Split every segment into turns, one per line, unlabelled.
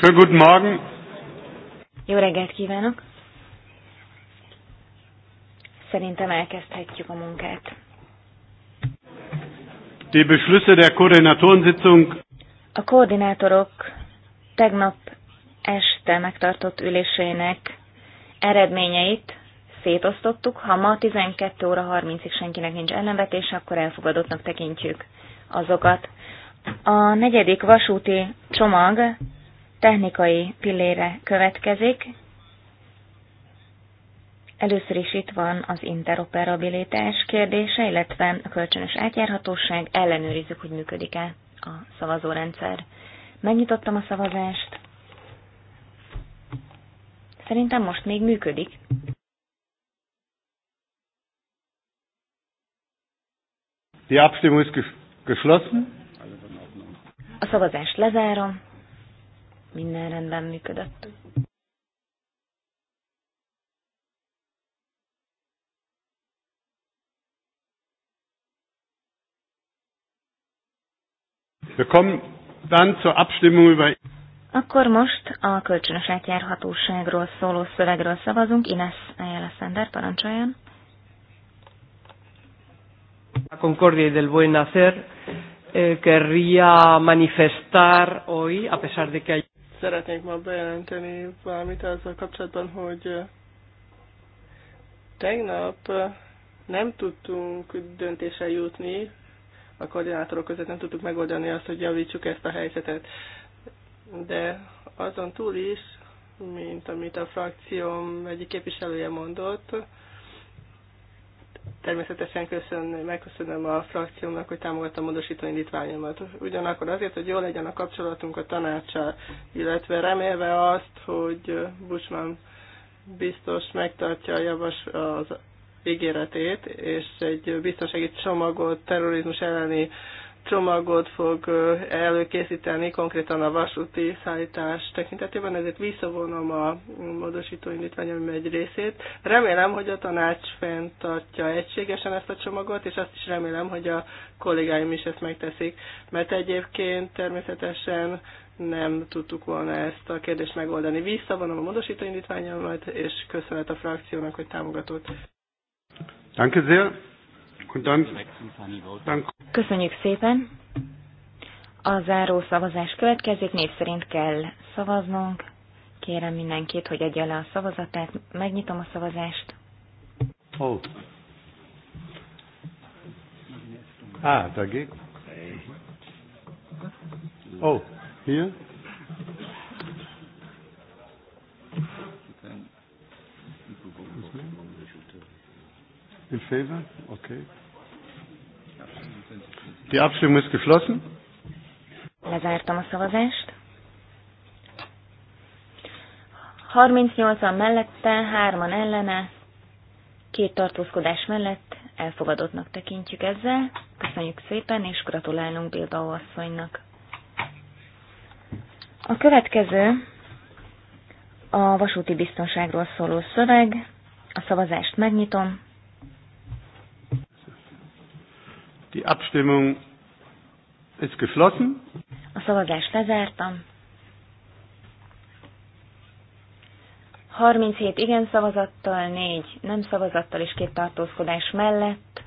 Schönen guten Morgen.
Jó reggelt kívánok. Szerintem elkezdhetjük a munkát.
Die Beschlüsse der Koordinatorensitzung.
A koordinátorok tegnap este megtartott ülésének eredményeit szétosztottuk. Ha ma 12 óra 30-ig senkinek nincs ellenvetése, akkor elfogadottnak tekintjük azokat. A negyedik vasúti csomag technikai pillére következik. Először is itt van az interoperabilitás kérdése, illetve a kölcsönös átjárhatóság. Ellenőrizzük, hogy működik-e a szavazórendszer. Megnyitottam a szavazást. Szerintem most még működik.
Die Abstimmung ist geschlossen.
A szavazást lezárom minden rendben
működött.
akkor most a kölcsönös átjárhatóságról szóló szövegről szavazunk. Ines Ayala Sender, parancsoljon.
A Concordia del Buen Hacer eh, querría manifestar hoy, a pesar de que hay... Szeretnék ma bejelenteni valamit azzal kapcsolatban, hogy tegnap nem tudtunk döntése jutni, a koordinátorok között nem tudtuk megoldani azt, hogy javítsuk ezt a helyzetet. De azon túl is, mint amit a frakcióm egyik képviselője mondott, Természetesen köszön, megköszönöm a frakciómnak, hogy támogatta a módosító indítványomat. Ugyanakkor azért, hogy jó legyen a kapcsolatunk a tanácssal, illetve remélve azt, hogy Bushman biztos megtartja a javas az ígéretét, és egy biztonsági csomagot terrorizmus elleni csomagot fog előkészíteni konkrétan a vasúti szállítás tekintetében, ezért visszavonom a módosító indítványom egy részét. Remélem, hogy a tanács fenntartja egységesen ezt a csomagot, és azt is remélem, hogy a kollégáim is ezt megteszik, mert egyébként természetesen nem tudtuk volna ezt a kérdést megoldani. Visszavonom a módosító indítványomat, és köszönet a frakciónak, hogy támogatott.
Danke sehr.
Köszönjük szépen. A záró szavazás következik, név szerint kell szavaznunk. Kérem mindenkit, hogy adja le a szavazatát. Megnyitom a szavazást.
Oh. Ah, dagegen.
Oh, here.
In favor? Okay. Die Abstimmung ist geschlossen.
Lezártam a szavazást. 38-an mellette, 3-an ellene, két tartózkodás mellett elfogadottnak tekintjük ezzel. Köszönjük szépen, és gratulálunk Bilda asszonynak. A következő a vasúti biztonságról szóló szöveg. A szavazást megnyitom.
Die Abstimmung ist geschlossen.
A szavazás lezártam. 37 igen szavazattal, 4 nem szavazattal és két tartózkodás mellett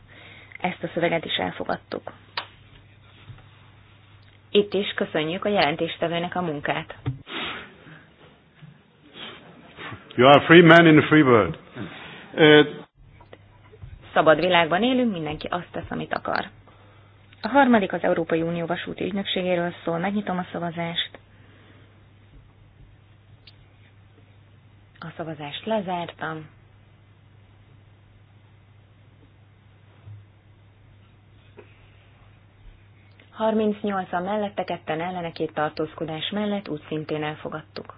ezt a szöveget is elfogadtuk. Itt is köszönjük a jelentéstevőnek a munkát.
You are a free man in a free world. Uh,
szabad világban élünk, mindenki azt tesz, amit akar. A harmadik az Európai Unió vasúti ügynökségéről szól, megnyitom a szavazást. A szavazást lezártam. Harmincnyolcan mellette, ketten ellene, két tartózkodás mellett úgy szintén elfogadtuk.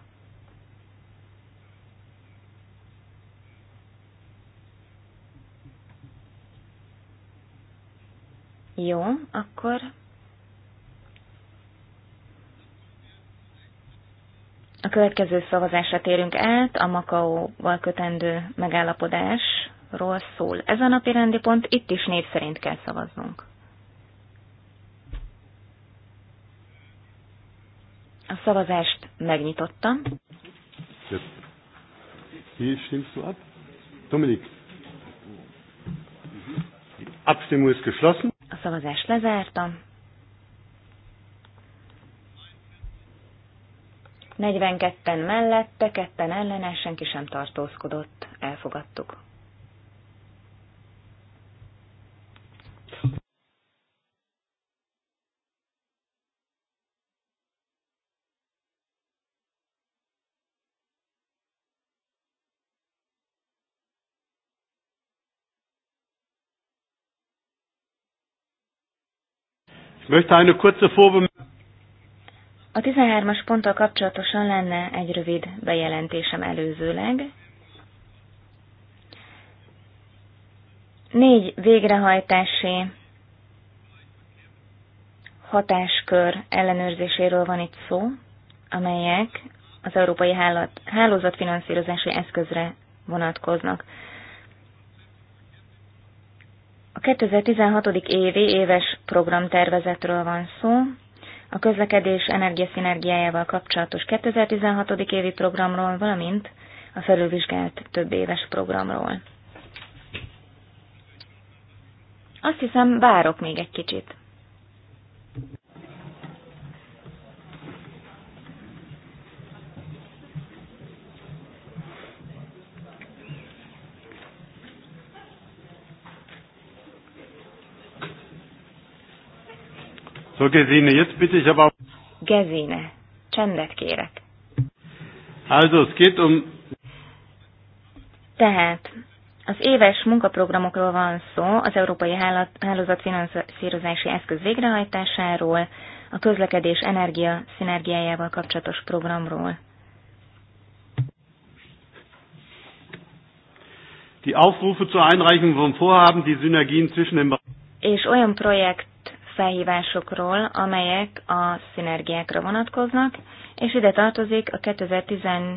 Jó, akkor a következő szavazásra térünk át, a Makaóval kötendő megállapodásról szól. Ez a napi rendi pont, itt is név szerint kell szavaznunk. A szavazást megnyitottam.
Wie stimmst Dominik. Abstimmung ist geschlossen
szavazást lezártam. 42-en mellette, ketten ellene, senki sem tartózkodott. Elfogadtuk. A 13-as ponttal kapcsolatosan lenne egy rövid bejelentésem előzőleg. Négy végrehajtási hatáskör ellenőrzéséről van itt szó, amelyek az európai hálózatfinanszírozási eszközre vonatkoznak. 2016. évi éves programtervezetről van szó, a közlekedés energiaszinergiájával kapcsolatos 2016. évi programról, valamint a felülvizsgált több éves programról. Azt hiszem, várok még egy kicsit.
So, Gesine, jetzt bitte ich aber...
Gesine, csendet kérek.
Also, es geht um...
Tehát, az éves munkaprogramokról van szó, az Európai Hálózat finanszírozási eszköz végrehajtásáról, a közlekedés energia szinergiájával kapcsolatos programról.
Die Aufrufe zur Einreichung von Vorhaben, die Synergien zwischen den
és olyan projekt felhívásokról, amelyek a szinergiákra vonatkoznak, és ide tartozik a 2014-től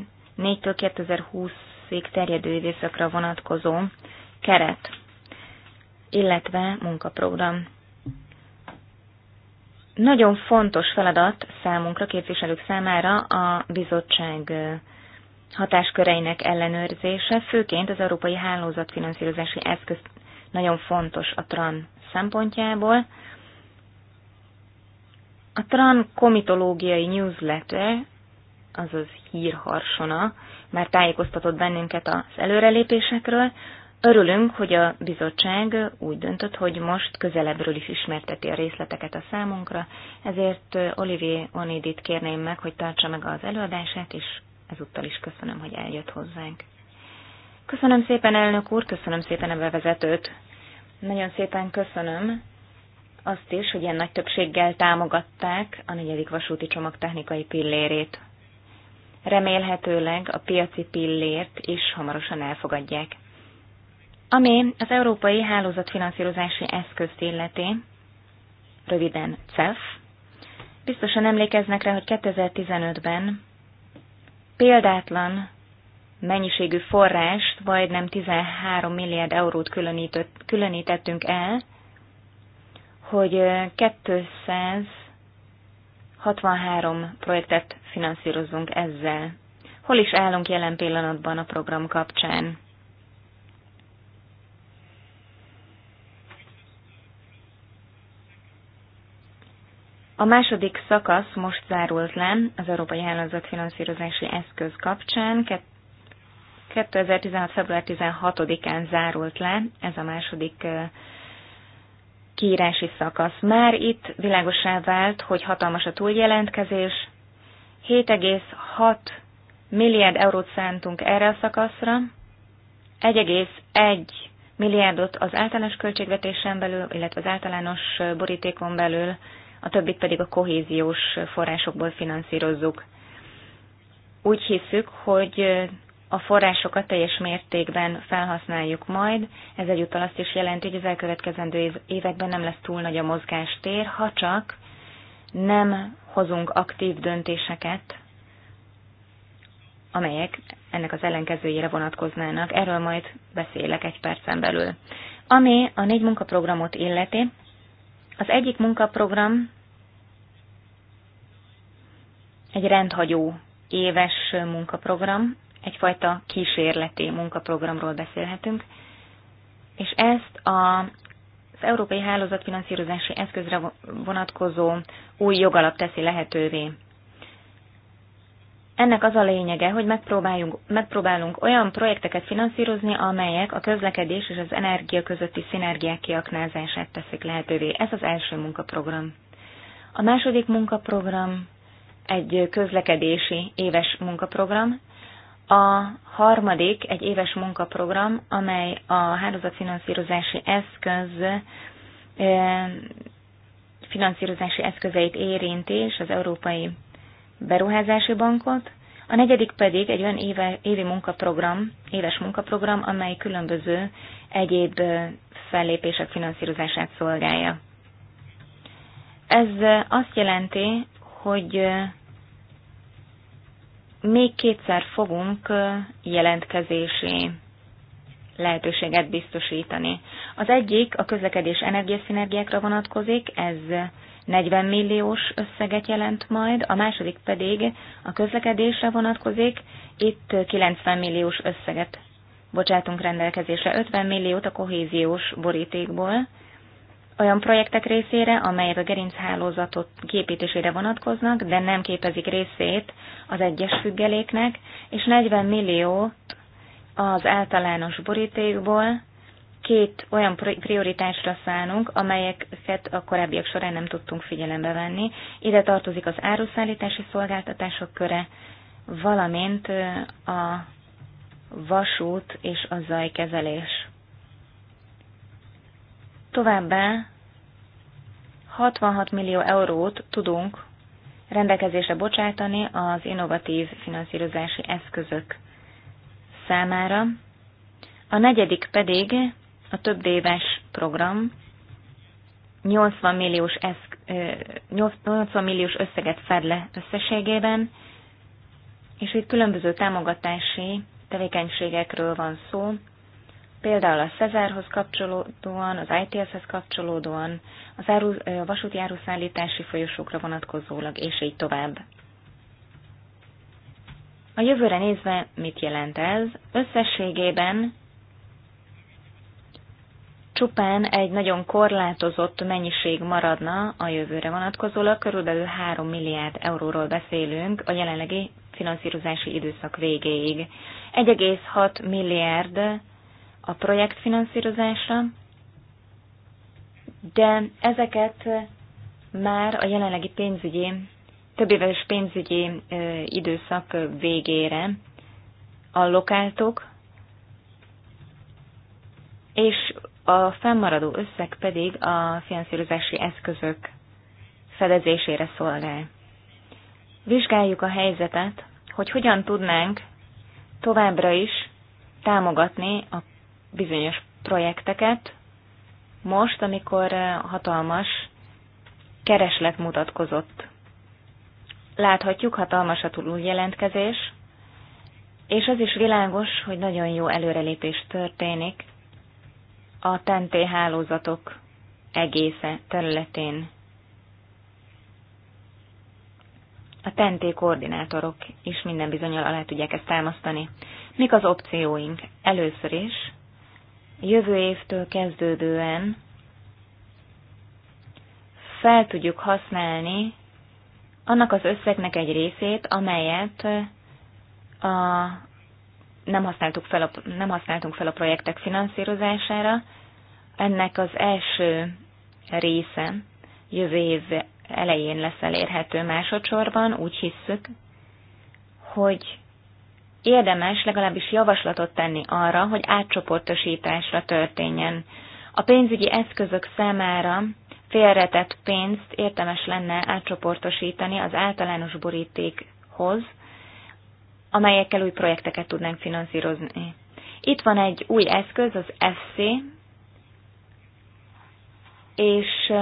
2020-ig terjedő időszakra vonatkozó keret, illetve munkaprogram. Nagyon fontos feladat számunkra, képviselők számára a bizottság hatásköreinek ellenőrzése, főként az Európai Hálózatfinanszírozási Eszköz nagyon fontos a TRAN szempontjából, a TRAN komitológiai newsletter, azaz hírharsona, már tájékoztatott bennünket az előrelépésekről. Örülünk, hogy a bizottság úgy döntött, hogy most közelebbről is ismerteti a részleteket a számunkra, ezért eh, Olivier Onidit kérném meg, hogy tartsa meg az előadását, és ezúttal is köszönöm, hogy eljött hozzánk. Köszönöm szépen, elnök úr, köszönöm szépen a bevezetőt. Nagyon szépen köszönöm azt is, hogy ilyen nagy többséggel támogatták a negyedik vasúti csomag technikai pillérét. Remélhetőleg a piaci pillért is hamarosan elfogadják. Ami az Európai Hálózatfinanszírozási Eszközt illeti, röviden CEF, biztosan emlékeznek rá, hogy 2015-ben példátlan mennyiségű forrást, majdnem 13 milliárd eurót különített, különítettünk el hogy 263 projektet finanszírozzunk ezzel. Hol is állunk jelen pillanatban a program kapcsán? A második szakasz most zárult le az Európai finanszírozási Eszköz kapcsán. 2016. február 16-án zárult le ez a második kiírási szakasz. Már itt világosá vált, hogy hatalmas a túljelentkezés. 7,6 milliárd eurót szántunk erre a szakaszra, 1,1 milliárdot az általános költségvetésen belül, illetve az általános borítékon belül, a többit pedig a kohéziós forrásokból finanszírozzuk. Úgy hiszük, hogy a forrásokat teljes mértékben felhasználjuk majd. Ez egyúttal azt is jelenti, hogy az elkövetkezendő években nem lesz túl nagy a mozgástér, ha csak nem hozunk aktív döntéseket, amelyek ennek az ellenkezőjére vonatkoznának. Erről majd beszélek egy percen belül. Ami a négy munkaprogramot illeti, az egyik munkaprogram egy rendhagyó éves munkaprogram, egyfajta kísérleti munkaprogramról beszélhetünk, és ezt a, az Európai Hálózat finanszírozási eszközre vonatkozó új jogalap teszi lehetővé. Ennek az a lényege, hogy megpróbáljunk, megpróbálunk olyan projekteket finanszírozni, amelyek a közlekedés és az energia közötti szinergiák kiaknázását teszik lehetővé. Ez az első munkaprogram. A második munkaprogram egy közlekedési éves munkaprogram, a harmadik egy éves munkaprogram, amely a hálózatfinanszírozási eszköz finanszírozási eszközeit érinti, és az Európai Beruházási Bankot. A negyedik pedig egy olyan éve, évi munkaprogram, éves munkaprogram, amely különböző egyéb fellépések finanszírozását szolgálja. Ez azt jelenti, hogy még kétszer fogunk jelentkezési lehetőséget biztosítani. Az egyik a közlekedés energiaszinergiákra vonatkozik, ez 40 milliós összeget jelent majd, a második pedig a közlekedésre vonatkozik, itt 90 milliós összeget bocsátunk rendelkezésre, 50 milliót a kohéziós borítékból, olyan projektek részére, amelyek a gerinchálózatot képítésére vonatkoznak, de nem képezik részét az egyes függeléknek, és 40 milliót az általános borítékból két olyan prioritásra szánunk, amelyeket a korábbiak során nem tudtunk figyelembe venni. Ide tartozik az áruszállítási szolgáltatások köre, valamint a vasút és a zajkezelés. Továbbá 66 millió eurót tudunk rendelkezésre bocsátani az innovatív finanszírozási eszközök számára. A negyedik pedig a több éves program 80 milliós, eszk, 80 milliós összeget fed le összességében, és itt különböző támogatási tevékenységekről van szó, például a Cezárhoz kapcsolódóan, az ITS-hez kapcsolódóan, az áru, a vasúti áruszállítási folyosókra vonatkozólag, és így tovább. A jövőre nézve mit jelent ez? Összességében csupán egy nagyon korlátozott mennyiség maradna a jövőre vonatkozólag, körülbelül 3 milliárd euróról beszélünk a jelenlegi finanszírozási időszak végéig. 1,6 milliárd a projektfinanszírozásra, de ezeket már a jelenlegi pénzügyi, több éves pénzügyi időszak végére allokáltuk, és a fennmaradó összeg pedig a finanszírozási eszközök fedezésére szolgál. Vizsgáljuk a helyzetet, hogy hogyan tudnánk továbbra is támogatni a bizonyos projekteket, most, amikor eh, hatalmas kereslet mutatkozott. Láthatjuk, hatalmas a túljelentkezés, és az is világos, hogy nagyon jó előrelépés történik a tenté hálózatok egésze területén. A tenté koordinátorok is minden bizonyal alá tudják ezt támasztani. Mik az opcióink? Először is jövő évtől kezdődően fel tudjuk használni annak az összegnek egy részét, amelyet a, nem, használtuk fel a, nem használtunk fel a projektek finanszírozására. Ennek az első része jövő év elején lesz elérhető másodszorban, úgy hisszük, hogy érdemes legalábbis javaslatot tenni arra, hogy átcsoportosításra történjen. A pénzügyi eszközök számára félretett pénzt érdemes lenne átcsoportosítani az általános borítékhoz, amelyekkel új projekteket tudnánk finanszírozni. Itt van egy új eszköz, az FC, és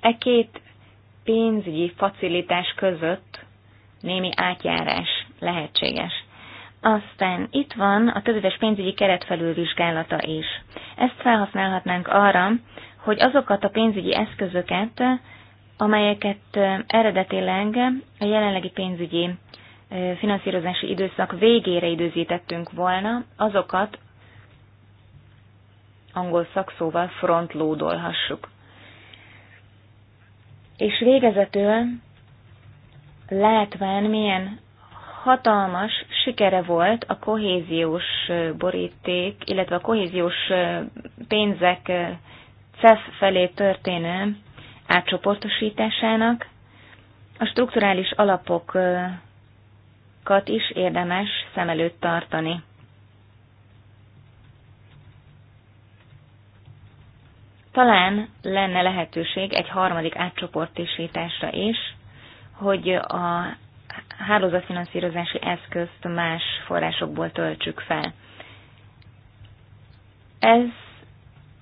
e két pénzügyi facilitás között némi átjárás lehetséges. Aztán itt van a többéves pénzügyi keretfelülvizsgálata is. Ezt felhasználhatnánk arra, hogy azokat a pénzügyi eszközöket, amelyeket eredetileg a jelenlegi pénzügyi finanszírozási időszak végére időzítettünk volna, azokat angol szakszóval frontlódolhassuk. És végezetül látván milyen hatalmas sikere volt a kohéziós boríték, illetve a kohéziós pénzek CEF felé történő átcsoportosításának, a strukturális alapokat is érdemes szem előtt tartani. Talán lenne lehetőség egy harmadik átcsoportosításra is, hogy a hálózatfinanszírozási eszközt más forrásokból töltsük fel. Ez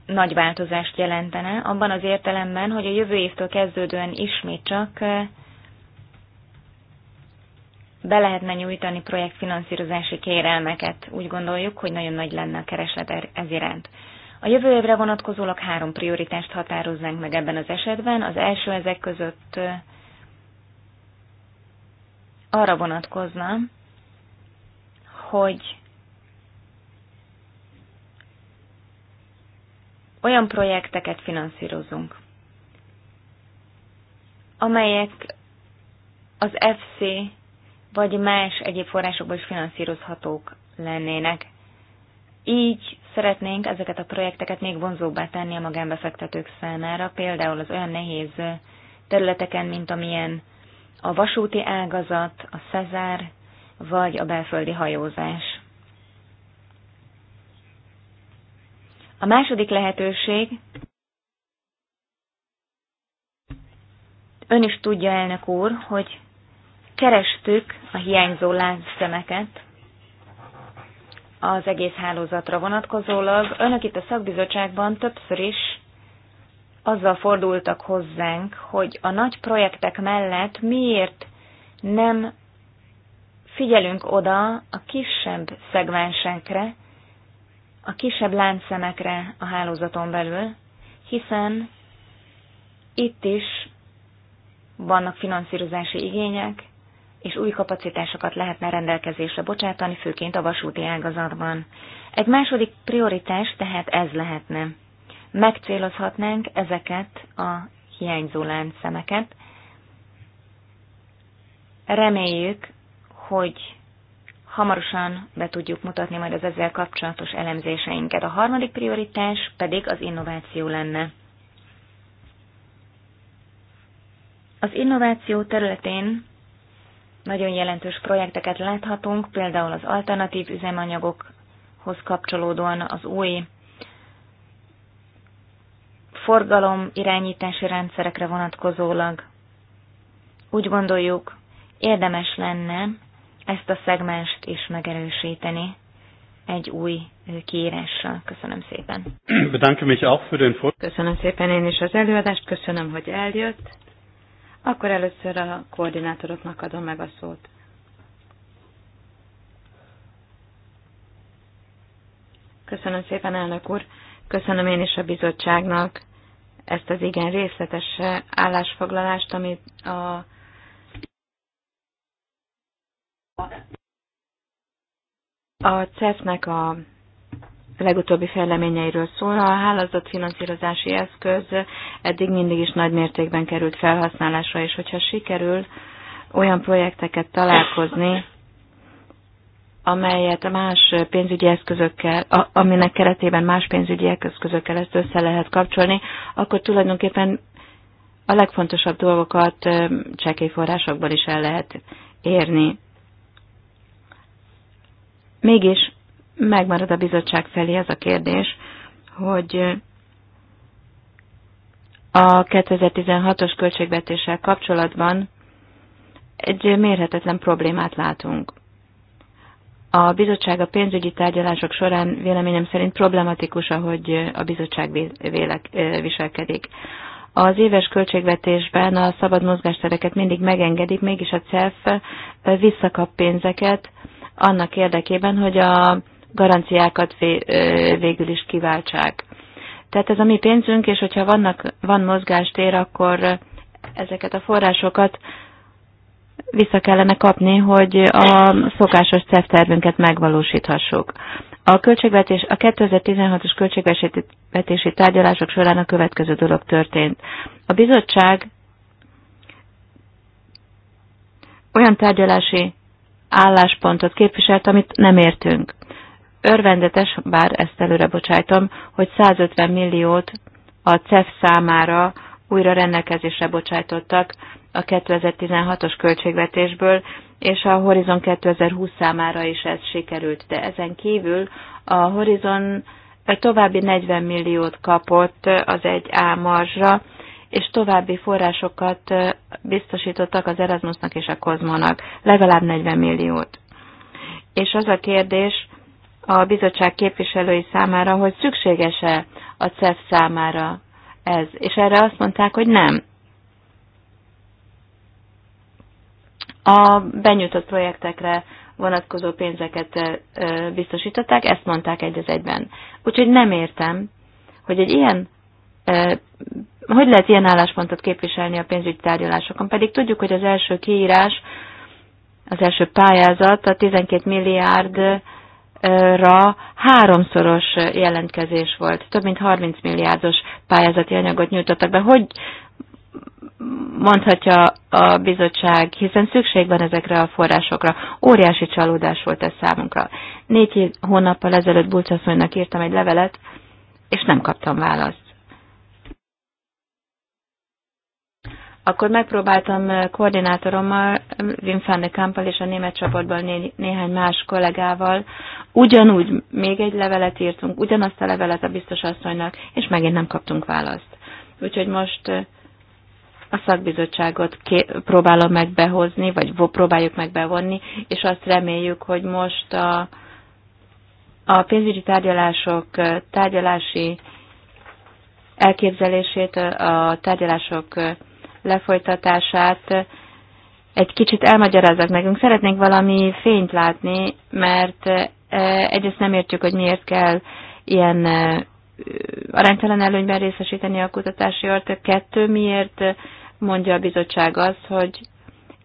nagy változást jelentene, abban az értelemben, hogy a jövő évtől kezdődően ismét csak be lehetne nyújtani projektfinanszírozási kérelmeket. Úgy gondoljuk, hogy nagyon nagy lenne a kereslet er-, ez iránt. A jövő évre vonatkozólag három prioritást határoznánk meg ebben az esetben. Az első ezek között arra vonatkozna, hogy olyan projekteket finanszírozunk, amelyek az FC vagy más egyéb forrásokból is finanszírozhatók lennének. Így szeretnénk ezeket a projekteket még vonzóbbá tenni a magánbefektetők számára, például az olyan nehéz területeken, mint amilyen a vasúti ágazat, a Szezár vagy a belföldi hajózás. A második lehetőség, ön is tudja, elnök úr, hogy kerestük a hiányzó láncszemeket az egész hálózatra vonatkozólag. Önök itt a szakbizottságban többször is azzal fordultak hozzánk, hogy a nagy projektek mellett miért nem figyelünk oda a kisebb szegmensekre, a kisebb láncszemekre a hálózaton belül, hiszen itt is vannak finanszírozási igények, és új kapacitásokat lehetne rendelkezésre bocsátani, főként a vasúti ágazatban. Egy második prioritás tehát ez lehetne megcélozhatnánk ezeket a hiányzó láncszemeket. Reméljük, hogy hamarosan be tudjuk mutatni majd az ezzel kapcsolatos elemzéseinket. A harmadik prioritás pedig az innováció lenne. Az innováció területén nagyon jelentős projekteket láthatunk, például az alternatív üzemanyagokhoz kapcsolódóan az új forgalom irányítási rendszerekre vonatkozólag. Úgy gondoljuk, érdemes lenne ezt a szegmást is megerősíteni egy új kiírással.
Köszönöm szépen. Köszönöm szépen én is az előadást, köszönöm, hogy eljött. Akkor először a koordinátoroknak adom meg a szót. Köszönöm szépen, elnök úr. Köszönöm én is a bizottságnak ezt az igen részletes állásfoglalást, amit a a CEF-nek a legutóbbi fejleményeiről szól. A finanszírozási eszköz eddig mindig is nagy mértékben került felhasználásra, és hogyha sikerül olyan projekteket találkozni, amelyet más pénzügyi eszközökkel, aminek keretében más pénzügyi eszközökkel ezt össze lehet kapcsolni, akkor tulajdonképpen a legfontosabb dolgokat csekélyforrásokból is el lehet érni. Mégis megmarad a bizottság felé ez a kérdés, hogy a 2016-os költségvetéssel kapcsolatban egy mérhetetlen problémát látunk. A bizottság a pénzügyi tárgyalások során véleményem szerint problematikus, ahogy a bizottság vélek, viselkedik. Az éves költségvetésben a szabad mozgástereket mindig megengedik, mégis a CEF visszakap pénzeket annak érdekében, hogy a garanciákat végül is kiváltsák. Tehát ez a mi pénzünk, és hogyha vannak, van mozgástér, akkor ezeket a forrásokat vissza kellene kapni, hogy a szokásos CEF tervünket megvalósíthassuk. A, költségvetés, a 2016-os költségvetési tárgyalások során a következő dolog történt. A bizottság olyan tárgyalási álláspontot képviselt, amit nem értünk. Örvendetes, bár ezt előre bocsájtom, hogy 150 milliót a CEF számára újra rendelkezésre bocsájtottak, a 2016-os költségvetésből, és a Horizon 2020 számára is ez sikerült. De ezen kívül a Horizon további 40 milliót kapott az egy A és további forrásokat biztosítottak az Erasmusnak és a Kozmonak, legalább 40 milliót. És az a kérdés a bizottság képviselői számára, hogy szükséges-e a CEF számára ez. És erre azt mondták, hogy nem. a benyújtott projektekre vonatkozó pénzeket biztosították, ezt mondták egy az egyben. Úgyhogy nem értem, hogy egy ilyen hogy lehet ilyen álláspontot képviselni a pénzügyi tárgyalásokon? Pedig tudjuk, hogy az első kiírás, az első pályázat a 12 milliárdra háromszoros jelentkezés volt. Több mint 30 milliárdos pályázati anyagot nyújtottak be. Hogy mondhatja a bizottság, hiszen szükség van ezekre a forrásokra. Óriási csalódás volt ez számunkra. Négy hónappal ezelőtt Bulcasszonynak írtam egy levelet, és nem kaptam választ. Akkor megpróbáltam eh, koordinátorommal, eh, Wim van de Kampel és a német csapatban né- néhány más kollégával, ugyanúgy még egy levelet írtunk, ugyanazt a levelet a biztos asszonynak, és megint nem kaptunk választ. Úgyhogy most eh, a szakbizottságot próbálom meg behozni, vagy próbáljuk meg bevonni, és azt reméljük, hogy most a, a pénzügyi tárgyalások tárgyalási elképzelését, a tárgyalások lefolytatását egy kicsit elmagyarázzak nekünk. Szeretnénk valami fényt látni, mert egyrészt nem értjük, hogy miért kell ilyen aránytalan előnyben részesíteni a kutatási ört, kettő, miért mondja a bizottság az, hogy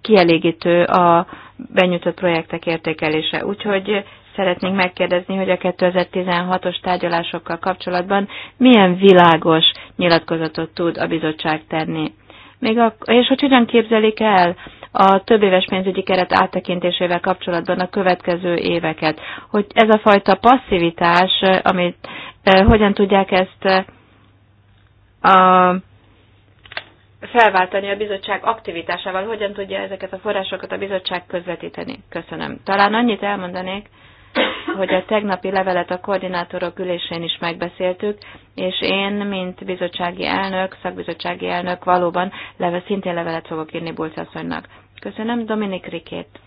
kielégítő a benyújtott projektek értékelése. Úgyhogy szeretnénk megkérdezni, hogy a 2016-os tárgyalásokkal kapcsolatban milyen világos nyilatkozatot tud a bizottság tenni. Még a, és hogy hogyan képzelik el a több éves pénzügyi keret áttekintésével kapcsolatban a következő éveket? Hogy ez a fajta passzivitás, eh, amit eh, hogyan tudják ezt eh, a felváltani a bizottság aktivitásával, hogyan tudja ezeket a forrásokat a bizottság közvetíteni. Köszönöm. Talán annyit elmondanék, hogy a tegnapi levelet a koordinátorok ülésén is megbeszéltük, és én, mint bizottsági elnök, szakbizottsági elnök valóban leve, szintén levelet fogok írni Bulcaszonynak. Köszönöm, Dominik Rikét.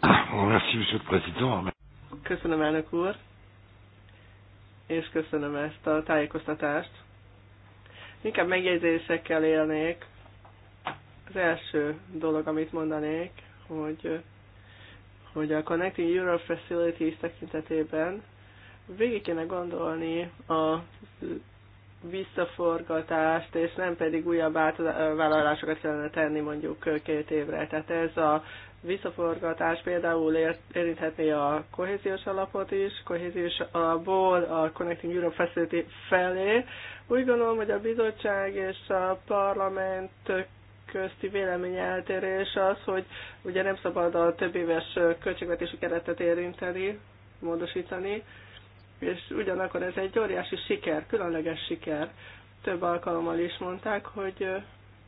Ah,
köszönöm, elnök úr, és köszönöm ezt a tájékoztatást. Inkább megjegyzésekkel élnék. Az első dolog, amit mondanék, hogy, hogy a Connecting Europe Facilities tekintetében végig kéne gondolni a visszaforgatást, és nem pedig újabb átvállalásokat kellene tenni mondjuk két évre. Tehát ez a visszaforgatás például érinthetné a kohéziós alapot is, kohéziós alapból a Connecting Europe Facility felé. Úgy gondolom, hogy a bizottság és a parlament közti véleményeltérés az, hogy ugye nem szabad a több éves költségvetési keretet érinteni, módosítani, és ugyanakkor ez egy óriási siker, különleges siker. Több alkalommal is mondták, hogy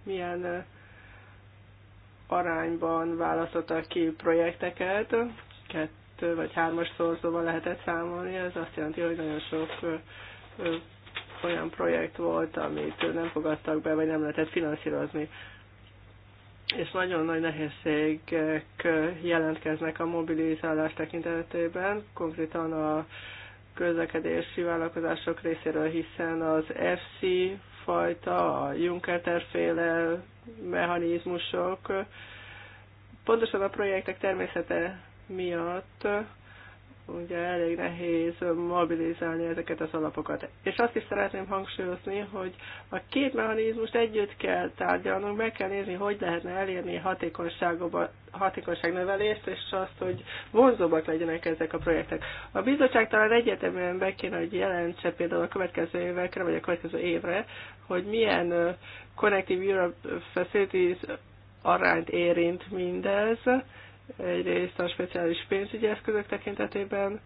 milyen arányban választottak ki projekteket, kettő vagy hármas szorzóval lehetett számolni, ez azt jelenti, hogy nagyon sok olyan projekt volt, amit nem fogadtak be, vagy nem lehetett finanszírozni. És nagyon nagy nehézségek jelentkeznek a mobilizálás tekintetében, konkrétan a közlekedési vállalkozások részéről, hiszen az FC fajta, a Juncker féle mechanizmusok pontosan a projektek természete miatt ugye elég nehéz mobilizálni ezeket az alapokat. És azt is szeretném hangsúlyozni, hogy a két mechanizmust együtt kell tárgyalnunk, meg kell nézni, hogy lehetne elérni hatékonyságnövelést, és azt, hogy vonzóbbak legyenek ezek a projektek. A bizottság talán egyetemben be kéne, hogy jelentse például a következő évekre, vagy a következő évre hogy milyen Connective Europe Facilities arányt érint mindez, egyrészt a speciális pénzügyi eszközök tekintetében,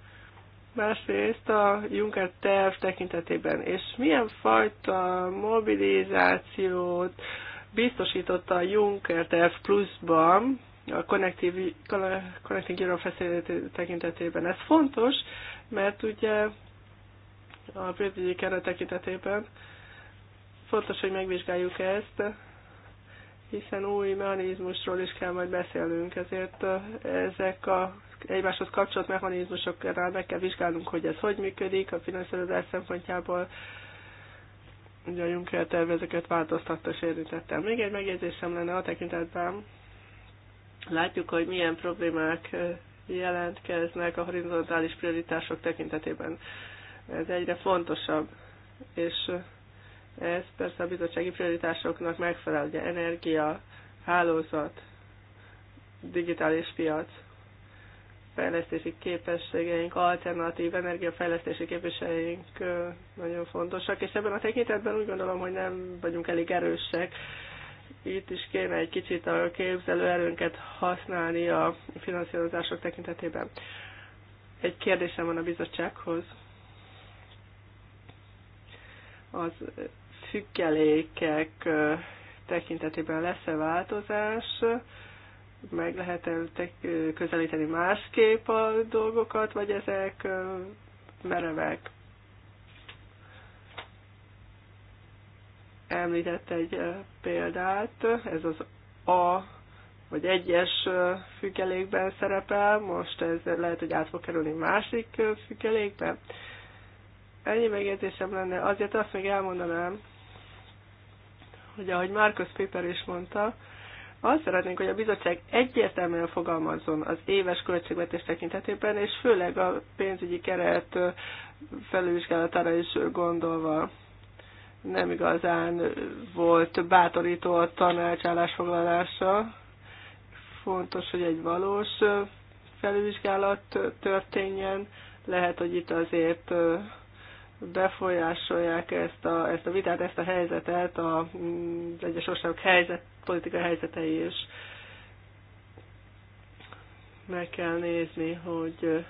másrészt a Juncker terv tekintetében, és milyen fajta mobilizációt biztosította a Juncker terv pluszban, a Connecting Europe Facility tekintetében. Ez fontos, mert ugye a pénzügyi keret tekintetében Fontos, hogy megvizsgáljuk ezt, hiszen új mechanizmusról is kell majd beszélnünk, ezért ezek a egymáshoz kapcsolt mechanizmusokra meg kell vizsgálnunk, hogy ez hogy működik a finanszírozás szempontjából. Ugye a Juncker tervezeket ezeket változtatta és érintettem. Még egy megjegyzésem lenne a tekintetben. Látjuk, hogy milyen problémák jelentkeznek a horizontális prioritások tekintetében. Ez egyre fontosabb, és ez persze a bizottsági prioritásoknak megfelel, ugye energia, hálózat, digitális piac, fejlesztési képességeink, alternatív energiafejlesztési képviseink nagyon fontosak, és ebben a tekintetben úgy gondolom, hogy nem vagyunk elég erősek. Itt is kéne egy kicsit a erőnket használni a finanszírozások tekintetében. Egy kérdésem van a bizottsághoz. Az függelékek tekintetében lesz-e változás, meg lehet -e közelíteni másképp a dolgokat, vagy ezek merevek. Említett egy példát, ez az A vagy egyes függelékben szerepel, most ez lehet, hogy át fog kerülni másik függelékbe. Ennyi megjegyzésem lenne, azért azt még elmondanám, hogy ahogy Márkus Péter is mondta, azt szeretnénk, hogy a bizottság egyértelműen fogalmazzon az éves költségvetés tekintetében, és főleg a pénzügyi keret felülvizsgálatára is gondolva nem igazán volt bátorító a tanácsállás foglalása. Fontos, hogy egy valós felülvizsgálat történjen. Lehet, hogy itt azért befolyásolják ezt a, ezt a vitát, ezt a helyzetet, a, az mm, egyes országok helyzet, politikai helyzetei is. Meg kell nézni, hogy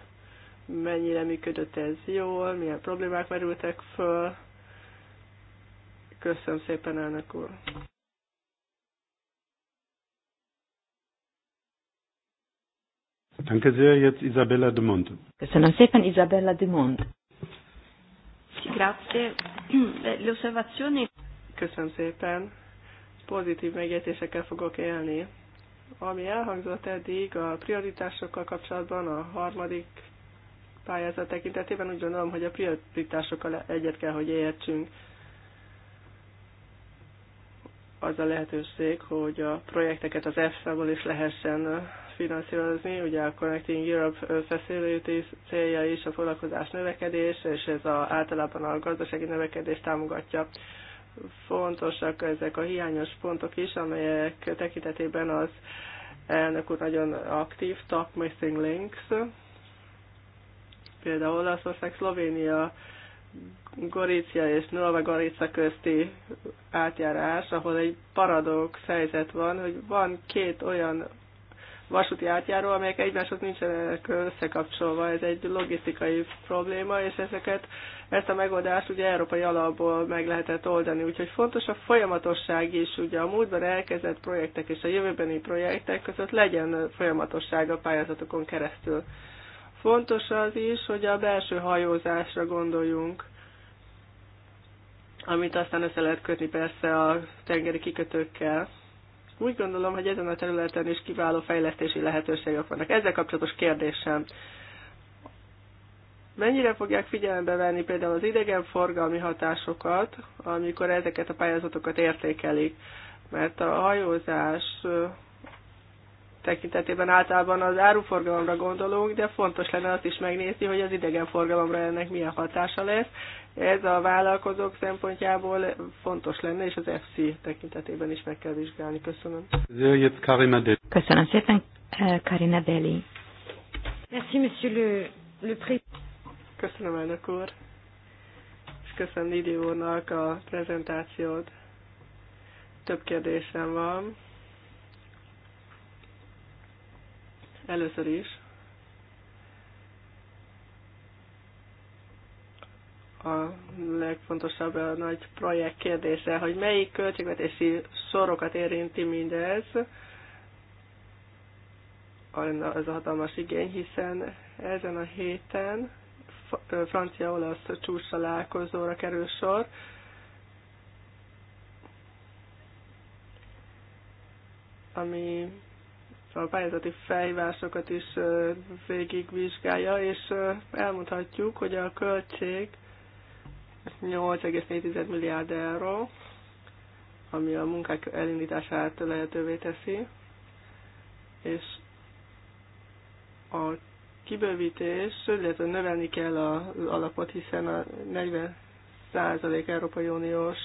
mennyire működött ez jól, milyen problémák merültek föl. Köszönöm szépen, elnök úr!
Isabella Dumont.
Köszönöm szépen, Isabella Dumont.
Grazie. Le Köszönöm szépen. Pozitív megjegyzésekkel fogok élni. Ami elhangzott eddig a prioritásokkal kapcsolatban, a harmadik pályázat tekintetében úgy gondolom, hogy a prioritásokkal egyet kell, hogy értsünk. Az a lehetőség, hogy a projekteket az EFSA-ból is lehessen finanszírozni, ugye a Connecting Europe Facility célja is a foglalkozás növekedés, és ez a, általában a gazdasági növekedést támogatja. Fontosak ezek a hiányos pontok is, amelyek tekintetében az elnök úr nagyon aktív, Top Missing Links, például Olaszország, Szlovénia, Gorícia és Nova Gorica közti átjárás, ahol egy paradox helyzet van, hogy van két olyan vasúti átjáró, amelyek egymáshoz nincsenek összekapcsolva. Ez egy logisztikai probléma, és ezeket, ezt a megoldást ugye európai alapból meg lehetett oldani. Úgyhogy fontos a folyamatosság is, ugye a múltban elkezdett projektek és a jövőbeni projektek között legyen folyamatosság a pályázatokon keresztül. Fontos az is, hogy a belső hajózásra gondoljunk amit aztán össze lehet kötni persze a tengeri kikötőkkel. Úgy gondolom, hogy ezen a területen is kiváló fejlesztési lehetőségek vannak. Ezzel kapcsolatos kérdésem. Mennyire fogják figyelembe venni például az idegenforgalmi hatásokat, amikor ezeket a pályázatokat értékelik? Mert a hajózás tekintetében általában az áruforgalomra gondolunk, de fontos lenne azt is megnézni, hogy az idegenforgalomra ennek milyen hatása lesz, ez a vállalkozók szempontjából fontos lenne, és az FC tekintetében is meg kell vizsgálni. Köszönöm.
Köszönöm szépen, eh, Karina Deli.
Merci, monsieur le, le Köszönöm, elnök úr. És köszönöm Lidi úrnak a prezentációt. Több kérdésem van. Először is a legfontosabb a nagy projekt kérdése, hogy melyik költségvetési sorokat érinti mindez, az a hatalmas igény, hiszen ezen a héten francia-olasz csúcs találkozóra kerül sor, ami a pályázati felhívásokat is végigvizsgálja, és elmondhatjuk, hogy a költség 8,4 milliárd euró, ami a munkák elindítását lehetővé teszi, és a kibővítés, illetve növelni kell az alapot, hiszen a 40 százalék Európai Uniós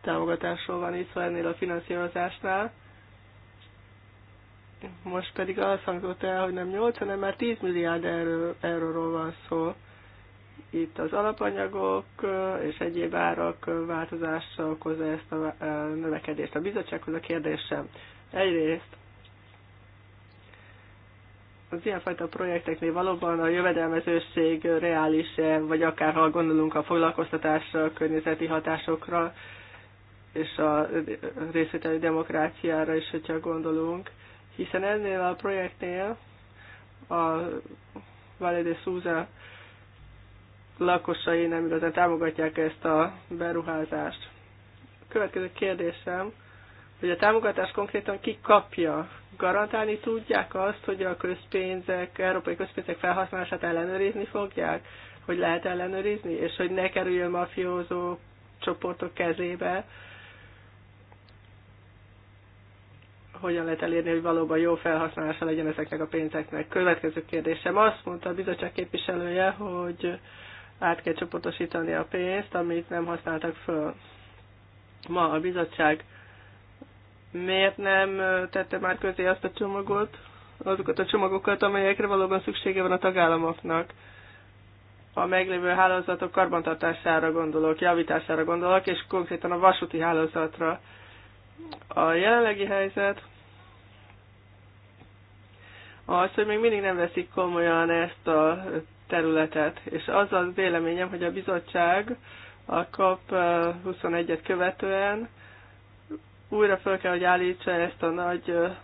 támogatásról van itt, szóval ennél a finanszírozásnál. Most pedig azt hangzott el, hogy nem 8, hanem már 10 milliárd euró, euróról van szó. Itt az alapanyagok és egyéb árak változása okozza ezt a növekedést. A bizottsághoz a kérdésem. Egyrészt az ilyenfajta projekteknél valóban a jövedelmezőség reális-e, vagy akár ha gondolunk a foglalkoztatásra, a környezeti hatásokra, és a részvételi demokráciára is, hogyha gondolunk, hiszen ennél a projektnél a Valéde Szúza lakosai nem igazán támogatják ezt a beruházást. A következő kérdésem, hogy a támogatást konkrétan ki kapja? Garantálni tudják azt, hogy a közpénzek, európai közpénzek felhasználását ellenőrizni fogják? Hogy lehet ellenőrizni? És hogy ne kerüljön mafiózó csoportok kezébe? Hogyan lehet elérni, hogy valóban jó felhasználása legyen ezeknek a pénzeknek? Következő kérdésem. Azt mondta a bizottság képviselője, hogy át kell csoportosítani a pénzt, amit nem használtak föl. Ma a bizottság miért nem tette már közé azt a csomagot, azokat a csomagokat, amelyekre valóban szüksége van a tagállamoknak. A meglévő hálózatok karbantartására gondolok, javítására gondolok, és konkrétan a vasúti hálózatra. A jelenlegi helyzet az, hogy még mindig nem veszik komolyan ezt a területet. És az a véleményem, hogy a bizottság a KAP 21-et eh, követően újra fel kell, hogy állítsa ezt a nagy eh,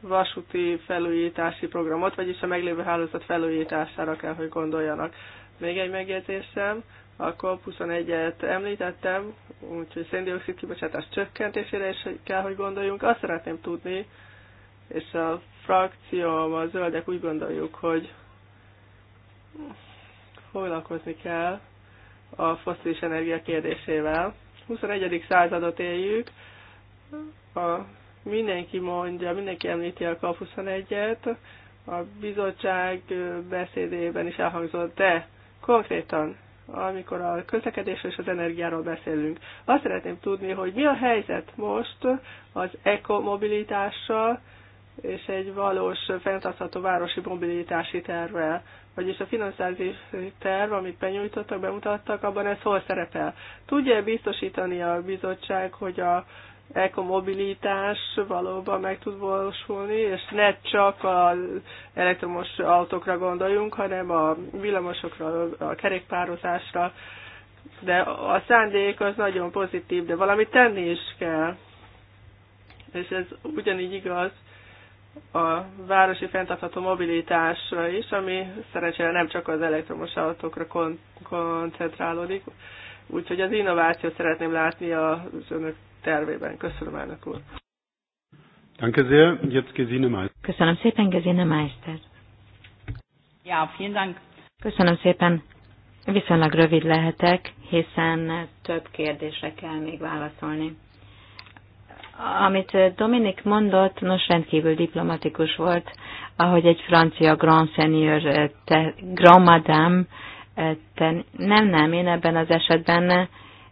vasúti felújítási programot, vagyis a meglévő hálózat felújítására kell, hogy gondoljanak. Még egy megjegyzésem, a COP21-et említettem, úgyhogy széndiokszid kibocsátás csökkentésére is kell, hogy gondoljunk. Azt szeretném tudni, és a frakcióm, a zöldek úgy gondoljuk, hogy foglalkozni kell a foszilis energia kérdésével. 21. századot éljük, a, mindenki mondja, mindenki említi a KAP 21-et, a bizottság beszédében is elhangzott, de konkrétan, amikor a közlekedésről és az energiáról beszélünk, azt szeretném tudni, hogy mi a helyzet most az ekomobilitással és egy valós fenntartható városi mobilitási tervvel vagyis a finanszírozási terv, amit benyújtottak, bemutattak, abban ez hol szerepel. Tudja biztosítani a bizottság, hogy a ekomobilitás valóban meg tud valósulni, és ne csak az elektromos autókra gondoljunk, hanem a villamosokra, a kerékpározásra, de a szándék az nagyon pozitív, de valamit tenni is kell. És ez ugyanígy igaz a városi fenntartható mobilitásra is, ami szerencsére nem csak az elektromos autókra kon- koncentrálódik. Úgyhogy az innovációt szeretném látni az önök tervében. Köszönöm, elnök úr.
Danke sehr. Jetzt Gesine Meister.
Köszönöm szépen, Gesine Meister. Ja, vielen Dank. Köszönöm szépen. Viszonylag rövid lehetek, hiszen több kérdésre kell még válaszolni. Amit Dominik mondott, nos rendkívül diplomatikus volt, ahogy egy francia grand senior, eh, te, grand madame, eh, te, nem, nem, én ebben az esetben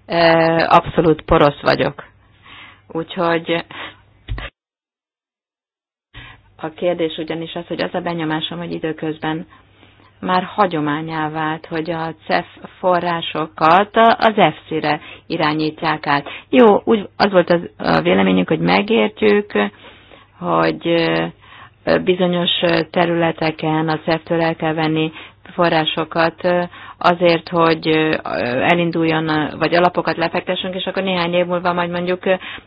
e, abszolút porosz vagyok. Úgyhogy a kérdés ugyanis az, hogy az a benyomásom, hogy időközben már hagyományá vált, hogy a CEF forrásokat az EFSZ-re irányítják át. Jó, úgy, az volt az, a véleményünk, hogy megértjük, hogy bizonyos területeken a CEF-től el kell venni forrásokat azért, hogy elinduljon, vagy alapokat lefektessünk, és akkor néhány év múlva majd mondjuk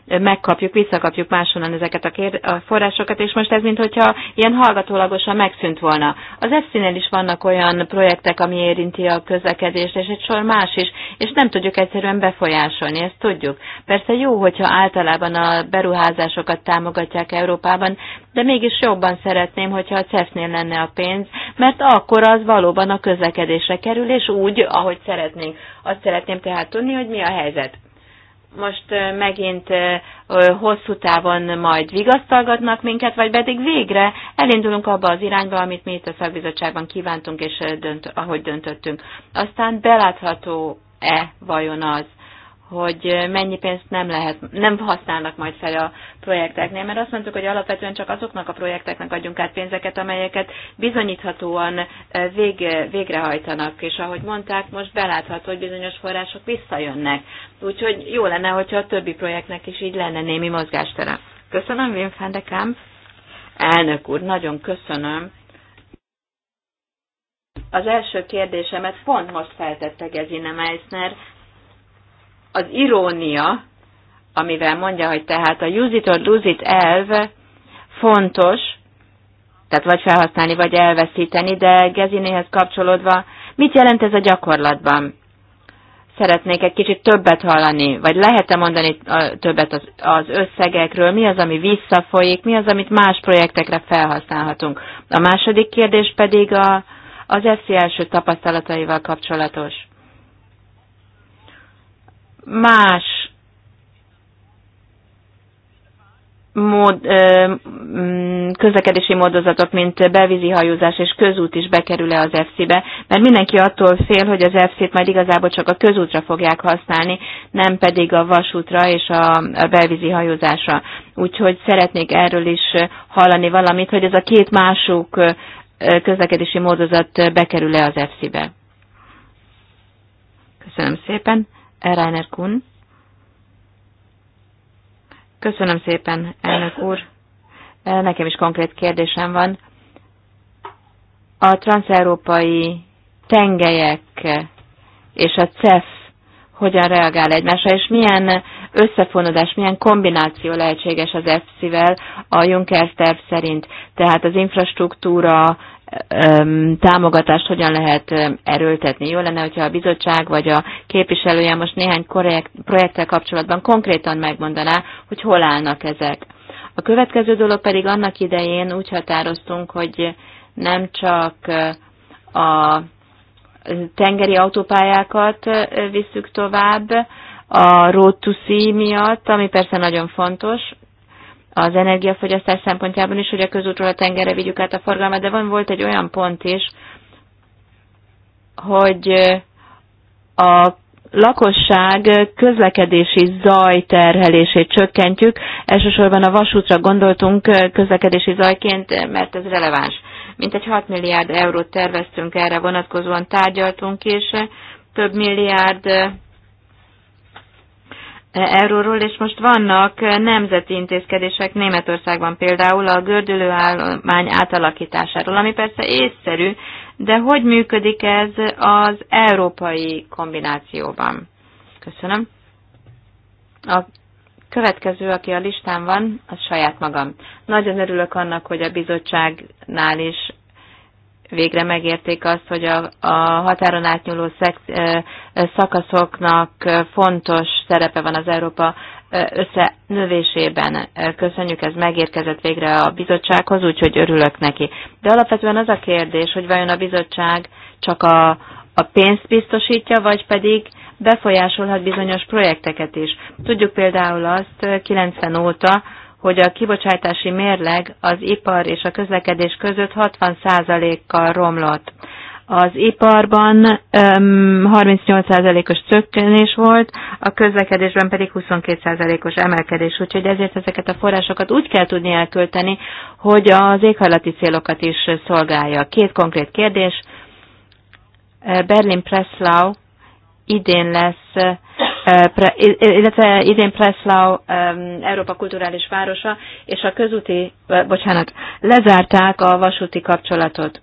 megkapjuk, visszakapjuk máshonnan ezeket a, kér, a forrásokat, és most ez mintha ilyen hallgatólagosan megszűnt volna. Az EFSZ-nél is vannak olyan projektek, ami érinti a közlekedést, és egy sor más is, és nem tudjuk egyszerűen befolyásolni, ezt tudjuk. Persze jó, hogyha általában a beruházásokat támogatják Európában, de mégis jobban szeretném, hogyha a CEF-nél lenne a pénz, mert akkor az valóban a közlekedésre kerül, és és úgy, ahogy szeretnénk. Azt szeretném tehát tudni, hogy mi a helyzet. Most megint hosszú távon majd vigasztalgatnak minket, vagy pedig végre elindulunk abba az irányba, amit mi itt a szakbizottságban kívántunk, és dönt, ahogy döntöttünk. Aztán belátható-e vajon az, hogy mennyi pénzt nem lehet, nem használnak majd fel a projekteknél, mert azt mondtuk, hogy alapvetően csak azoknak a projekteknek adjunk át pénzeket, amelyeket bizonyíthatóan eh, vég, végrehajtanak, és ahogy mondták, most belátható, hogy bizonyos források visszajönnek. Úgyhogy jó lenne, hogyha a többi projektnek is így lenne némi mozgástere. Köszönöm, Wim van de Kamp. Elnök úr, nagyon köszönöm. Az első kérdésemet pont most feltette Gezine Meissner, az irónia, amivel mondja, hogy tehát a use it or lose it elv fontos, tehát vagy felhasználni, vagy elveszíteni, de Gezinéhez kapcsolódva, mit jelent ez a gyakorlatban? Szeretnék egy kicsit többet hallani, vagy lehet-e mondani többet az, az összegekről, mi az, ami visszafolyik, mi az, amit más projektekre felhasználhatunk. A második kérdés pedig a, az FC első tapasztalataival kapcsolatos más mód, ö, mm, közlekedési módozatok, mint bevízi hajózás és közút is bekerül-e az FC-be, mert mindenki attól fél, hogy az FC-t majd igazából csak a közútra fogják használni, nem pedig a vasútra és a, a hajózásra. Úgyhogy szeretnék erről is hallani valamit, hogy ez a két mások közlekedési módozat bekerül-e az FC-be. Köszönöm szépen. Reiner Kun. Köszönöm szépen, elnök úr. Nekem is konkrét kérdésem van. A transzeurópai tengelyek és a CEF hogyan reagál egymásra, és milyen összefonódás, milyen kombináció lehetséges az EFSZ-vel a Juncker terv szerint. Tehát az infrastruktúra, támogatást hogyan lehet erőltetni. Jó lenne, hogyha a bizottság vagy a képviselője most néhány projekttel kapcsolatban konkrétan megmondaná, hogy hol állnak ezek. A következő dolog pedig annak idején úgy határoztunk, hogy nem csak a tengeri autópályákat visszük tovább, a Road to Sea miatt, ami persze nagyon fontos, az energiafogyasztás szempontjában is, hogy a közútról a tengerre vigyük át a forgalmat, de van volt egy olyan pont is, hogy a lakosság közlekedési zajterhelését csökkentjük. Elsősorban a vasútra gondoltunk közlekedési zajként, mert ez releváns. Mint egy 6 milliárd eurót terveztünk erre vonatkozóan, tárgyaltunk, és több milliárd euróról, és most vannak eh, nemzeti intézkedések Németországban például a állomány átalakításáról, ami persze észszerű, de hogy működik ez az európai kombinációban? Köszönöm. A következő, aki a listán van, az saját magam. Nagyon örülök annak, hogy a bizottságnál is végre megérték azt, hogy a, a határon átnyúló szek, szakaszoknak fontos szerepe van az Európa összenövésében. Köszönjük, ez megérkezett végre a bizottsághoz, úgyhogy örülök neki. De alapvetően az a kérdés, hogy vajon a bizottság csak a, a pénzt biztosítja, vagy pedig befolyásolhat bizonyos projekteket is. Tudjuk például azt 90 óta, hogy a kibocsátási mérleg az ipar és a közlekedés között 60%-kal romlott. Az iparban 38%-os csökkenés volt, a közlekedésben pedig 22%-os emelkedés, úgyhogy ezért ezeket a forrásokat úgy kell tudni elkölteni, hogy az éghajlati célokat is szolgálja. Két konkrét kérdés. berlin presslau idén lesz illetve idén Preslau Európa kulturális városa, és a közúti, bocsánat, lezárták a vasúti kapcsolatot.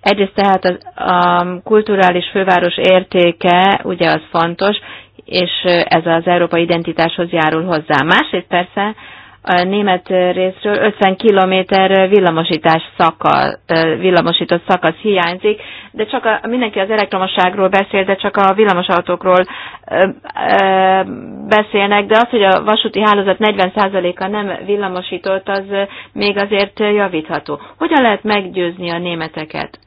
Egyrészt tehát a kulturális főváros értéke, ugye az fontos, és ez az európai identitáshoz járul hozzá. Másrészt persze a német részről 50 kilométer villamosítás szakasz, villamosított szakasz hiányzik, de csak a, mindenki az elektromosságról beszél, de csak a villamosautókról beszélnek, de az, hogy a vasúti hálózat 40%-a nem villamosított, az még azért javítható. Hogyan lehet meggyőzni a németeket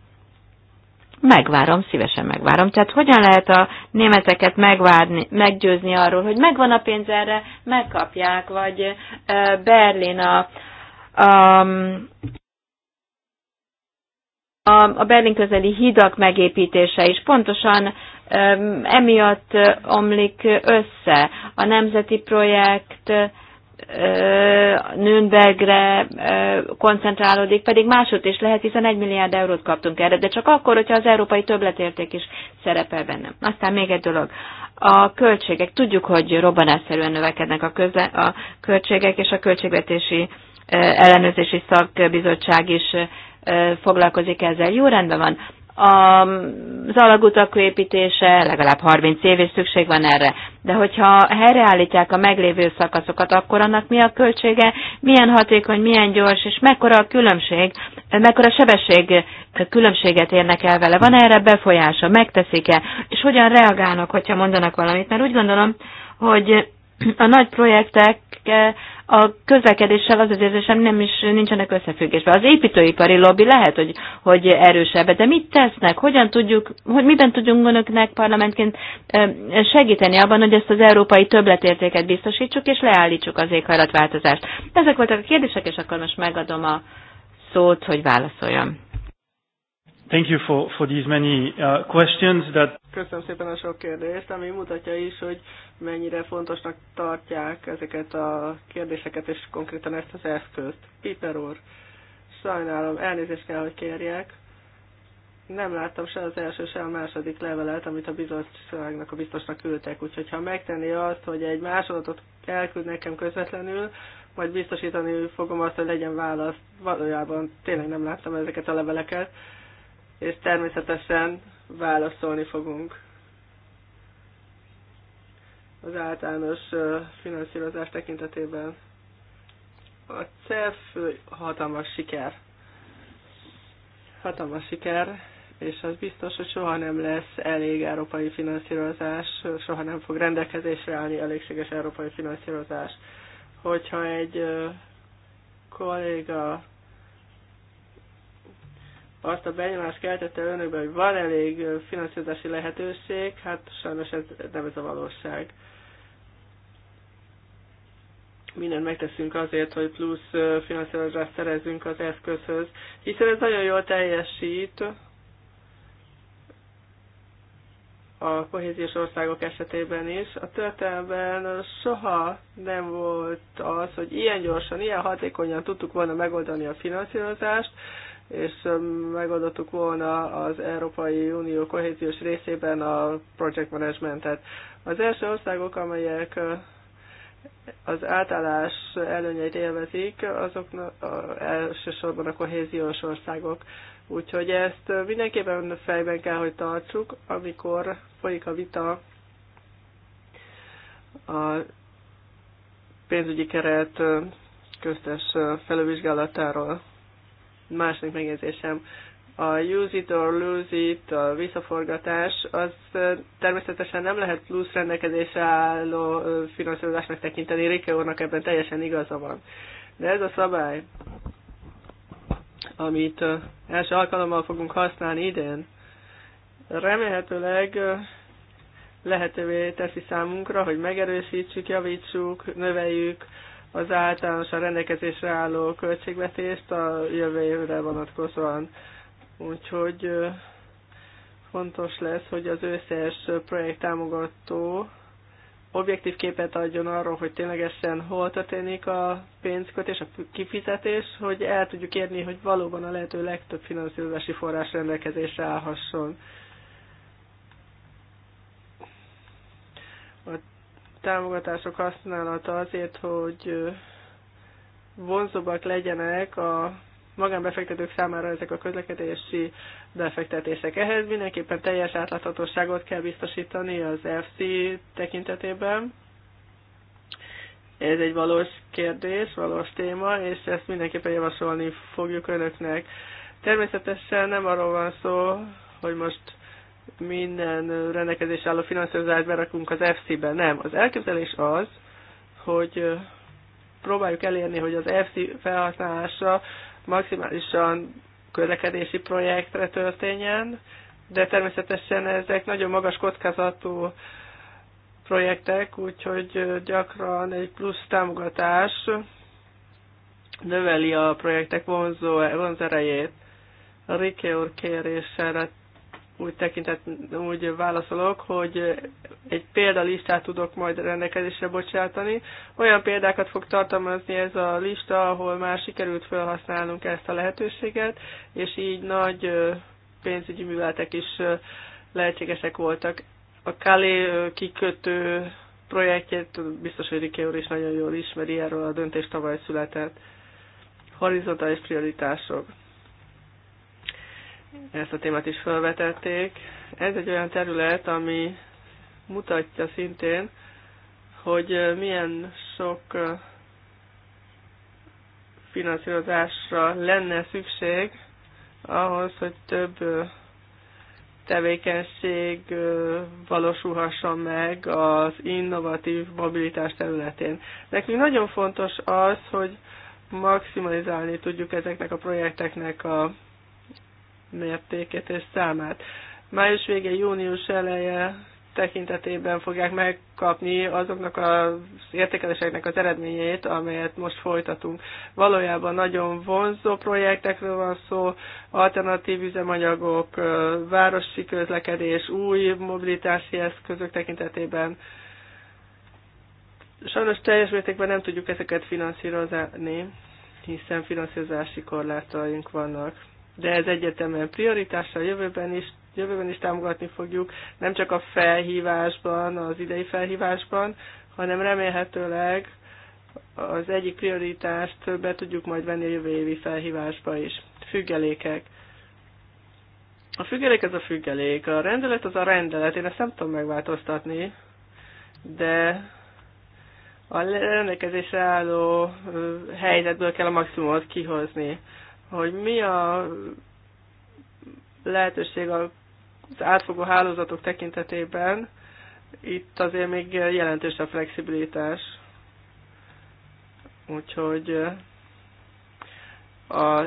Megvárom, szívesen megvárom. Tehát hogyan lehet a németeket megvárni, meggyőzni arról, hogy megvan a pénz erre, megkapják, vagy Berlin a, a a, a Berlin közeli hidak megépítése is pontosan emiatt omlik össze. A nemzeti projekt Nürnbergre koncentrálódik, pedig máshogy is lehet, hiszen 1 milliárd eurót kaptunk erre, de csak akkor, hogyha az európai többletérték is szerepel benne. Aztán még egy dolog. A költségek, tudjuk, hogy robbanásszerűen növekednek a, közle, a költségek, és a költségvetési ellenőrzési szakbizottság is foglalkozik ezzel. Jó rendben van az alagutak építése, legalább 30 év is szükség van erre. De hogyha helyreállítják a meglévő szakaszokat, akkor annak mi a költsége, milyen hatékony, milyen gyors, és mekkora a különbség, mekkora sebesség különbséget érnek el vele. Van -e erre befolyása, megteszik-e, és hogyan reagálnak, hogyha mondanak valamit. Mert úgy gondolom, hogy a nagy projektek a közlekedéssel az az érzésem nem is nincsenek összefüggésben. Az építőipari lobby lehet, hogy, hogy erősebb, de mit tesznek? Hogyan tudjuk, hogy miben tudjunk önöknek parlamentként segíteni abban, hogy ezt az európai többletértéket biztosítsuk és leállítsuk az éghajlatváltozást? Ezek voltak a kérdések, és akkor most megadom a szót, hogy válaszoljam.
Thank you for, for these many uh, questions that...
Köszönöm szépen a sok kérdést, ami mutatja is, hogy mennyire fontosnak tartják ezeket a kérdéseket, és konkrétan ezt az eszközt. Piper úr, sajnálom, elnézést kell, hogy kérjek. Nem láttam se az első, se a második levelet, amit a bizottságnak, a biztosnak küldtek. Úgyhogy ha megtenni azt, hogy egy másolatot elküld nekem közvetlenül, majd biztosítani fogom azt, hogy legyen válasz. Valójában tényleg nem láttam ezeket a leveleket, és természetesen válaszolni fogunk az általános finanszírozás tekintetében. A CEF hatalmas siker. Hatalmas siker, és az biztos, hogy soha nem lesz elég európai finanszírozás, soha nem fog rendelkezésre állni elégséges európai finanszírozás. Hogyha egy kolléga azt a benyomást keltette önökben, hogy van elég finanszírozási lehetőség, hát sajnos ez nem ez a valóság. Mindent megteszünk azért, hogy plusz finanszírozást szerezzünk az eszközhöz, hiszen ez nagyon jól teljesít a kohéziós országok esetében is. A történelemben soha nem volt az, hogy ilyen gyorsan, ilyen hatékonyan tudtuk volna megoldani a finanszírozást, és megadottuk volna az Európai Unió kohéziós részében a project managementet. Az első országok, amelyek az átállás előnyeit élvezik, azok elsősorban a kohéziós országok. Úgyhogy ezt mindenképpen fejben kell, hogy tartsuk, amikor folyik a vita a pénzügyi keret köztes felővizsgálatáról második megjegyzésem. A use it or lose it, a visszaforgatás, az természetesen nem lehet plusz rendelkezésre álló finanszírozásnak tekinteni. Rike úrnak ebben teljesen igaza van. De ez a szabály, amit első alkalommal fogunk használni idén, remélhetőleg lehetővé teszi számunkra, hogy megerősítsük, javítsuk, növeljük az általános a rendelkezésre álló költségvetést a jövő évre vonatkozóan. Úgyhogy fontos lesz, hogy az összes projekt támogató objektív képet adjon arról, hogy ténylegesen hol történik a pénzkötés, a kifizetés, hogy el tudjuk érni, hogy valóban a lehető legtöbb finanszírozási forrás rendelkezésre állhasson. támogatások használata azért, hogy vonzóbbak legyenek a magánbefektetők számára ezek a közlekedési befektetések. Ehhez mindenképpen teljes átláthatóságot kell biztosítani az FC tekintetében. Ez egy valós kérdés, valós téma, és ezt mindenképpen javasolni fogjuk önöknek. Természetesen nem arról van szó, hogy most minden rendelkezés álló finanszírozást berakunk az FC-be. Nem, az elképzelés az, hogy próbáljuk elérni, hogy az FC felhasználása maximálisan közlekedési projektre történjen, de természetesen ezek nagyon magas kockázatú projektek, úgyhogy gyakran egy plusz támogatás növeli a projektek vonzó, vonzerejét. A rikeur úr kérésére úgy tekintet, úgy válaszolok, hogy egy példalistát tudok majd rendelkezésre bocsátani. Olyan példákat fog tartalmazni ez a lista, ahol már sikerült felhasználnunk ezt a lehetőséget, és így nagy pénzügyi műveletek is lehetségesek voltak. A Kali kikötő projektjét biztos, hogy Riké is nagyon jól ismeri, erről a döntés tavaly született. Horizontális prioritások ezt a témát is felvetették. Ez egy olyan terület, ami mutatja szintén, hogy milyen sok finanszírozásra lenne szükség ahhoz, hogy több tevékenység valósulhasson meg az innovatív mobilitás területén. Nekünk nagyon fontos az, hogy maximalizálni tudjuk ezeknek a projekteknek a mértékét és számát. Május vége, június eleje tekintetében fogják megkapni azoknak az értékeléseknek az eredményeit, amelyet most folytatunk. Valójában nagyon vonzó projektekről van szó, alternatív üzemanyagok, városi közlekedés, új mobilitási eszközök tekintetében. Sajnos teljes mértékben nem tudjuk ezeket finanszírozni, hiszen finanszírozási korlátaink vannak de ez egyetemen prioritás a jövőben is, jövőben is támogatni fogjuk, nem csak a felhívásban, az idei felhívásban, hanem remélhetőleg az egyik prioritást be tudjuk majd venni a jövő évi felhívásba is. Függelékek. A függelék ez a függelék. A rendelet az a rendelet. Én ezt nem tudom megváltoztatni, de a rendelkezésre álló helyzetből kell a maximumot kihozni hogy mi a lehetőség az átfogó hálózatok tekintetében, itt azért még jelentős a flexibilitás. Úgyhogy eh, a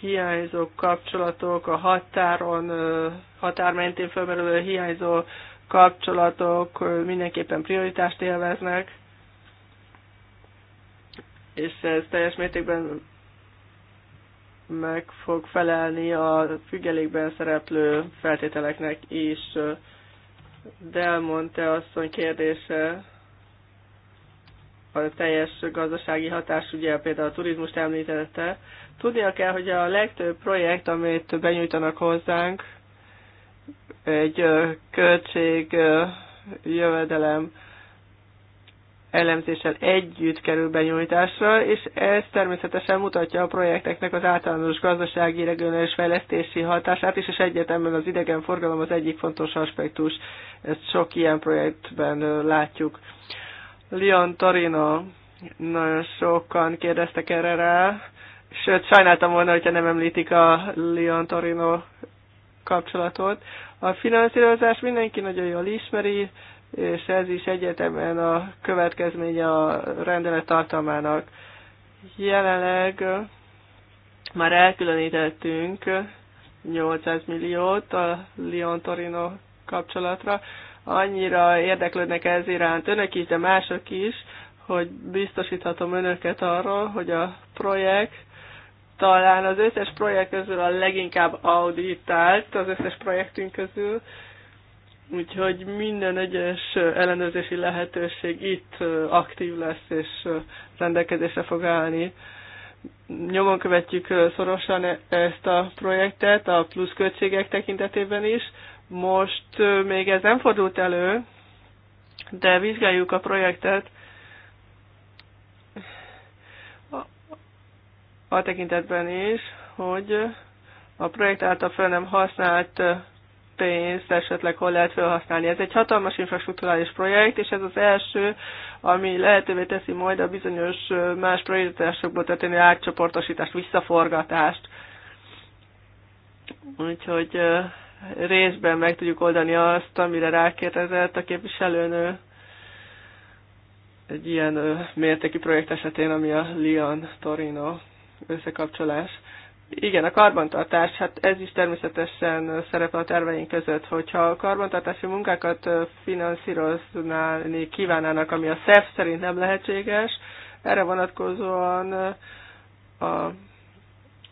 hiányzó kapcsolatok, a határon, eh, határ mentén felmerülő hiányzó kapcsolatok eh, mindenképpen prioritást élveznek, és ez teljes mértékben meg fog felelni a függelékben szereplő feltételeknek is. Del azt asszony kérdése a teljes gazdasági hatás, ugye például a turizmust említette. Tudnia kell, hogy a legtöbb projekt, amit benyújtanak hozzánk, egy költség jövedelem elemzéssel együtt kerül benyújtásra, és ez természetesen mutatja a projekteknek az általános gazdasági, regionális fejlesztési hatását is, és egyetemben az idegenforgalom az egyik fontos aspektus. Ezt sok ilyen projektben látjuk. Lian Tarina, nagyon sokan kérdeztek erre rá, sőt, sajnáltam volna, hogyha nem említik a Lian Torino kapcsolatot. A finanszírozás mindenki nagyon jól ismeri, és ez is egyetemen a következménye a rendelet tartalmának. Jelenleg már elkülönítettünk 800 milliót a Lyon-Torino kapcsolatra. Annyira érdeklődnek ez iránt önök is, de mások is, hogy biztosíthatom önöket arról, hogy a projekt talán az összes projekt közül a leginkább auditált az összes projektünk közül, Úgyhogy minden egyes ellenőrzési lehetőség itt aktív lesz és rendelkezésre fog állni. Nyomon követjük szorosan e-, ezt a projektet a plusz költségek tekintetében is. Most még ez nem fordult elő, de vizsgáljuk a projektet a, tekintetben is, hogy a projekt által fel nem használt pénzt esetleg hol lehet felhasználni. Ez egy hatalmas infrastruktúrális projekt, és ez az első, ami lehetővé teszi majd a bizonyos más prioritásokból történő átcsoportosítást, visszaforgatást. Úgyhogy részben meg tudjuk oldani azt, amire rákérdezett a képviselőnő egy ilyen mértéki projekt esetén, ami a Lyon-Torino összekapcsolás. Igen, a karbantartás, hát ez is természetesen szerepel a terveink között, hogyha a karbantartási munkákat finanszírozni kívánának, ami a SZEF szerint nem lehetséges, erre vonatkozóan a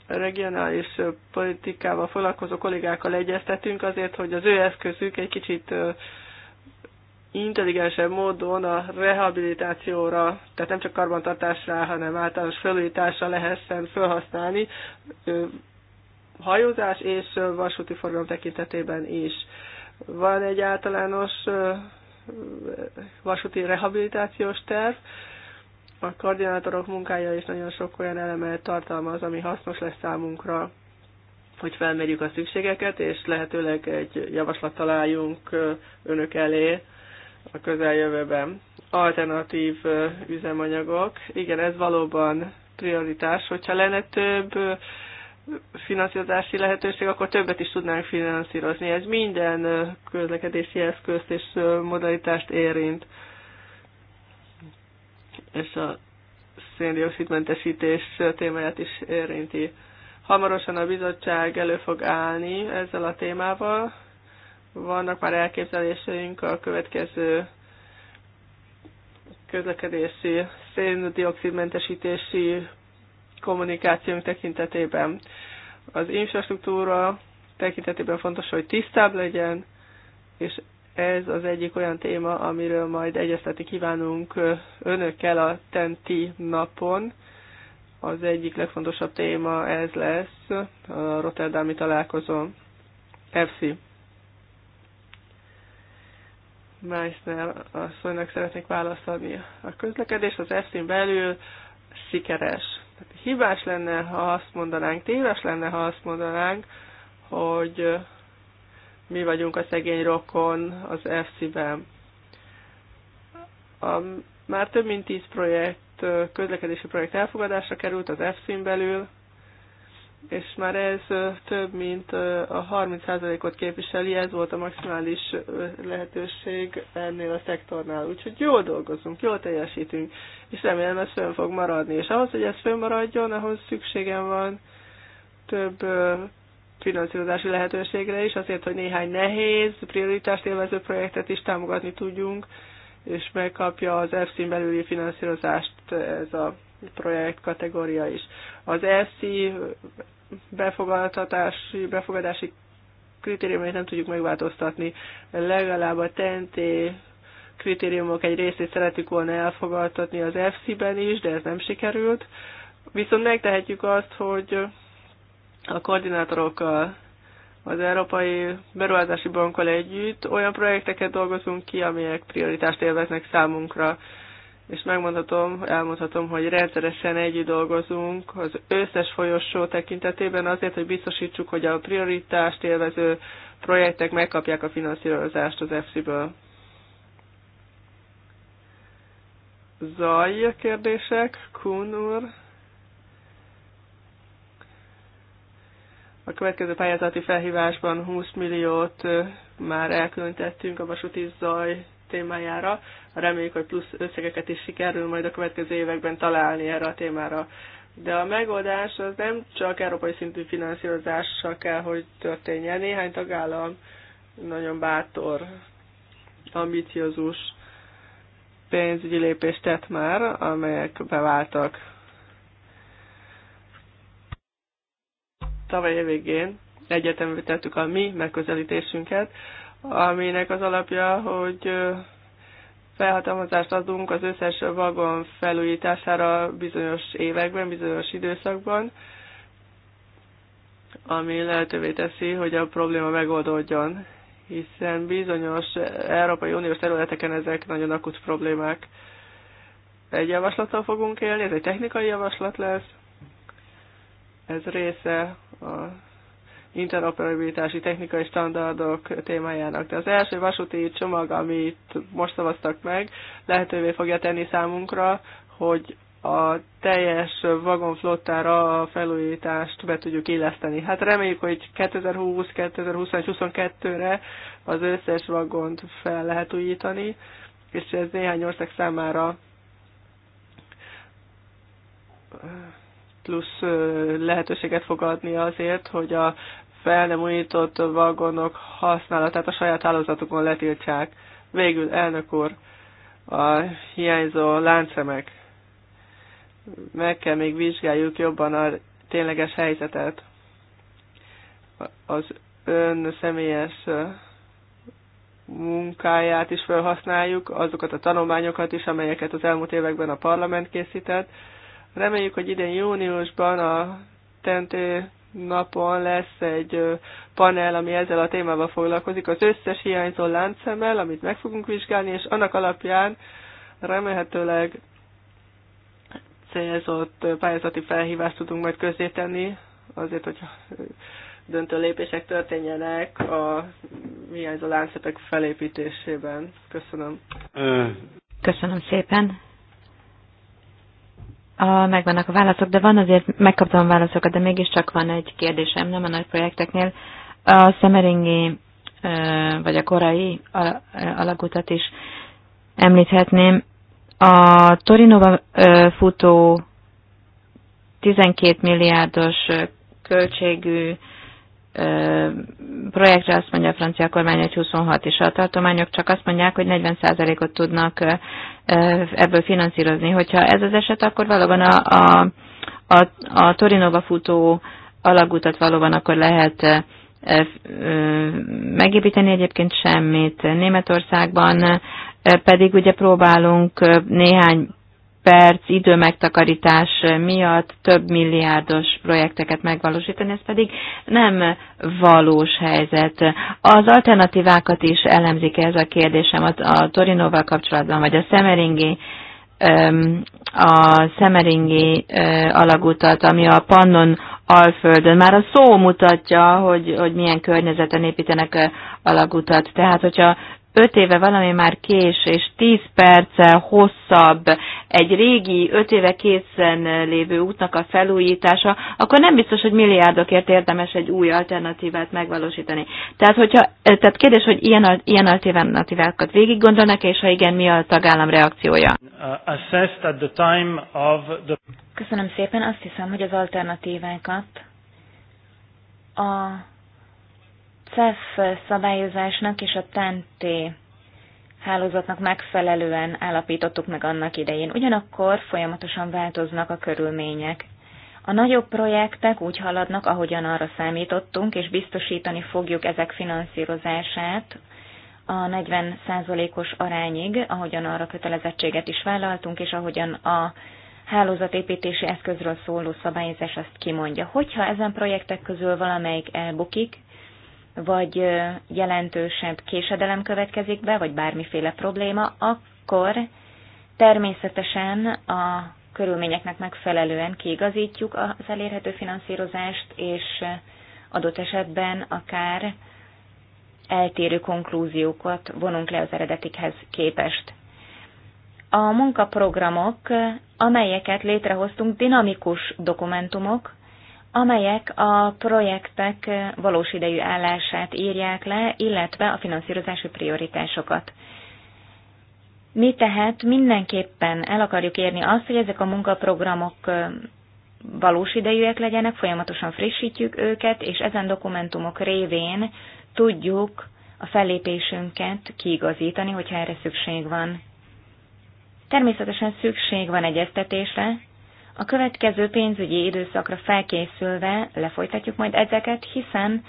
regionális politikával foglalkozó kollégákkal egyeztetünk azért, hogy az ő eszközük egy kicsit intelligensebb módon a rehabilitációra, tehát nem csak karbantartásra, hanem általános felújításra lehessen felhasználni hajózás és vasúti forgalom tekintetében is. Van egy általános vasúti rehabilitációs terv, a koordinátorok munkája is nagyon sok olyan elemet tartalmaz, ami hasznos lesz számunkra, hogy felmérjük a szükségeket, és lehetőleg egy javaslat találjunk önök elé, a közeljövőben. Alternatív üzemanyagok. Igen, ez valóban prioritás. Hogyha lenne több finanszírozási lehetőség, akkor többet is tudnánk finanszírozni. Ez minden közlekedési eszközt és modalitást érint. És a széndiokszidmentesítés témáját is érinti. Hamarosan a bizottság elő fog állni ezzel a témával, vannak már elképzeléseink a következő közlekedési széndiokszidmentesítési kommunikációnk tekintetében. Az infrastruktúra tekintetében fontos, hogy tisztább legyen, és ez az egyik olyan téma, amiről majd egyeztetni kívánunk önökkel a TENTI napon. Az egyik legfontosabb téma ez lesz a Rotterdami találkozó. Köszönöm. Meissner asszonynak szeretnék válaszolni A közlekedés az eszén belül sikeres. Tehát hibás lenne, ha azt mondanánk, téves lenne, ha azt mondanánk, hogy mi vagyunk a szegény rokon az FC-ben. A, már több mint tíz projekt, közlekedési projekt elfogadásra került az FC-n belül, és már ez több, mint a 30%-ot képviseli, ez volt a maximális lehetőség ennél a szektornál. Úgyhogy jól dolgozunk, jól teljesítünk, és remélem ez fönn fog maradni. És ahhoz, hogy ez fönn maradjon, ahhoz szükségem van több finanszírozási lehetőségre is, azért, hogy néhány nehéz, prioritást élvező projektet is támogatni tudjunk, és megkapja az EFSZ-n belüli finanszírozást ez a projekt kategória is. Az ESZI befogadtatási, befogadási kritériumait nem tudjuk megváltoztatni. Legalább a TNT kritériumok egy részét szeretük volna elfogadtatni az FC-ben is, de ez nem sikerült. Viszont megtehetjük azt, hogy a koordinátorokkal, az Európai Beruházási Bankkal együtt olyan projekteket dolgozunk ki, amelyek prioritást élveznek számunkra és megmondhatom, elmondhatom, hogy rendszeresen együtt dolgozunk az összes folyosó tekintetében azért, hogy biztosítsuk, hogy a prioritást élvező projektek megkapják a finanszírozást az EFSI-ből. Zaj kérdések, Kun úr. A következő pályázati felhívásban 20 milliót már elkülönítettünk a vasúti zaj témájára. Reméljük, hogy plusz összegeket is sikerül majd a következő években találni erre a témára. De a megoldás az nem csak európai szintű finanszírozással kell, hogy történjen. Néhány tagállam nagyon bátor, ambiciózus pénzügyi lépést tett már, amelyek beváltak tavaly végén egyetemültettük a mi megközelítésünket, aminek az alapja, hogy felhatalmazást adunk az összes vagon felújítására bizonyos években, bizonyos időszakban, ami lehetővé teszi, hogy a probléma megoldódjon, hiszen bizonyos Európai Uniós területeken ezek nagyon akut problémák. Egy javaslattal fogunk élni, ez egy technikai javaslat lesz, ez része a interoperabilitási technikai standardok témájának. De az első vasúti csomag, amit most szavaztak meg, lehetővé fogja tenni számunkra, hogy a teljes vagonflottára a felújítást be tudjuk illeszteni. Hát reméljük, hogy 2020, 2021, 22 re az összes vagont fel lehet újítani, és ez néhány ország számára plusz lehetőséget fog adni azért, hogy a fel nem újított vagonok használatát a saját hálózatukon letiltsák. Végül, elnök úr, a hiányzó láncemek. Meg kell még vizsgáljuk jobban a tényleges helyzetet. Az ön személyes munkáját is felhasználjuk, azokat a tanulmányokat is, amelyeket az elmúlt években a parlament készített. Reméljük, hogy idén júniusban a tentő napon lesz egy panel, ami ezzel a témával foglalkozik, az összes hiányzó láncszemmel, amit meg fogunk vizsgálni, és annak alapján remélhetőleg célzott pályázati felhívást tudunk majd közzétenni, azért, hogy döntő lépések történjenek a hiányzó láncszemek felépítésében. Köszönöm.
Köszönöm szépen. A, megvannak a válaszok, de van azért, megkaptam a válaszokat, de mégiscsak van egy kérdésem, nem a nagy projekteknél. A szemeringi, vagy a korai alagutat is említhetném. A Torinova futó 12 milliárdos költségű projektre azt mondja a francia kormány, hogy 26, és a tartományok csak azt mondják, hogy 40%-ot tudnak ebből finanszírozni. Hogyha ez az eset, akkor valóban a, a, a, a Torinova futó alagútat valóban akkor lehet megépíteni egyébként semmit. Németországban pedig ugye próbálunk néhány perc időmegtakarítás miatt több milliárdos projekteket megvalósítani, ez pedig nem valós helyzet. Az alternatívákat is elemzik ez a kérdésem a, a Torinóval kapcsolatban, vagy a Szemeringi a Szemeringi alagutat, ami a Pannon Alföldön. Már a szó mutatja, hogy, hogy milyen környezeten építenek alagutat. Tehát, hogyha öt éve valami már kés, és tíz perce hosszabb egy régi, öt éve készen lévő útnak a felújítása, akkor nem biztos, hogy milliárdokért érdemes egy új alternatívát megvalósítani. Tehát, hogyha, tehát kérdés, hogy ilyen, ilyen alternatívákat végig gondolnak, és ha igen, mi a tagállam reakciója? Uh,
Köszönöm szépen, azt hiszem, hogy az
alternatívákat
a CEF szabályozásnak és a TNT hálózatnak megfelelően állapítottuk meg annak idején. Ugyanakkor folyamatosan változnak a körülmények. A nagyobb projektek úgy haladnak, ahogyan arra számítottunk, és biztosítani fogjuk ezek finanszírozását a 40%-os arányig, ahogyan arra kötelezettséget is vállaltunk, és ahogyan a hálózatépítési eszközről szóló szabályozás azt kimondja. Hogyha ezen projektek közül valamelyik elbukik, vagy jelentősebb késedelem következik be, vagy bármiféle probléma, akkor természetesen a körülményeknek megfelelően kiigazítjuk az elérhető finanszírozást, és adott esetben akár eltérő konklúziókat vonunk le az eredetikhez képest. A munkaprogramok, amelyeket létrehoztunk, dinamikus dokumentumok, amelyek a projektek valós idejű állását írják le, illetve a finanszírozási prioritásokat. Mi tehát mindenképpen el akarjuk érni azt, hogy ezek a munkaprogramok valós idejűek legyenek, folyamatosan frissítjük őket, és ezen dokumentumok révén tudjuk a fellépésünket kiigazítani, hogyha erre szükség van. Természetesen szükség van egyeztetésre, a következő pénzügyi időszakra felkészülve lefolytatjuk majd ezeket, hiszen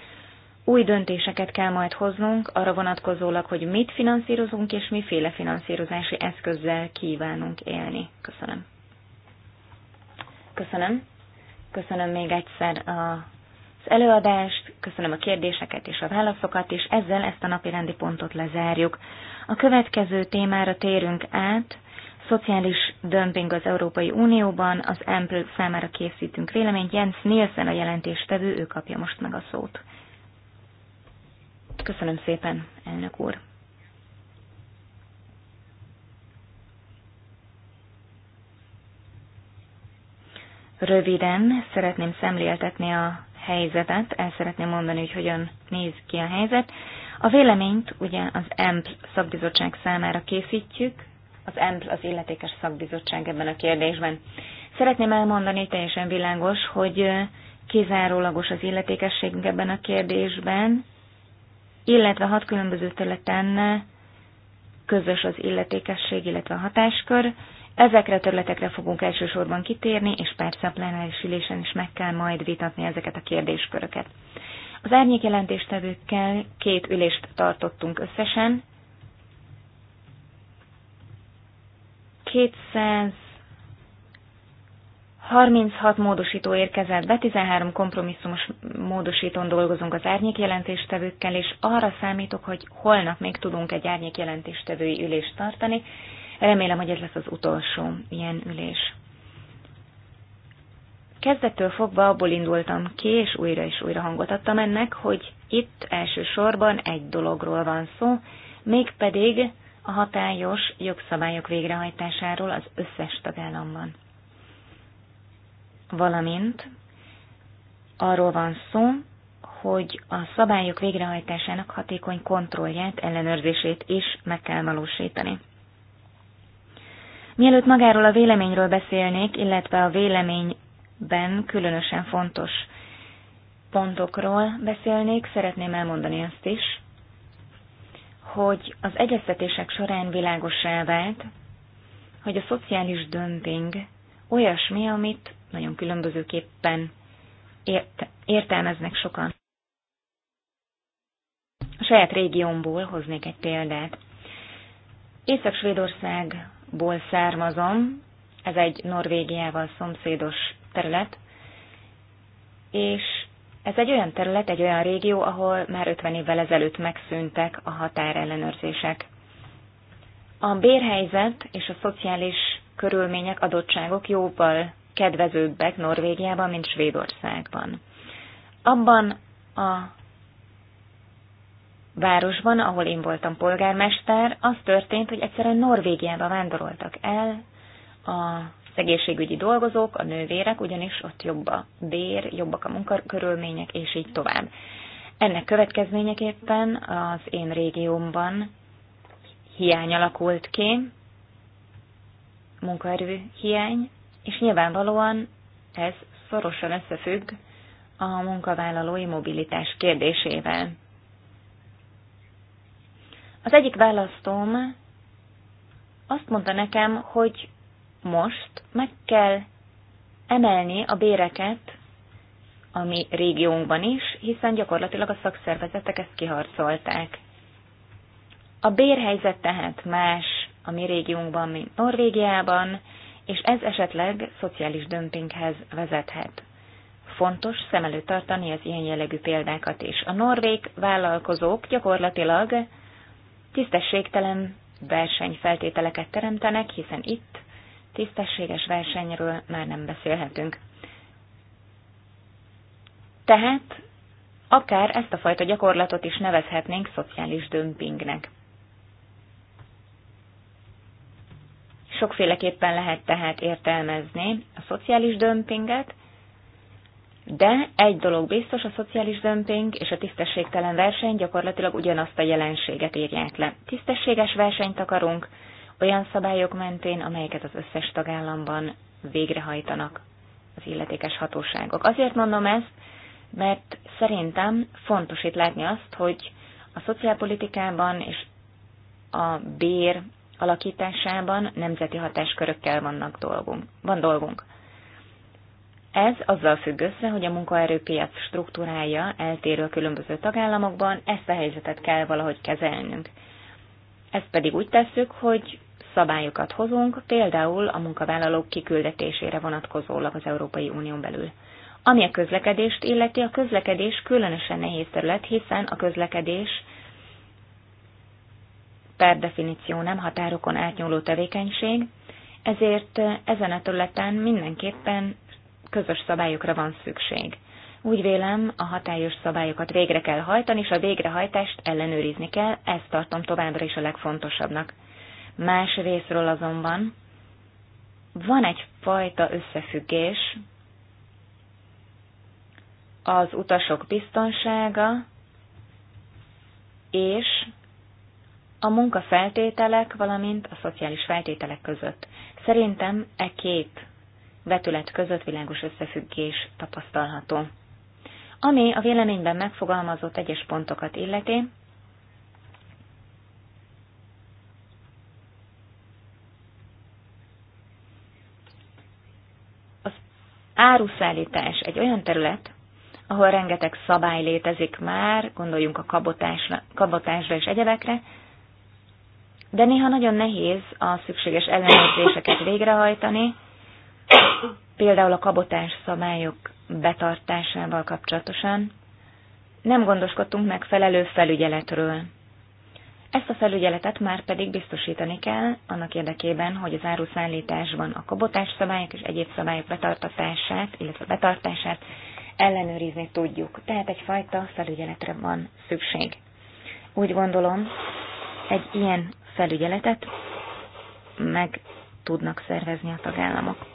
új döntéseket kell majd hoznunk arra vonatkozólag, hogy mit finanszírozunk és miféle finanszírozási eszközzel kívánunk élni. Köszönöm. Köszönöm. Köszönöm még egyszer az előadást, köszönöm a kérdéseket és a válaszokat, és ezzel ezt a napi rendi pontot lezárjuk. A következő témára térünk át, Szociális dömping az Európai Unióban, az EMPL számára készítünk véleményt. Jens Nielsen a jelentéstevő, ő kapja most meg a szót. Köszönöm szépen, elnök úr. Röviden szeretném szemléltetni a helyzetet, el szeretném mondani, hogy hogyan néz ki a helyzet. A véleményt ugye az EMP szakbizottság számára készítjük, az EMPL az illetékes szakbizottság ebben a kérdésben. Szeretném elmondani teljesen világos, hogy kizárólagos az illetékességünk ebben a kérdésben, illetve hat különböző területen közös az illetékesség, illetve a hatáskör. Ezekre a területekre fogunk elsősorban kitérni, és persze a plenáris ülésen is meg kell majd vitatni ezeket a kérdésköröket. Az árnyék jelentéstevőkkel két ülést tartottunk összesen, 236 módosító érkezett be, 13 kompromisszumos módosítón dolgozunk az árnyékjelentéstevőkkel, és arra számítok, hogy holnap még tudunk egy árnyékjelentéstevői ülést tartani. Remélem, hogy ez lesz az utolsó ilyen ülés. Kezdettől fogva abból indultam ki, és újra és újra hangot adtam ennek, hogy itt elsősorban egy dologról van szó, mégpedig pedig a hatályos jogszabályok végrehajtásáról az összes tagállamban. Valamint arról van szó, hogy a szabályok végrehajtásának hatékony kontrollját, ellenőrzését is meg kell valósítani. Mielőtt magáról a véleményről beszélnék, illetve a véleményben különösen fontos pontokról beszélnék, szeretném elmondani azt is, hogy az egyeztetések során világosá vált, hogy a szociális dömping olyasmi, amit nagyon különbözőképpen ért- értelmeznek sokan. A saját régiómból hoznék egy példát. Észak-Svédországból származom, ez egy Norvégiával szomszédos terület, és ez egy olyan terület, egy olyan régió, ahol már 50 évvel ezelőtt megszűntek a határellenőrzések. A bérhelyzet és a szociális körülmények, adottságok jóval kedvezőbbek Norvégiában, mint Svédországban. Abban a városban, ahol én voltam polgármester, az történt, hogy egyszerűen Norvégiába vándoroltak el a az egészségügyi dolgozók, a nővérek, ugyanis ott jobb a bér, jobbak a munkakörülmények, és így tovább. Ennek következményeképpen az én régiómban hiány alakult ki, munkaerő hiány, és nyilvánvalóan ez szorosan összefügg a munkavállalói mobilitás kérdésével. Az egyik választóm azt mondta nekem, hogy most meg kell emelni a béreket a mi régiónkban is, hiszen gyakorlatilag a szakszervezetek ezt kiharcolták. A bérhelyzet tehát más a mi régiónkban, mint Norvégiában, és ez esetleg szociális dömpinghez vezethet. Fontos szem előtt tartani az ilyen jellegű példákat is. A norvég vállalkozók gyakorlatilag tisztességtelen versenyfeltételeket teremtenek, hiszen itt tisztességes versenyről már nem beszélhetünk. Tehát akár ezt a fajta gyakorlatot is nevezhetnénk szociális dömpingnek. Sokféleképpen lehet tehát értelmezni a szociális dömpinget, de egy dolog biztos, a szociális dömping és a tisztességtelen verseny gyakorlatilag ugyanazt a jelenséget írják le. Tisztességes versenyt akarunk, olyan szabályok mentén, amelyeket az összes tagállamban végrehajtanak az illetékes hatóságok. Azért mondom ezt, mert szerintem fontos itt látni azt, hogy a szociálpolitikában és a bér alakításában nemzeti hatáskörökkel vannak dolgunk, van dolgunk. Ez azzal függ össze, hogy a munkaerőpiac struktúrája eltérő a különböző tagállamokban, ezt a helyzetet kell valahogy kezelnünk. Ezt pedig úgy tesszük, hogy szabályokat hozunk, például a munkavállalók kiküldetésére vonatkozólag az Európai Unión belül. Ami a közlekedést illeti, a közlekedés különösen nehéz terület, hiszen a közlekedés per definíció nem határokon átnyúló tevékenység, ezért ezen a területen mindenképpen közös szabályokra van szükség. Úgy vélem, a hatályos szabályokat végre kell hajtani, és a végrehajtást ellenőrizni kell, ezt tartom továbbra is a legfontosabbnak. Más részről azonban van egy fajta összefüggés az utasok biztonsága és a munkafeltételek, valamint a szociális feltételek között. Szerintem e két vetület között világos összefüggés tapasztalható. Ami a véleményben megfogalmazott egyes pontokat illeti, Áruszállítás egy olyan terület, ahol rengeteg szabály létezik már, gondoljunk a kabotásra, kabotásra és egyebekre, de néha nagyon nehéz a szükséges ellenőrzéseket végrehajtani, például a kabotás szabályok betartásával kapcsolatosan. Nem gondoskodtunk megfelelő felügyeletről. Ezt a felügyeletet már pedig biztosítani kell annak érdekében, hogy az áruszállításban a kabotás szabályok és egyéb szabályok betartatását, illetve betartását ellenőrizni tudjuk. Tehát egyfajta felügyeletre van szükség. Úgy gondolom, egy ilyen felügyeletet meg tudnak szervezni a tagállamok.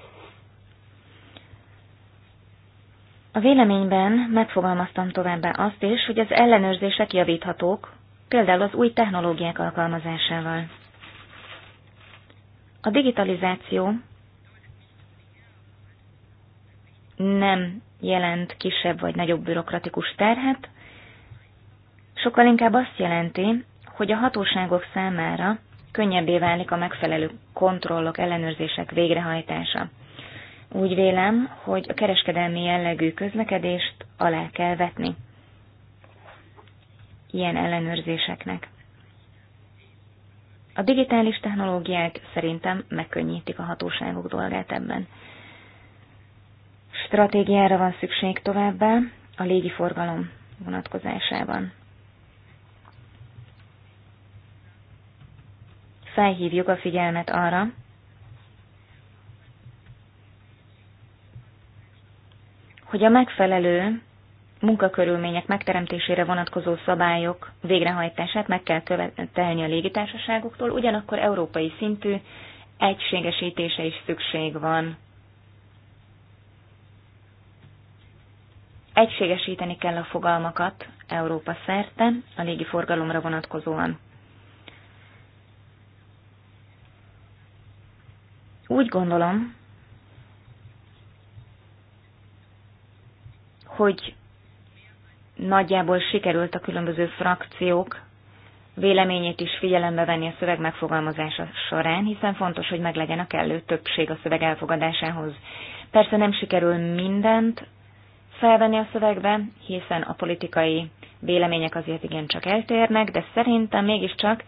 A véleményben megfogalmaztam továbbá azt is, hogy az ellenőrzések javíthatók, például az új technológiák alkalmazásával. A digitalizáció nem jelent kisebb vagy nagyobb bürokratikus terhet, sokkal inkább azt jelenti, hogy a hatóságok számára könnyebbé válik a megfelelő kontrollok, ellenőrzések végrehajtása. Úgy vélem, hogy a kereskedelmi jellegű közlekedést alá kell vetni ilyen ellenőrzéseknek. A digitális technológiák szerintem megkönnyítik a hatóságok dolgát ebben. Stratégiára van szükség továbbá a légiforgalom vonatkozásában. Felhívjuk a figyelmet arra, hogy a megfelelő munkakörülmények megteremtésére vonatkozó szabályok végrehajtását meg kell követelni a légitársaságoktól, ugyanakkor európai szintű egységesítése is szükség van. Egységesíteni kell a fogalmakat Európa szerte a légiforgalomra vonatkozóan. Úgy gondolom, hogy nagyjából sikerült a különböző frakciók véleményét is figyelembe venni a szöveg megfogalmazása során, hiszen fontos, hogy meglegyen a kellő többség a szöveg elfogadásához. Persze nem sikerül mindent felvenni a szövegbe, hiszen a politikai vélemények azért igen csak eltérnek, de szerintem mégiscsak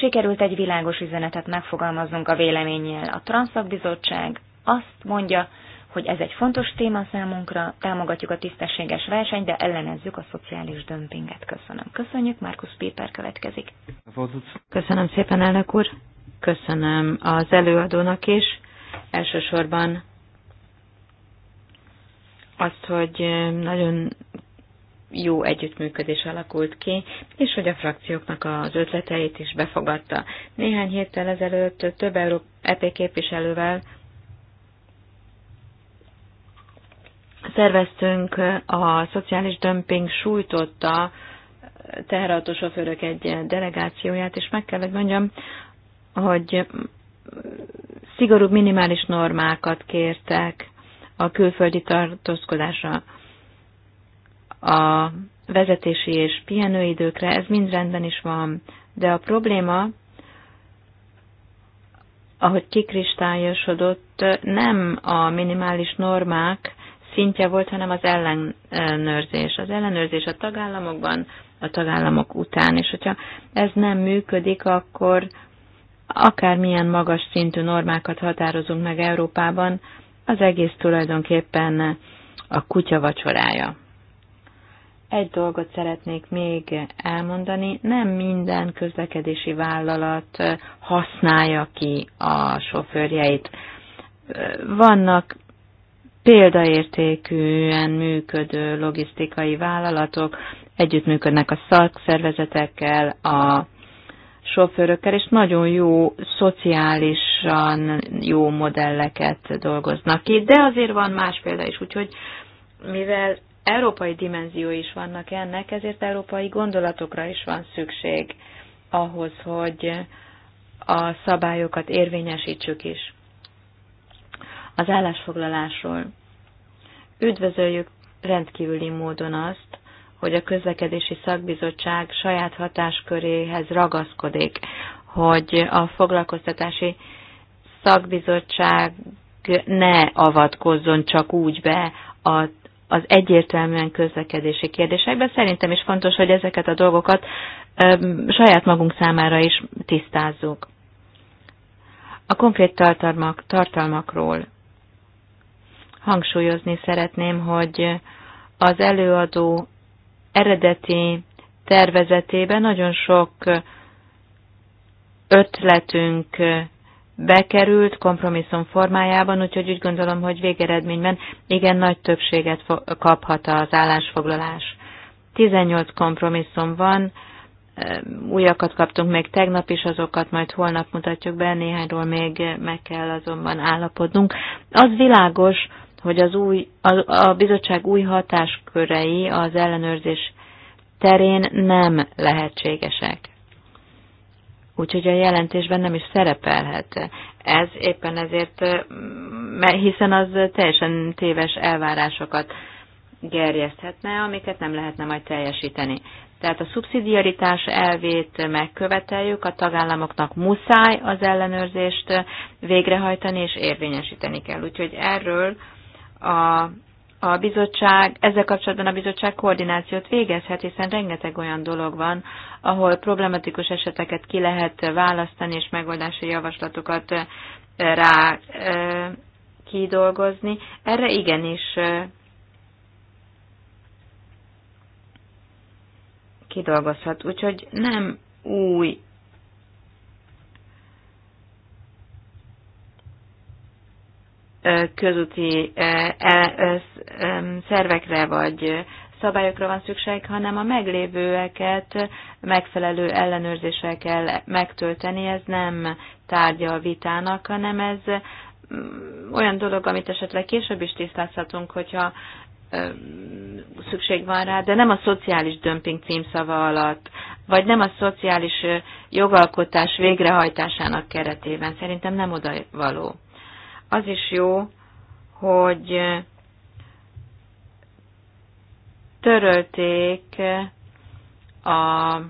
sikerült egy világos üzenetet megfogalmaznunk a véleménnyel. A Transzakbizottság azt mondja, hogy ez egy fontos téma számunkra, támogatjuk a tisztességes versenyt, de ellenezzük a
szociális dömpinget. Köszönöm. Köszönjük, Markus Péper következik. Köszönöm szépen, elnök úr. Köszönöm az előadónak is. Elsősorban azt, hogy nagyon jó együttműködés alakult ki, és hogy a frakcióknak az ötleteit is befogadta. Néhány héttel ezelőtt több EP képviselővel szerveztünk a szociális dömping sújtotta teherautó sofőrök egy delegációját, és meg kell, hogy mondjam, hogy szigorúbb minimális normákat kértek a külföldi tartózkodásra, a vezetési és pihenőidőkre, ez mind rendben is van, de a probléma, ahogy kikristályosodott, nem a minimális normák, szintje volt, hanem az ellenőrzés. Az ellenőrzés a tagállamokban, a tagállamok után, és hogyha ez nem működik, akkor akármilyen magas szintű normákat határozunk meg Európában, az egész tulajdonképpen a kutya vacsorája. Egy dolgot szeretnék még elmondani, nem minden közlekedési vállalat használja ki a sofőrjeit. Vannak példaértékűen működő logisztikai vállalatok együttműködnek a szakszervezetekkel, a sofőrökkel, és nagyon jó, szociálisan jó modelleket dolgoznak ki, de azért van más példa is, úgyhogy mivel európai dimenzió is vannak ennek, ezért európai gondolatokra is van szükség ahhoz, hogy a szabályokat érvényesítsük is az állásfoglalásról. Üdvözöljük rendkívüli módon azt, hogy a közlekedési szakbizottság saját hatásköréhez ragaszkodik, hogy a foglalkoztatási szakbizottság ne avatkozzon csak úgy be a az egyértelműen közlekedési kérdésekben. Szerintem is fontos, hogy ezeket a dolgokat ö, saját magunk számára is tisztázzuk. A konkrét tartalmak, tartalmakról hangsúlyozni szeretném, hogy az előadó eredeti tervezetében nagyon sok ötletünk bekerült kompromisszum formájában, úgyhogy úgy gondolom, hogy végeredményben igen nagy többséget kaphat az állásfoglalás. 18 kompromisszum van, újakat kaptunk még tegnap is, azokat majd holnap mutatjuk be, néhányról még meg kell azonban állapodnunk. Az világos, hogy az új, a, a bizottság új hatáskörei az ellenőrzés terén nem lehetségesek. Úgyhogy a jelentésben nem is szerepelhet. Ez éppen ezért, hiszen az teljesen téves elvárásokat gerjeszthetne, amiket nem lehetne majd teljesíteni. Tehát a szubszidiaritás elvét megköveteljük, a tagállamoknak muszáj az ellenőrzést végrehajtani és érvényesíteni kell. Úgyhogy erről a, a bizottság, ezzel kapcsolatban a bizottság koordinációt végezhet, hiszen rengeteg olyan dolog van, ahol problematikus eseteket ki lehet választani, és megoldási javaslatokat eh, rá eh, kidolgozni. Erre igenis eh, kidolgozhat. Úgyhogy nem új közúti e, szervekre vagy szabályokra van szükség, hanem a meglévőeket megfelelő ellenőrzéssel kell megtölteni. Ez nem tárgya a vitának, hanem ez mm, olyan dolog, amit esetleg később is tisztázhatunk, hogyha szükség van rá, de nem a szociális dömping címszava alatt, vagy nem a szociális jogalkotás végrehajtásának keretében. Szerintem nem oda való. Az is jó, hogy törölték a, a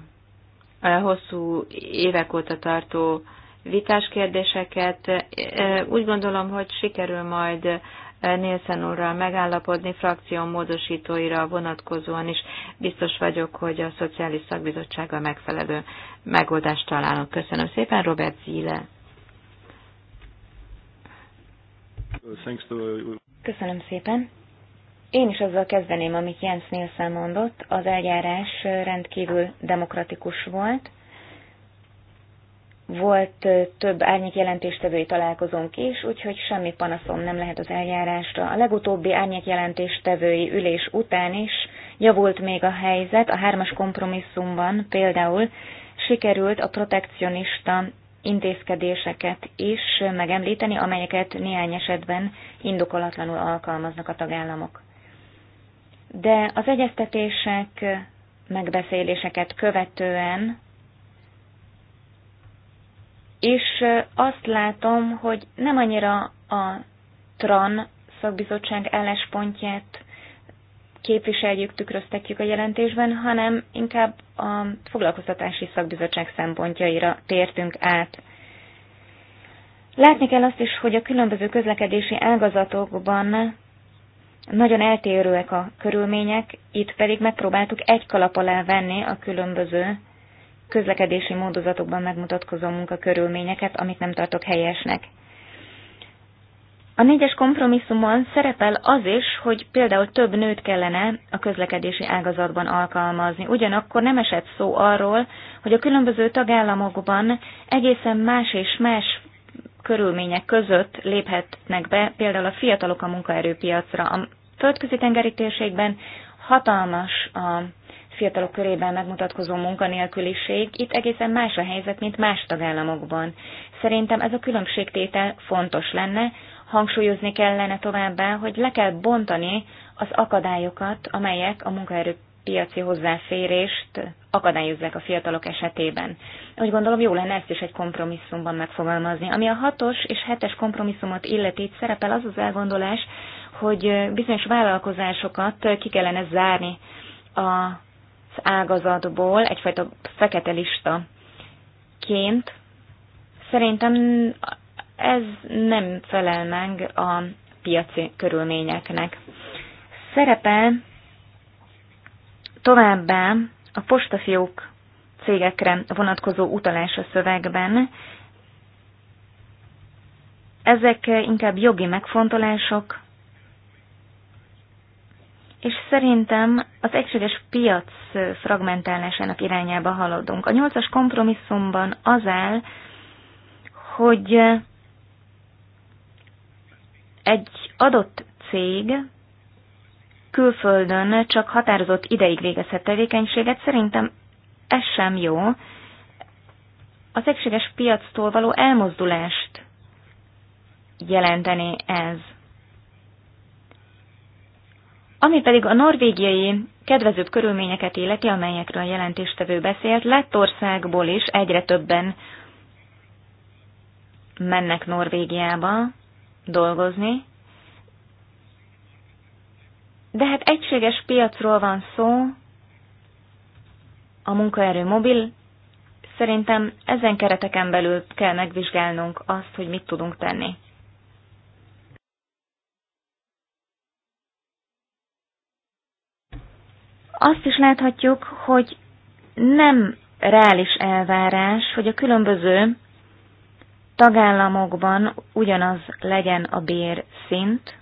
hosszú évek óta tartó vitás kérdéseket. Úgy gondolom, hogy sikerül majd Nielsen úrral megállapodni, frakció módosítóira vonatkozóan is biztos vagyok, hogy a Szociális Szakbizottsága megfelelő megoldást találunk. Köszönöm szépen, Robert Zile.
Uh,
Köszönöm szépen. Én is azzal kezdeném, amit Jens Nielsen mondott. Az eljárás rendkívül demokratikus volt. Volt uh, több árnyék jelentéstevői találkozónk is, úgyhogy semmi panaszom nem lehet az eljárásra. A legutóbbi árnyék jelentéstevői ülés után is javult még a helyzet. A hármas kompromisszumban például sikerült a protekcionista intézkedéseket is megemlíteni, amelyeket néhány esetben indokolatlanul alkalmaznak a tagállamok. De az egyeztetések, megbeszéléseket követően és azt látom, hogy nem annyira a TRAN szakbizottság álláspontját képviseljük, tükröztetjük a jelentésben, hanem inkább a foglalkoztatási szakbizottság szempontjaira tértünk át. Látni kell azt is, hogy a különböző közlekedési ágazatokban nagyon eltérőek a körülmények, itt pedig megpróbáltuk egy kalap alá venni a különböző közlekedési módozatokban megmutatkozó munkakörülményeket, amit nem tartok helyesnek. A négyes kompromisszumon szerepel az is, hogy például több nőt kellene a közlekedési ágazatban alkalmazni. Ugyanakkor nem esett szó arról, hogy a különböző tagállamokban egészen más és más körülmények között léphetnek be például a fiatalok a munkaerőpiacra. A földközi tengeri térségben hatalmas a fiatalok körében megmutatkozó munkanélküliség, itt egészen más a helyzet, mint más tagállamokban. Szerintem ez a különbségtétel fontos lenne, Hangsúlyozni kellene továbbá, hogy le kell bontani az akadályokat, amelyek a munkaerőpiaci hozzáférést akadályozzák a fiatalok esetében. Úgy gondolom, jó lenne ezt is egy kompromisszumban megfogalmazni. Ami a hatos és hetes kompromisszumot illeti, itt szerepel az az elgondolás, hogy bizonyos vállalkozásokat ki kellene zárni az ágazatból, egyfajta fekete lista ként. Szerintem ez nem felel meg a piaci körülményeknek. Szerepel továbbá a postafiók cégekre vonatkozó utalás a szövegben. Ezek inkább jogi megfontolások, és szerintem az egységes piac fragmentálásának irányába haladunk. A nyolcas kompromisszumban az áll, hogy egy adott cég külföldön csak határozott ideig végezhet tevékenységet, szerintem ez sem jó. Az egységes piactól való elmozdulást jelenteni ez. Ami pedig a norvégiai kedvezőbb körülményeket illeti, amelyekről a jelentéstevő beszélt, Lettországból is egyre többen mennek Norvégiába, dolgozni. De hát egységes piacról van szó, a munkaerő mobil, szerintem ezen kereteken belül kell megvizsgálnunk azt, hogy mit tudunk tenni. Azt is láthatjuk, hogy nem reális elvárás, hogy a különböző tagállamokban ugyanaz legyen a bér szint.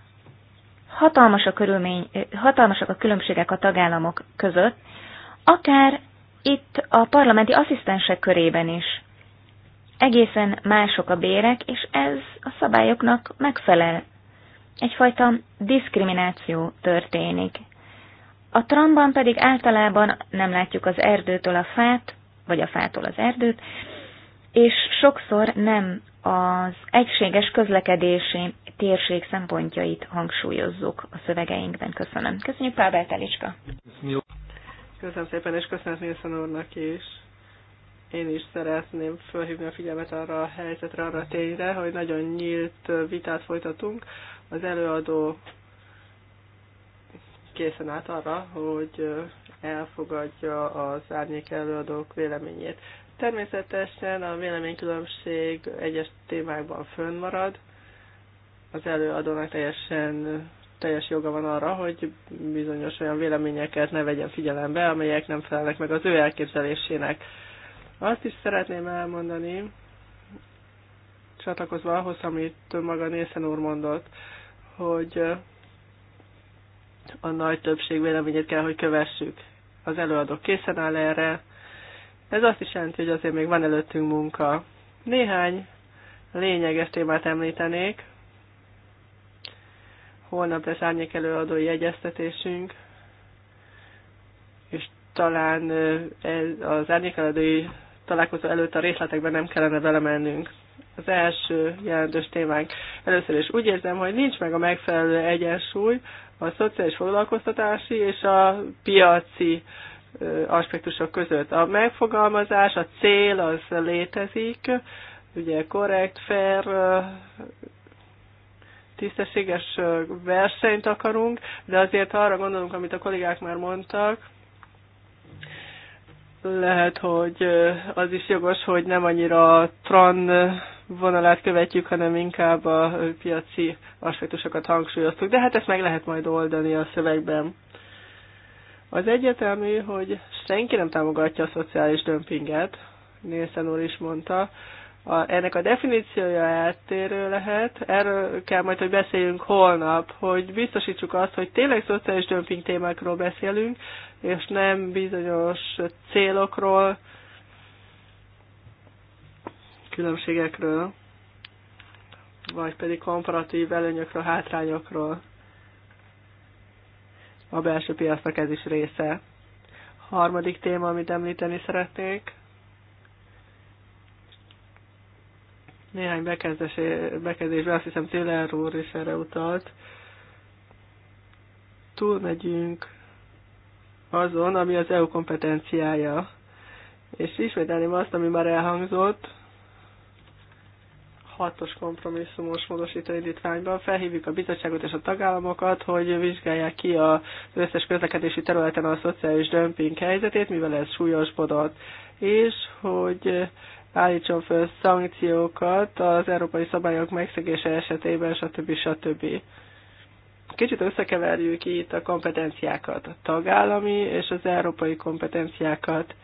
Hatalmas a körülmény, hatalmasak a különbségek a tagállamok között, akár itt a parlamenti asszisztensek körében is. Egészen mások a bérek, és ez a szabályoknak megfelel. Egyfajta diszkrimináció történik. A tramban pedig általában nem látjuk az erdőtől a fát, vagy a fától az erdőt, és sokszor nem az egységes közlekedési térség szempontjait hangsúlyozzuk a szövegeinkben. Köszönöm. Köszönjük Pábel Telicska.
Köszönöm szépen, és köszönöm Nilsson úrnak is. Én is szeretném felhívni a figyelmet arra a helyzetre, arra a tényre, hogy nagyon nyílt vitát folytatunk. Az előadó készen állt arra, hogy elfogadja az árnyék előadók véleményét. Természetesen a véleménykülönbség egyes témákban fönnmarad. Az előadónak teljesen teljes joga van arra, hogy bizonyos olyan véleményeket ne vegyen figyelembe, amelyek nem felelnek meg az ő elképzelésének. Azt is szeretném elmondani, csatlakozva ahhoz, amit maga Nészen úr mondott, hogy a nagy többség véleményét kell, hogy kövessük. Az előadó készen áll erre, ez azt is jelenti, hogy azért még van előttünk munka. Néhány lényeges témát említenék. Holnap lesz árnyék előadói egyeztetésünk, és talán ez az árnyék előadói találkozó előtt a részletekben nem kellene belemennünk. Az első jelentős témánk. Először is úgy érzem, hogy nincs meg a megfelelő egyensúly a szociális foglalkoztatási és a piaci uh, aspektusok között. A megfogalmazás, a cél az létezik, ugye korrekt, fair, tisztességes versenyt akarunk, de azért arra gondolunk, amit a kollégák már mondtak, lehet, hogy az is jogos, hogy nem annyira a tran vonalát követjük, hanem inkább a piaci aspektusokat hangsúlyoztuk, de hát ezt meg lehet majd oldani a szövegben. Az egyetemű, hogy senki nem támogatja a szociális dömpinget, Nielsen úr is mondta, a, ennek a definíciója eltérő lehet, erről kell majd, hogy beszéljünk holnap, hogy biztosítsuk azt, hogy tényleg szociális dömping témákról beszélünk, és nem bizonyos célokról, különbségekről, vagy pedig komparatív előnyökről, hátrányokról a belső piacnak ez is része. Harmadik téma, amit említeni szeretnék, néhány bekezdésben azt hiszem Téler úr is erre utalt, túlmegyünk azon, ami az EU kompetenciája. És ismételném azt, ami már elhangzott, hatos kompromisszumos módosító indítványban felhívjuk a bizottságot és a tagállamokat, hogy vizsgálják ki az összes közlekedési területen a szociális dömping helyzetét, mivel ez súlyosbodott, és hogy állítson föl szankciókat az európai szabályok megszegése esetében, stb. stb. Kicsit összekeverjük itt a kompetenciákat, a tagállami és az európai kompetenciákat.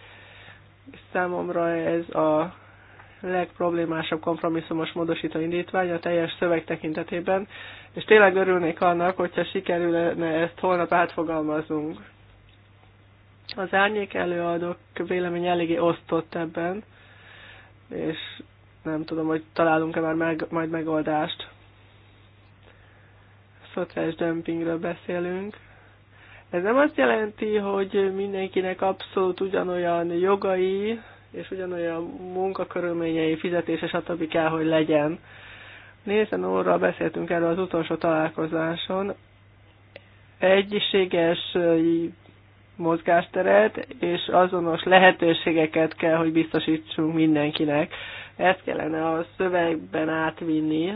Számomra ez a legproblémásabb kompromisszumos módosító indítvány a teljes szöveg tekintetében, és tényleg örülnék annak, hogyha sikerülne ezt holnap átfogalmazunk. Az árnyék előadók vélemény eléggé osztott ebben, és nem tudom, hogy találunk-e már meg, majd megoldást. Szociális dömpingről beszélünk. Ez nem azt jelenti, hogy mindenkinek abszolút ugyanolyan jogai, és ugyanolyan munkakörülményei, fizetése, stb. kell, hogy legyen. Nézen óra beszéltünk erről az utolsó találkozáson. Egyiséges mozgásteret és azonos lehetőségeket kell, hogy biztosítsunk mindenkinek. Ezt kellene a szövegben átvinni,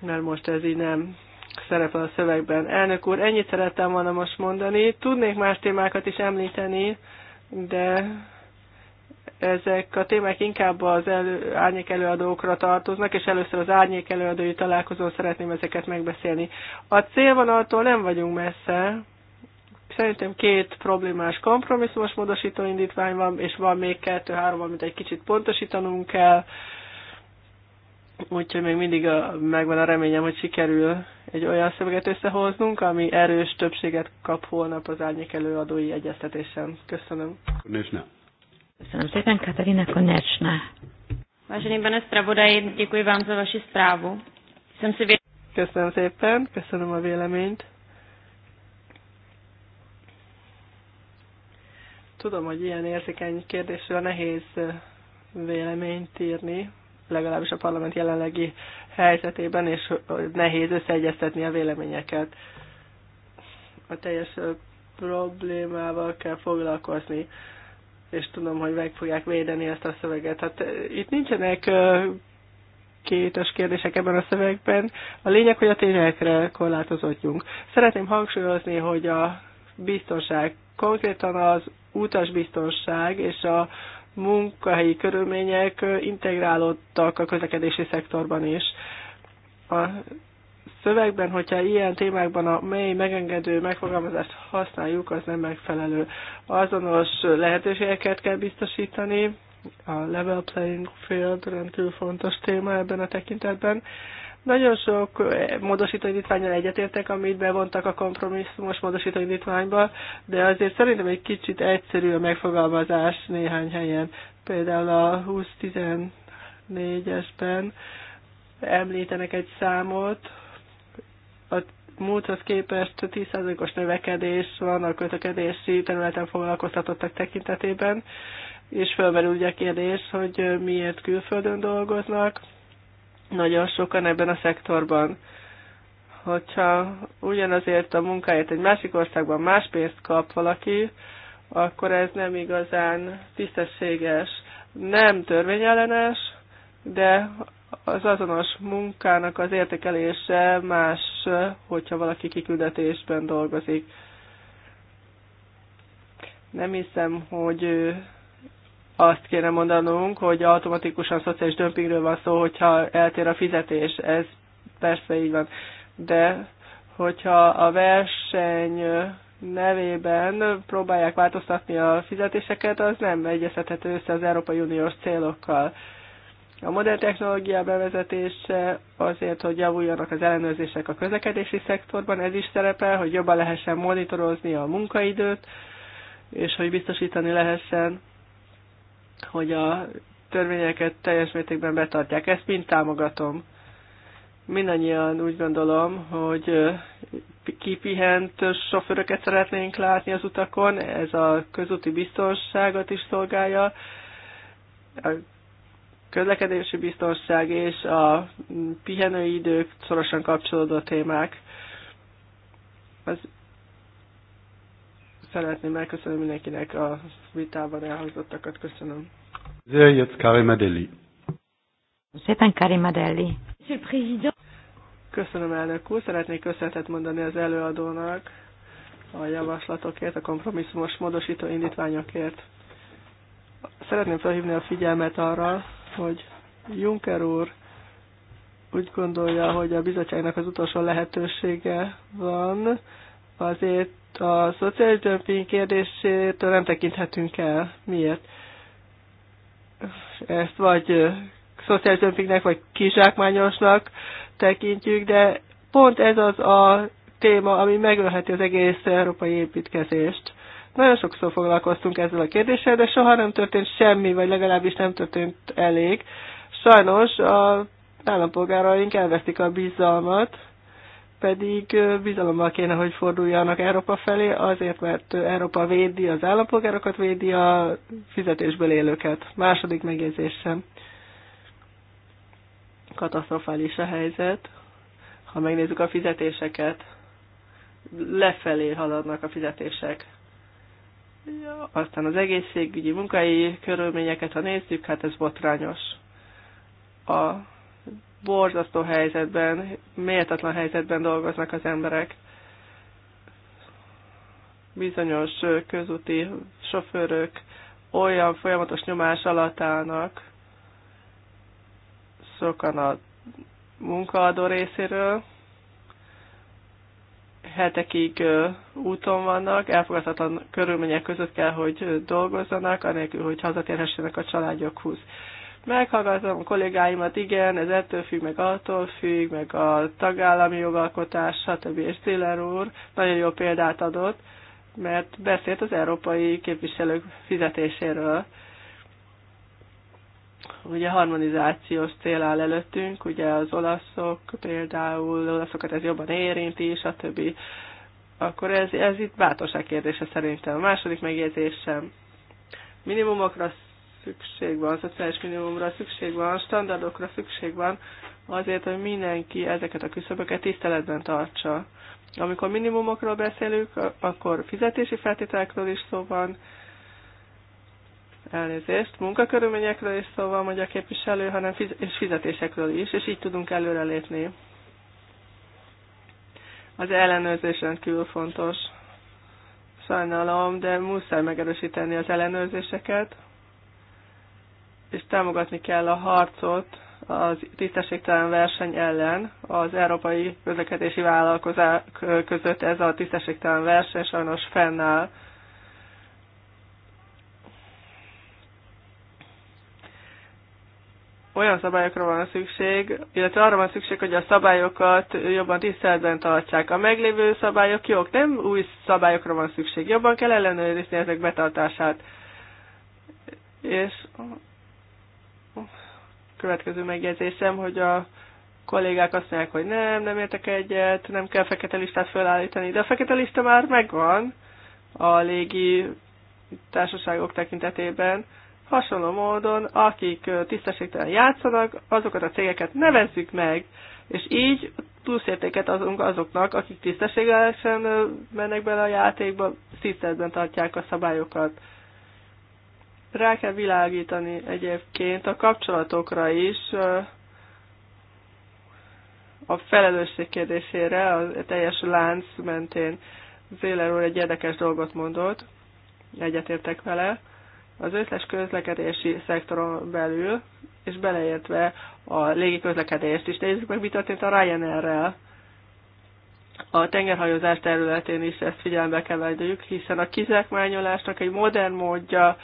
mert most ez így nem szerepel a szövegben. Elnök úr, ennyit szerettem volna most mondani. Tudnék más témákat is említeni, de ezek a témák inkább az elő, árnyék előadókra tartoznak, és először az árnyék előadói találkozón szeretném ezeket megbeszélni. A célvonaltól nem vagyunk messze, szerintem két problémás kompromisszumos módosító indítvány van, és van még kettő-három, amit egy kicsit pontosítanunk kell, Úgyhogy még mindig a, megvan a reményem, hogy sikerül egy olyan szöveget összehoznunk, ami erős többséget kap holnap az árnyék előadói egyeztetésen. Köszönöm. Konečná.
Köszönöm szépen, Katarina Konečná. Vážený pane zpravodaji, děkuji vám za vaši zprávu. Jsem si
Köszönöm szépen, köszönöm a véleményt. Tudom, hogy ilyen érzékeny kérdésről nehéz véleményt írni, legalábbis a parlament jelenlegi helyzetében, és nehéz összeegyeztetni a véleményeket. A teljes problémával kell foglalkozni, és tudom, hogy meg fogják védeni ezt a szöveget. Hát itt nincsenek kétes kérdések ebben a szövegben. A lényeg, hogy a tényekre korlátozottjunk. Szeretném hangsúlyozni, hogy a biztonság, konkrétan az utasbiztonság és a munkahelyi körülmények integrálódtak a közlekedési szektorban is. A szövegben, hogyha ilyen témákban a mely megengedő megfogalmazást használjuk, az nem megfelelő. Azonos lehetőségeket kell biztosítani, a level playing field rendkívül fontos téma ebben a tekintetben, nagyon sok módosító indítványal egyetértek, amit bevontak a kompromisszumos módosító indítványba, de azért szerintem egy kicsit egyszerű a megfogalmazás néhány helyen. Például a 2014-esben említenek egy számot, a múlthoz képest 10%-os növekedés van a kötökedési területen foglalkoztatottak tekintetében, és felmerül ugye a kérdés, hogy miért külföldön dolgoznak, nagyon sokan ebben a szektorban. Hogyha ugyanazért a munkáért egy másik országban más pénzt kap valaki, akkor ez nem igazán tisztességes, nem törvényellenes, de az azonos munkának az értékelése más, hogyha valaki kiküldetésben dolgozik. Nem hiszem, hogy azt kéne mondanunk, hogy automatikusan szociális dömpingről van szó, hogyha eltér a fizetés. Ez persze így van. De hogyha a verseny nevében próbálják változtatni a fizetéseket, az nem egyeztethető össze az Európai Uniós célokkal. A modern technológia bevezetése azért, hogy javuljanak az ellenőrzések a közlekedési szektorban, ez is szerepel, hogy jobban lehessen monitorozni a munkaidőt, és hogy biztosítani lehessen, hogy a törvényeket teljes mértékben betartják. Ezt mind támogatom. Mindannyian úgy gondolom, hogy kipihent sofőröket szeretnénk látni az utakon, ez a közúti biztonságot is szolgálja, a közlekedési biztonság és a pihenőidők szorosan kapcsolódó témák. Az szeretném megköszönni mindenkinek a vitában elhangzottakat. Köszönöm.
Zöjjött Karim
Madeli. Szépen Karim Madeli.
Köszönöm, elnök úr. Szeretnék köszönetet mondani az előadónak a javaslatokért, a kompromisszumos módosító indítványokért. Szeretném felhívni a figyelmet arra, hogy Juncker úr úgy gondolja, hogy a bizottságnak az utolsó lehetősége van, azért a szociális dömping kérdésétől nem tekinthetünk el. Miért? Ezt vagy szociális dömpingnek, vagy kizsákmányosnak tekintjük, de pont ez az a téma, ami megölheti az egész európai építkezést. Nagyon sokszor foglalkoztunk ezzel a kérdéssel, de soha nem történt semmi, vagy legalábbis nem történt elég. Sajnos a állampolgáraink elvesztik a bizalmat, pedig bizalommal kéne, hogy forduljanak Európa felé, azért, mert Európa védi az állampolgárokat, védi a fizetésből élőket. Második megjegyzésem. Katasztrofális a helyzet, ha megnézzük a fizetéseket. Lefelé haladnak a fizetések. Aztán az egészségügyi munkai körülményeket, ha nézzük, hát ez botrányos. A borzasztó helyzetben, méltatlan helyzetben dolgoznak az emberek. Bizonyos közúti sofőrök olyan folyamatos nyomás alatt állnak, sokan a munkaadó részéről, hetekig úton vannak, elfogadhatatlan körülmények között kell, hogy dolgozzanak, anélkül, hogy hazatérhessenek a családjukhoz meghallgatom a kollégáimat, igen, ez ettől függ, meg attól függ, meg a tagállami jogalkotás, stb. És Ziller úr nagyon jó példát adott, mert beszélt az európai képviselők fizetéséről. Ugye harmonizációs cél áll előttünk, ugye az olaszok például, olaszokat ez jobban érinti, stb. Akkor ez, ez itt bátorság kérdése szerintem. A második megjegyzésem. Minimumokra szükség van, szociális minimumra szükség van, standardokra szükség van, azért, hogy mindenki ezeket a küszöböket tiszteletben tartsa. Amikor minimumokról beszélünk, akkor fizetési feltételekről is szó van, elnézést, munkakörülményekről is szó van, hogy a képviselő, hanem fiz- és fizetésekről is, és így tudunk előrelépni. Az ellenőrzés rendkívül fontos. Sajnálom, de muszáj megerősíteni az ellenőrzéseket, és támogatni kell a harcot az tisztességtelen verseny ellen. Az európai közlekedési vállalkozók között ez a tisztességtelen verseny sajnos fennáll. olyan szabályokra van szükség, illetve arra van szükség, hogy a szabályokat jobban tiszteletben tartsák. A meglévő szabályok jók, nem új szabályokra van szükség. Jobban kell ellenőrizni ezek betartását. És következő megjegyzésem, hogy a kollégák azt mondják, hogy nem, nem értek egyet, nem kell fekete listát felállítani, de a fekete lista már megvan a légi társaságok tekintetében. Hasonló módon, akik tisztességtelen játszanak, azokat a cégeket nevezzük meg, és így pluszértéket adunk azoknak, akik tisztességesen mennek bele a játékba, tiszteletben tartják a szabályokat. Rá kell világítani egyébként a kapcsolatokra is, a felelősség kérdésére a teljes lánc mentén. Zéler úr egy érdekes dolgot mondott, egyetértek vele, az összes közlekedési szektoron belül, és beleértve a légi közlekedést is. Nézzük meg, mi történt a Ryanair-rel. A tengerhajózás területén is ezt figyelembe kell vegyük, hiszen a kizsákmányolásnak egy modern módja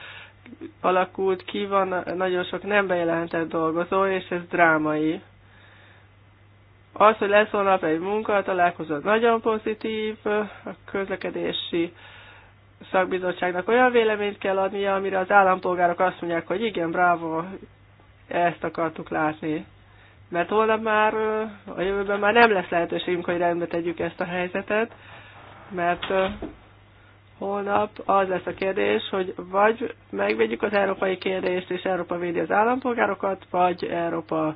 alakult ki, van nagyon sok nem bejelentett dolgozó, és ez drámai. Az, hogy lesz holnap egy munka, találkozott nagyon pozitív, a közlekedési szakbizottságnak olyan véleményt kell adnia, amire az állampolgárok azt mondják, hogy igen, bravo, ezt akartuk látni. Mert holnap már, a jövőben már nem lesz lehetőségünk, hogy rendbe tegyük ezt a helyzetet, mert holnap az lesz a kérdés, hogy vagy megvédjük az európai kérdést, és Európa védi az állampolgárokat, vagy Európa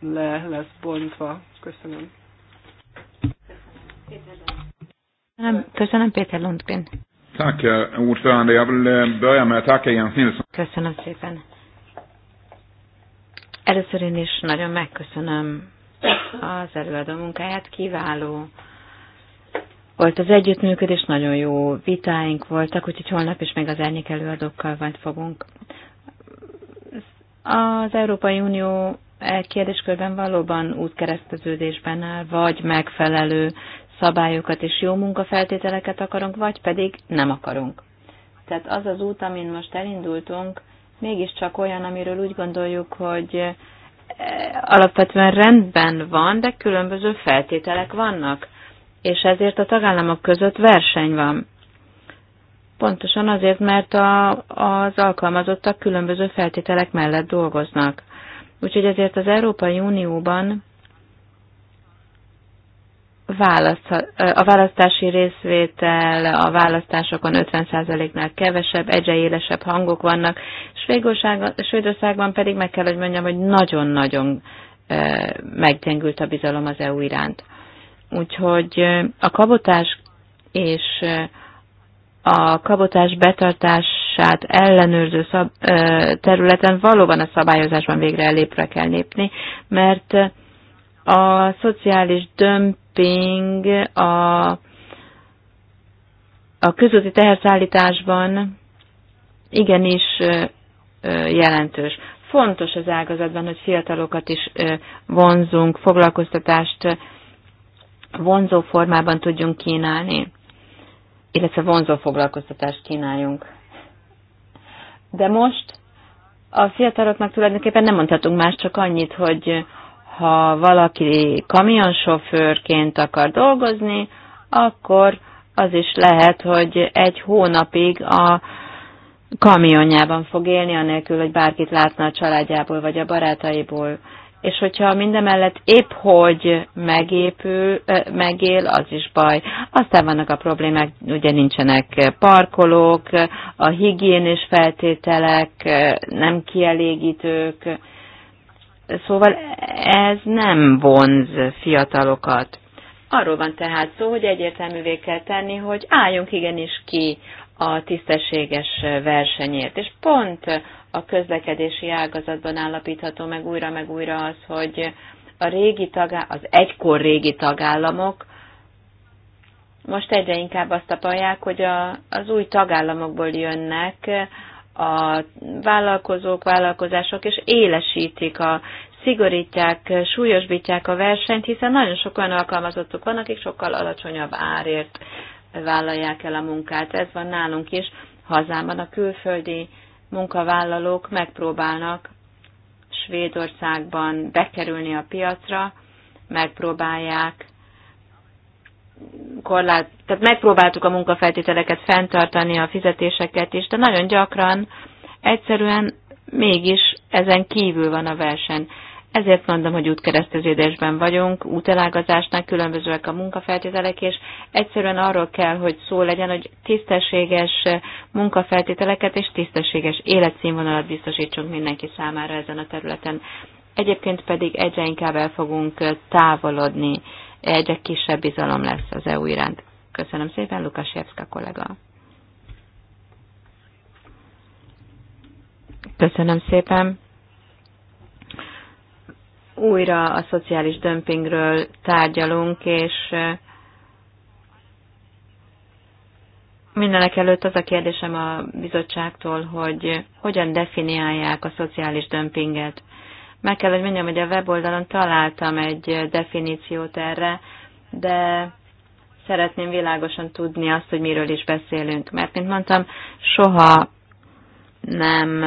le lesz bontva. Köszönöm.
Köszönöm, köszönöm Péter Lundgren. Tack, eh, ordförande. Jag vill eh, börja med att tacka Jens Nilsson. Köszönöm szépen. Először én is nagyon megköszönöm az előadó munkáját. Kiváló volt az együttműködés, nagyon jó vitáink voltak, úgyhogy holnap is meg az elnyék előadókkal van fogunk. Az Európai Unió e kérdéskörben valóban útkereszteződésben áll, vagy megfelelő szabályokat és jó munkafeltételeket akarunk, vagy pedig nem akarunk. Tehát az az út, amin most elindultunk, mégiscsak olyan, amiről úgy gondoljuk, hogy e, alapvetően rendben van, de különböző feltételek vannak és ezért a tagállamok között verseny van. Pontosan azért, mert a, az alkalmazottak különböző feltételek mellett dolgoznak. Úgyhogy ezért az Európai Unióban a választási részvétel, a választásokon 50%-nál kevesebb, egyre élesebb hangok vannak. Svédországban pedig meg kell, hogy mondjam, hogy nagyon-nagyon eh, meggyengült a bizalom az EU iránt. Úgyhogy a kabotás és a kabotás betartását ellenőrző szab- területen valóban a szabályozásban végre elépre kell lépni, mert a szociális dömping a, a közúti teherszállításban igenis jelentős. Fontos az ágazatban, hogy fiatalokat is vonzunk, foglalkoztatást vonzó formában tudjunk kínálni, illetve vonzó foglalkoztatást kínáljunk. De most a fiataloknak tulajdonképpen nem mondhatunk más, csak annyit, hogy ha valaki kamionsofőrként akar dolgozni, akkor az is lehet, hogy egy hónapig a kamionjában fog élni, anélkül, hogy bárkit látna a családjából vagy a barátaiból és hogyha mindemellett épp hogy megépül, megél, az is baj. Aztán vannak a problémák, ugye nincsenek parkolók, a higiénés feltételek nem kielégítők, szóval ez nem vonz fiatalokat. Arról van tehát szó, hogy egyértelművé kell tenni, hogy álljunk igenis ki a tisztességes versenyért. És pont a közlekedési ágazatban állapítható meg újra meg újra az, hogy a régi tagá, az egykor régi tagállamok most egyre inkább azt tapalják, hogy a, az új tagállamokból jönnek a vállalkozók, vállalkozások, és élesítik a szigorítják, súlyosbítják a versenyt, hiszen nagyon sok olyan alkalmazottuk van, akik sokkal alacsonyabb árért vállalják el a munkát. Ez van nálunk is, hazámban a külföldi munkavállalók megpróbálnak Svédországban bekerülni a piacra, megpróbálják korlát, tehát megpróbáltuk a munkafeltételeket fenntartani, a fizetéseket is, de nagyon gyakran egyszerűen mégis ezen kívül van a verseny. Ezért mondom, hogy útkereszteződésben vagyunk, útelágazásnál különbözőek a munkafeltételek, és egyszerűen arról kell, hogy szó legyen, hogy tisztességes munkafeltételeket és tisztességes életszínvonalat biztosítsunk mindenki számára ezen a területen. Egyébként pedig egyre inkább el fogunk távolodni, egyre kisebb bizalom lesz az EU iránt. Köszönöm szépen, Lukas Jevszka kollega. Köszönöm szépen újra a szociális dömpingről tárgyalunk, és mindenek előtt az a kérdésem a bizottságtól, hogy hogyan definiálják a szociális dömpinget. Meg kell, hogy mondjam, hogy a weboldalon találtam egy definíciót erre, de szeretném világosan tudni azt, hogy miről is beszélünk. Mert, mint mondtam, soha nem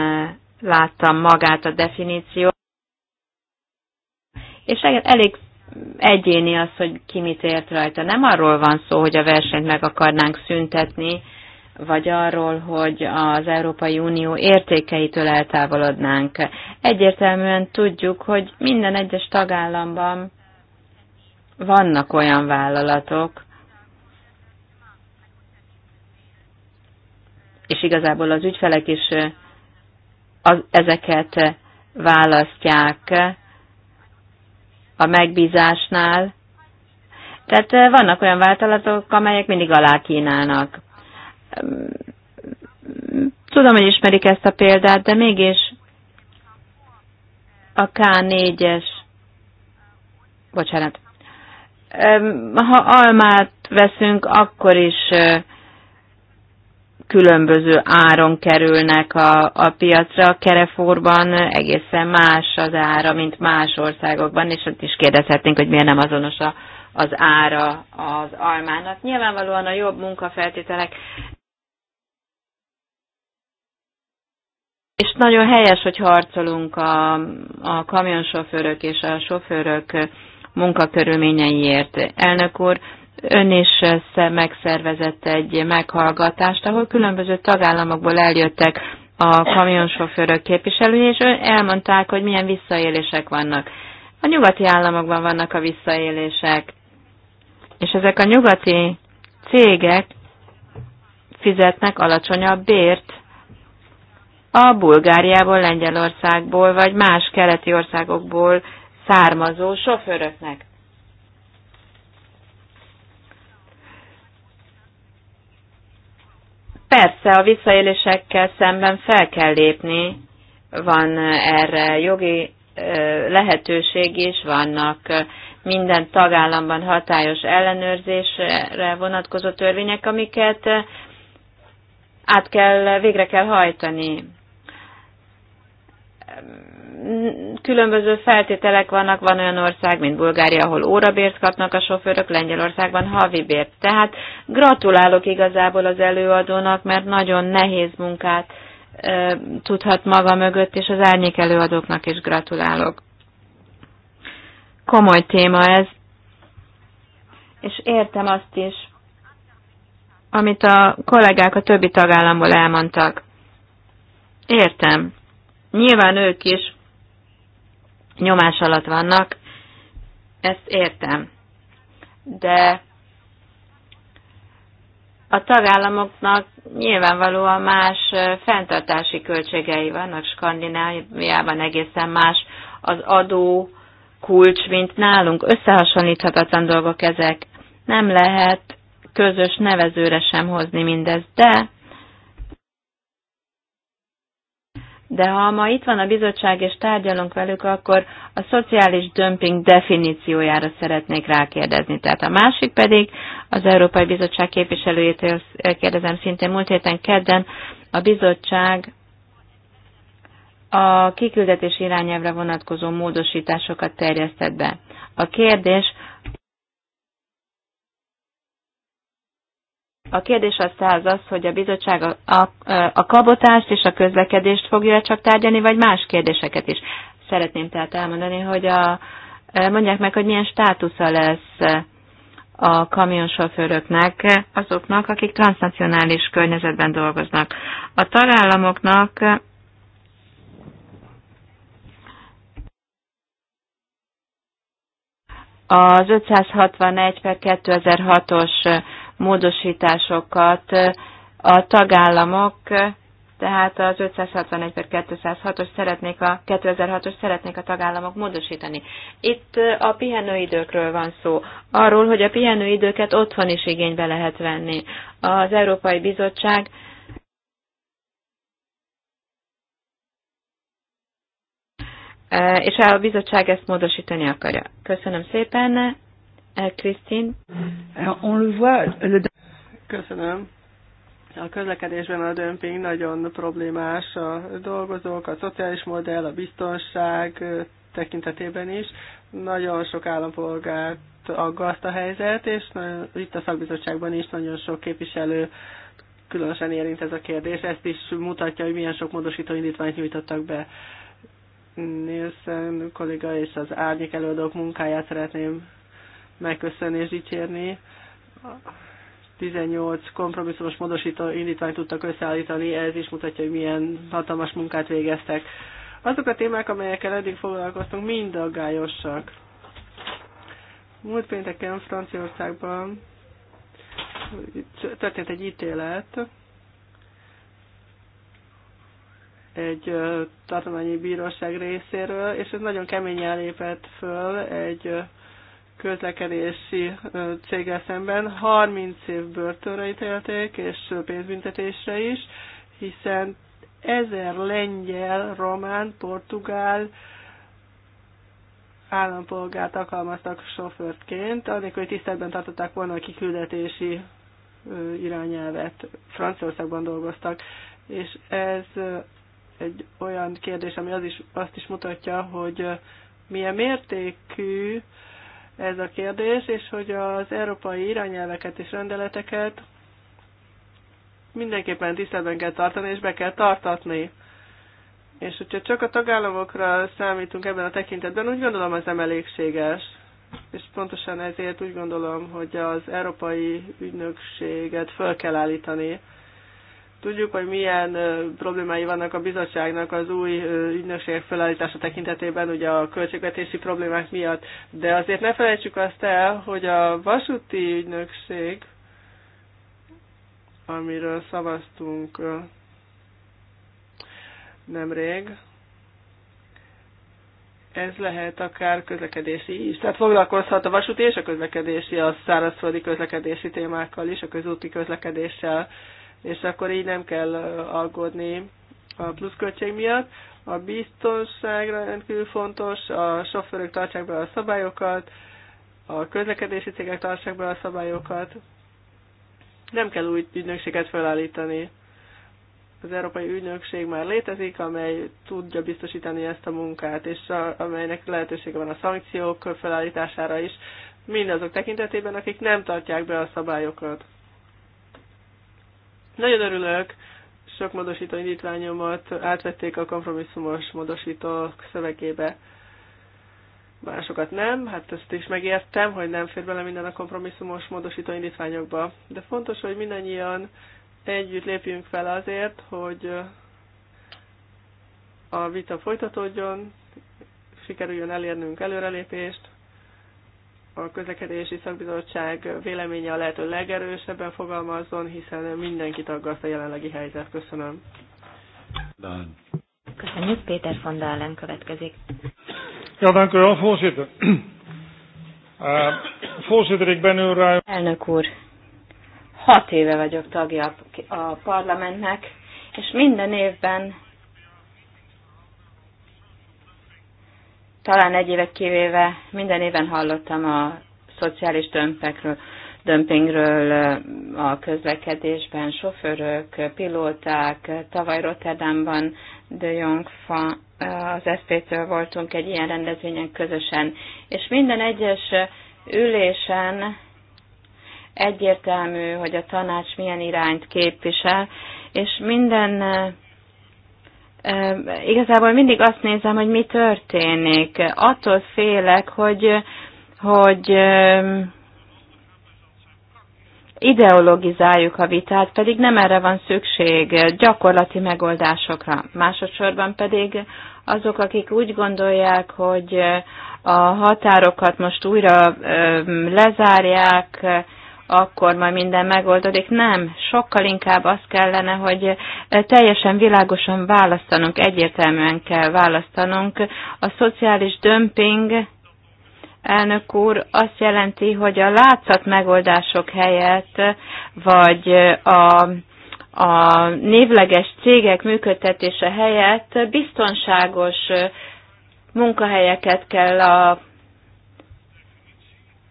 láttam magát a definíciót, és elég egyéni az, hogy ki mit ért rajta. Nem arról van szó, hogy a versenyt meg akarnánk szüntetni, vagy arról, hogy az Európai Unió értékeitől eltávolodnánk. Egyértelműen tudjuk, hogy minden egyes tagállamban vannak olyan vállalatok, és igazából az ügyfelek is az, ezeket választják, a megbízásnál. Tehát eh, vannak olyan váltalatok, amelyek mindig alá kínálnak. Tudom, hogy ismerik ezt a példát, de mégis a K4-es, bocsánat, ha almát veszünk, akkor is eh, különböző áron kerülnek a, a piacra. A kereforban egészen más az ára, mint más országokban, és ott is kérdezhetnénk, hogy miért nem azonos a, az ára az almának. Nyilvánvalóan a jobb munkafeltételek És nagyon helyes, hogy harcolunk a, a kamionsofőrök és a sofőrök munkakörülményeiért. Elnök úr, ön is megszervezett egy meghallgatást, ahol különböző tagállamokból eljöttek a kamionsofőrök képviselői, és elmondták, hogy milyen visszaélések vannak. A nyugati államokban vannak a visszaélések, és ezek a nyugati cégek fizetnek alacsonyabb bért a Bulgáriából, Lengyelországból vagy más keleti országokból származó sofőröknek. Persze, a visszaélésekkel szemben fel kell lépni, van eh, erre jogi eh, lehetőség is, vannak eh, minden tagállamban hatályos ellenőrzésre vonatkozó törvények, amiket át kell, végre kell hajtani különböző feltételek vannak, van olyan ország, mint Bulgária, ahol órabért kapnak a sofőrök, Lengyelországban havi bért. Tehát gratulálok igazából az előadónak, mert nagyon nehéz munkát e, tudhat maga mögött, és az árnyék előadóknak is gratulálok. Komoly téma ez, és értem azt is, amit a kollégák a többi tagállamból elmondtak. Értem. Nyilván ők is nyomás alatt vannak, ezt értem. De a tagállamoknak nyilvánvalóan más fenntartási költségei vannak. Skandináviában egészen más az adó kulcs, mint nálunk. Összehasonlíthatatlan dolgok ezek. Nem lehet közös nevezőre sem hozni mindezt, de De ha ma itt van a bizottság és tárgyalunk velük, akkor a szociális dömping definíciójára szeretnék rákérdezni. Tehát a másik pedig az Európai Bizottság képviselőjétől kérdezem szintén múlt héten kedden, a bizottság a kiküldetés irányelvre vonatkozó módosításokat terjesztett be. A kérdés, A kérdés az száz az, hogy a bizottság a, a, a kabotást és a közlekedést fogja csak tárgyalni, vagy más kérdéseket is. Szeretném tehát elmondani, hogy a, mondják meg, hogy milyen státusza lesz a kamionsofőröknek, azoknak, akik transnacionális környezetben dolgoznak. A tagállamoknak az 561 per 2006-os módosításokat a tagállamok, tehát az 561 per 206-os szeretnék a 2006-os szeretnék a tagállamok módosítani. Itt a pihenőidőkről van szó, arról, hogy a pihenőidőket otthon is igénybe lehet venni. Az Európai Bizottság és a bizottság ezt módosítani akarja. Köszönöm szépen. Krisztin.
Eh, eh, on le voit, le... Köszönöm. A közlekedésben a dömping nagyon problémás a dolgozók, a szociális modell, a biztonság eh, tekintetében is. Nagyon sok állampolgárt aggaszt a helyzet, és itt a szakbizottságban is nagyon sok képviselő különösen érint ez a kérdés. Ezt is mutatja, hogy milyen sok módosító indítványt nyújtottak be. Nielsen kolléga és az árnyék előadók munkáját szeretném megköszönni és dicsérni. 18 kompromisszumos módosító indítványt tudtak összeállítani, ez is mutatja, hogy milyen hatalmas munkát végeztek. Azok a témák, amelyekkel eddig foglalkoztunk, mind aggályosak. Múlt pénteken Franciaországban történt egy ítélet, egy tartományi bíróság részéről, és ez nagyon keményen lépett föl egy közlekedési céggel szemben 30 év börtönre ítélték, és pénzbüntetésre is, hiszen ezer lengyel, román, portugál állampolgárt alkalmaztak sofőrtként, annélkül, hogy tiszteletben tartották volna a kiküldetési irányelvet. Franciaországban dolgoztak, és ez egy olyan kérdés, ami az is, azt is mutatja, hogy milyen mértékű ez a kérdés, és hogy az európai irányelveket és rendeleteket mindenképpen tisztelben kell tartani, és be kell tartatni. És hogyha csak a tagállamokra számítunk ebben a tekintetben, úgy gondolom ez nem elégséges. És pontosan ezért úgy gondolom, hogy az európai ügynökséget föl kell állítani, Tudjuk, hogy milyen problémái vannak a bizottságnak az új ügynökségek felállítása tekintetében, ugye a költségvetési problémák miatt, de azért ne felejtsük azt el, hogy a vasúti ügynökség, amiről szavaztunk nemrég, ez lehet akár közlekedési is. Tehát foglalkozhat a vasúti és a közlekedési, a szárazföldi közlekedési témákkal is, a közúti közlekedéssel és akkor így nem kell aggódni a pluszköltség miatt. A biztonság rendkívül fontos, a sofőrök tartsák be a szabályokat, a közlekedési cégek tartsák be a szabályokat. Nem kell új ügynökséget felállítani. Az Európai Ügynökség már létezik, amely tudja biztosítani ezt a munkát, és a, amelynek lehetősége van a szankciók felállítására is, mindazok tekintetében, akik nem tartják be a szabályokat. Nagyon örülök, sok modosító indítványomat átvették a kompromisszumos modosítók szövegébe. Másokat nem, hát ezt is megértem, hogy nem fér bele minden a kompromisszumos módosító indítványokba. De fontos, hogy mindannyian együtt lépjünk fel azért, hogy a vita folytatódjon, sikerüljön elérnünk előrelépést, a közlekedési szakbizottság véleménye a lehető legerősebben fogalmazzon, hiszen mindenkit aggaszt a jelenlegi helyzet. Köszönöm.
Dan.
Köszönjük,
Péter Fonda ellen következik.
Ja, dank u wel, voorzitter. Uh, voorzitter, ik ben ruim... Elnök úr, hat éve vagyok tagja a parlamentnek, és minden évben talán egy évek kivéve minden éven hallottam a szociális dömpekről, dömpingről a közlekedésben, sofőrök, pilóták, tavaly Rotterdamban de Jongfa, az szp től voltunk egy ilyen rendezvényen közösen, és minden egyes ülésen egyértelmű, hogy a tanács milyen irányt képvisel, és minden Igazából mindig azt nézem, hogy mi történik. Attól félek, hogy, hogy ideologizáljuk a vitát, pedig nem erre van szükség, gyakorlati megoldásokra. Másodszorban pedig azok, akik úgy gondolják, hogy a határokat most újra lezárják, akkor majd minden megoldódik. Nem, sokkal inkább az kellene, hogy eh, teljesen világosan választanunk, egyértelműen kell választanunk. A szociális dömping, elnök úr, azt jelenti, hogy a látszat megoldások helyett, vagy eh, a a névleges cégek működtetése helyett biztonságos eh, munkahelyeket kell a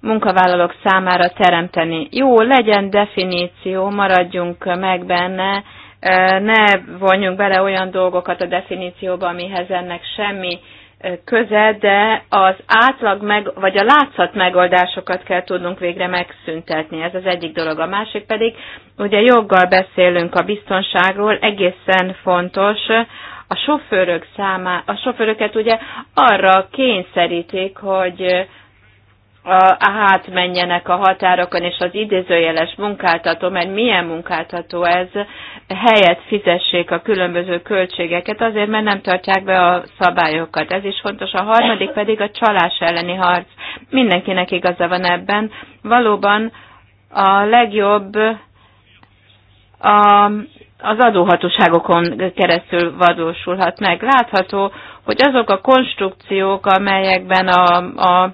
munkavállalók számára teremteni. Jó, legyen definíció, maradjunk meg benne, ne vonjunk bele olyan dolgokat a definícióba, amihez ennek semmi köze, de az átlag meg, vagy a látszat megoldásokat kell tudnunk végre megszüntetni. Ez az egyik dolog. A másik pedig, ugye joggal beszélünk a biztonságról, egészen fontos, a sofőrök számá, a sofőröket ugye arra kényszerítik, hogy a, menjenek a határokon, és az idézőjeles munkáltató, mert milyen munkáltató ez, helyet fizessék a különböző költségeket, azért, mert nem tartják be a szabályokat. Ez is fontos. A harmadik pedig a csalás elleni harc. Mindenkinek igaza van ebben. Valóban a legjobb a, az adóhatóságokon keresztül vadósulhat meg. Látható, hogy azok a konstrukciók, amelyekben a, a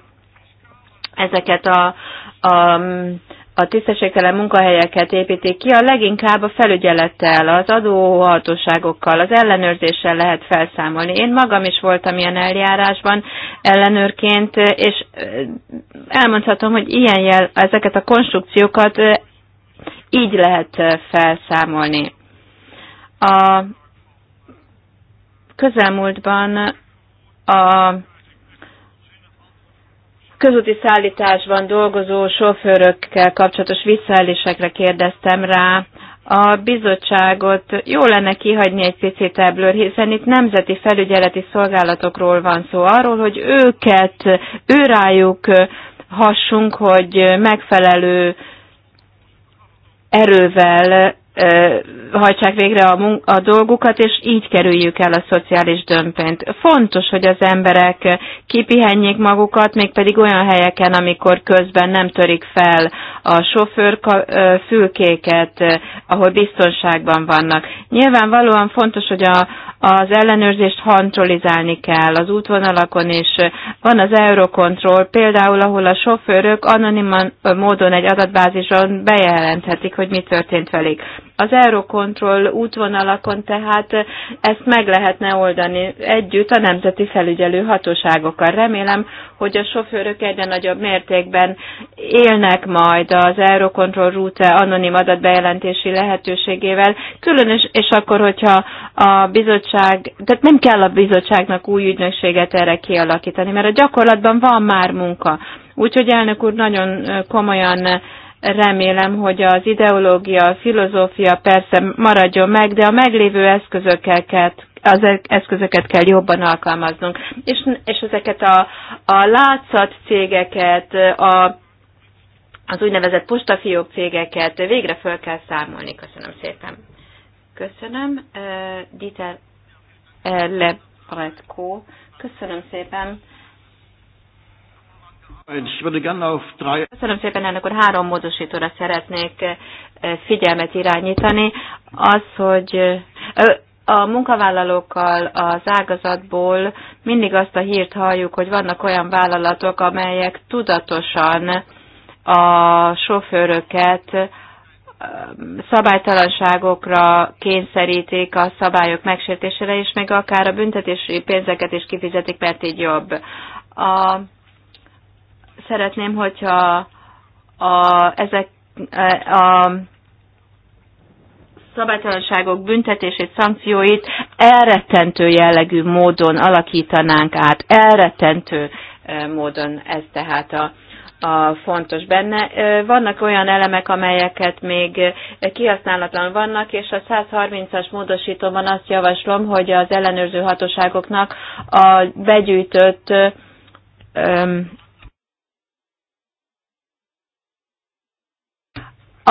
ezeket a, a a tisztességtelen munkahelyeket építik ki, a leginkább a felügyelettel, az adóhatóságokkal, az ellenőrzéssel lehet felszámolni. Én magam is voltam ilyen eljárásban ellenőrként, és elmondhatom, hogy ilyen jel, ezeket a konstrukciókat így lehet felszámolni. A közelmúltban a közúti szállításban dolgozó sofőrökkel kapcsolatos visszaelésekre kérdeztem rá. A bizottságot jó lenne kihagyni egy picit ebből, hiszen itt nemzeti felügyeleti szolgálatokról van szó, arról, hogy őket, őrájuk hassunk, hogy megfelelő erővel hajtsák végre a, mun- a dolgukat, és így kerüljük el a szociális dömpent. Fontos, hogy az emberek kipihenjék magukat, mégpedig olyan helyeken, amikor közben nem törik fel a sofőr fülkéket, ahol biztonságban vannak. Nyilvánvalóan fontos, hogy a, az ellenőrzést hantrolizálni kell az útvonalakon is. Van az Eurocontrol például, ahol a sofőrök anonim módon egy adatbázison bejelenthetik, hogy mi történt velük az Eurocontrol útvonalakon tehát ezt meg lehetne oldani együtt a nemzeti felügyelő hatóságokkal. Remélem, hogy a sofőrök egyre nagyobb mértékben élnek majd az Eurocontrol rúte anonim adatbejelentési lehetőségével, különös, és akkor, hogyha a bizottság, tehát nem kell a bizottságnak új ügynökséget erre kialakítani, mert a gyakorlatban van már munka. Úgyhogy elnök úr nagyon komolyan Remélem, hogy az ideológia, a filozófia persze maradjon meg, de a meglévő eszközöket, az eszközöket kell jobban alkalmaznunk. És, és ezeket a, a látszat cégeket, a, az úgynevezett postafiók cégeket végre föl kell számolni. Köszönöm szépen. Köszönöm. Dieter Lebretko. Köszönöm szépen. Köszönöm szépen, elnök úr. Három módosítóra szeretnék eh, figyelmet irányítani. Az, hogy eh, a munkavállalókkal az ágazatból mindig azt a hírt halljuk, hogy vannak olyan vállalatok, amelyek tudatosan a sofőröket eh, szabálytalanságokra kényszerítik a szabályok megsértésére, és még akár a büntetési pénzeket is kifizetik, mert így jobb. A szeretném, hogyha a, ezek a szabálytalanságok büntetését, szankcióit elrettentő jellegű módon alakítanánk át. Elrettentő e, módon ez tehát a, a fontos benne. E, vannak olyan elemek, amelyeket még kihasználatlan vannak, és a 130-as módosítóban azt javaslom, hogy az ellenőrző hatóságoknak a begyűjtött e,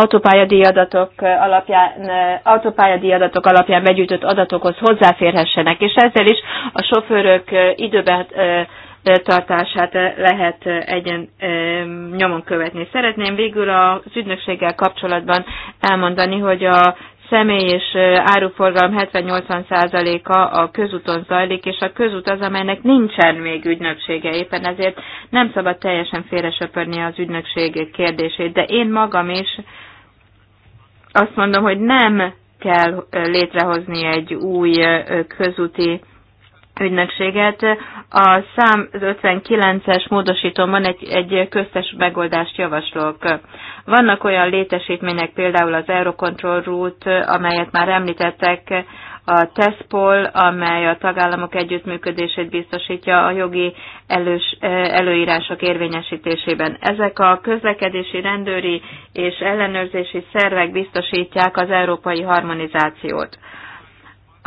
autópályadíjadatok alapján, autópályadíjadatok alapján begyűjtött adatokhoz hozzáférhessenek, és ezzel is a sofőrök időbe tartását lehet egyen nyomon követni. Szeretném végül az ügynökséggel kapcsolatban elmondani, hogy a személy és áruforgalom 70-80%-a a közúton zajlik, és a közút az, amelynek nincsen még ügynöksége, éppen ezért nem szabad teljesen félresöpörni az ügynökség kérdését, de én magam is azt mondom, hogy nem kell létrehozni egy új közúti ügynökséget. A szám 59-es módosítomban egy, egy köztes megoldást javaslok. Vannak olyan létesítmények, például az Eurocontrol Route, amelyet már említettek, a TESPOL, amely a tagállamok együttműködését biztosítja a jogi elős, eh, előírások érvényesítésében. Ezek a közlekedési, rendőri és ellenőrzési szervek biztosítják az európai harmonizációt.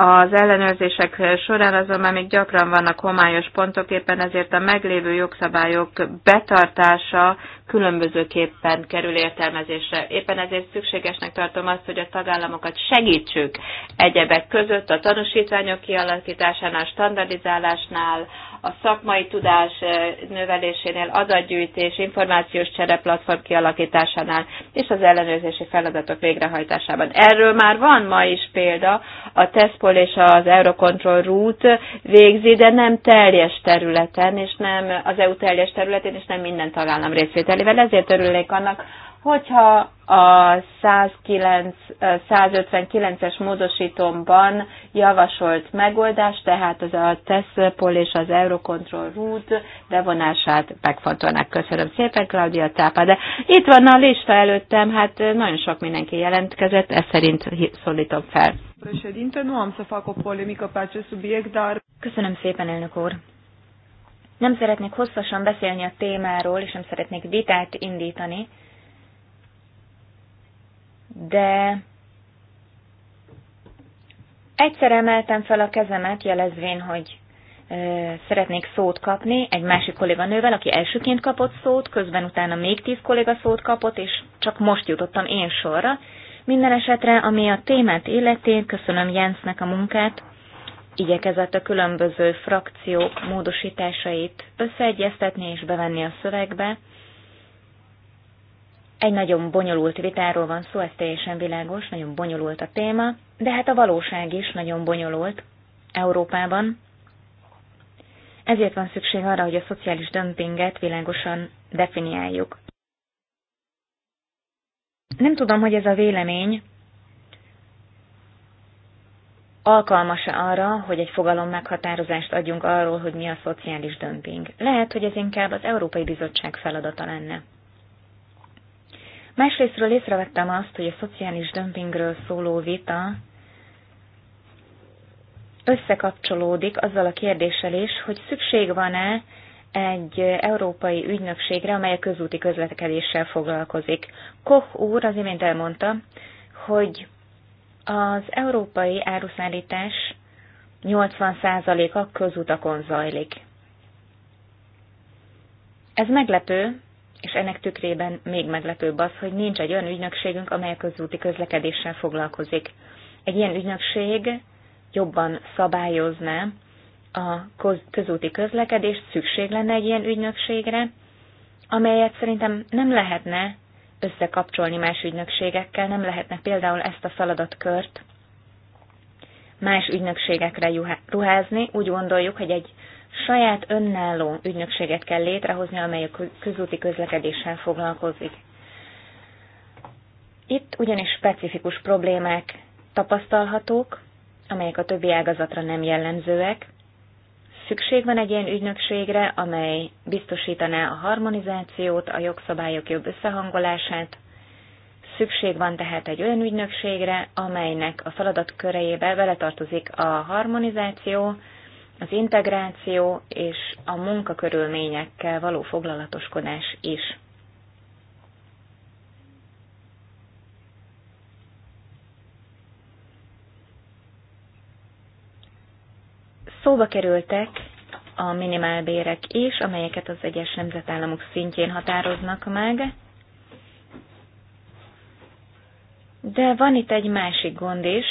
Az ellenőrzések során azonban még gyakran vannak homályos pontok, éppen ezért a meglévő jogszabályok betartása különbözőképpen kerül értelmezésre. Éppen ezért szükségesnek tartom azt, hogy a tagállamokat segítsük egyebek között a tanúsítványok kialakításánál, standardizálásnál, a szakmai tudás eh, növelésénél, adatgyűjtés, információs csereplatform kialakításánál és az ellenőrzési feladatok végrehajtásában. Erről már van ma is példa, a TESPOL és az Eurocontrol Route végzi, de nem teljes területen, és nem az EU teljes területén, és nem minden tagállam részvételével. Ezért örülnék annak, Hogyha a 109, 159-es módosítomban javasolt megoldás, tehát az a TESZPOL és az Eurocontrol rút bevonását megfontolnák. Köszönöm szépen, Claudia Tápa, de itt van a lista előttem, hát nagyon sok mindenki jelentkezett, ezt szerint szólítom fel. am Köszönöm szépen, elnök
úr.
Nem szeretnék hosszasan beszélni a témáról, és nem szeretnék vitát indítani, de egyszer emeltem fel a kezemet, jelezvén, hogy szeretnék szót kapni egy másik kolléganővel, aki elsőként kapott szót, közben utána még tíz kolléga szót kapott, és csak most jutottam én sorra. Minden esetre, ami a témát életén, köszönöm Jensnek a munkát, igyekezett a különböző frakciók módosításait összeegyeztetni és bevenni a szövegbe, egy nagyon bonyolult vitáról van szó, ez teljesen világos, nagyon bonyolult a téma, de hát a valóság is nagyon bonyolult Európában. Ezért van szükség arra, hogy a szociális dömpinget világosan definiáljuk. Nem tudom, hogy ez a vélemény alkalmas-e arra, hogy egy fogalom meghatározást adjunk arról, hogy mi a szociális dömping. Lehet, hogy ez inkább az Európai Bizottság feladata lenne. Másrésztről észrevettem azt, hogy a szociális dömpingről szóló vita összekapcsolódik azzal a kérdéssel is, hogy szükség van-e egy európai ügynökségre, amely a közúti közlekedéssel foglalkozik. Koch úr az imént elmondta, hogy az európai áruszállítás 80%-a közutakon zajlik. Ez meglepő, és ennek tükrében még meglepőbb az, hogy nincs egy olyan ügynökségünk, amely a közúti közlekedéssel foglalkozik. Egy ilyen ügynökség jobban szabályozna a közúti közlekedést, szükség lenne egy ilyen ügynökségre, amelyet szerintem nem lehetne összekapcsolni más ügynökségekkel, nem lehetne például ezt a feladatkört más ügynökségekre ruházni. Úgy gondoljuk, hogy egy saját önálló ügynökséget kell létrehozni, amely a közúti közlekedéssel foglalkozik. Itt ugyanis specifikus problémák tapasztalhatók, amelyek a többi ágazatra nem jellemzőek. Szükség van egy ilyen ügynökségre, amely biztosítaná a harmonizációt, a jogszabályok jobb összehangolását. Szükség van tehát egy olyan ügynökségre, amelynek a körejébe beletartozik a harmonizáció, az integráció és a munkakörülményekkel való foglalatoskodás is. Szóba kerültek a minimálbérek is, amelyeket az egyes nemzetállamok szintjén határoznak meg, de van itt egy másik gond is.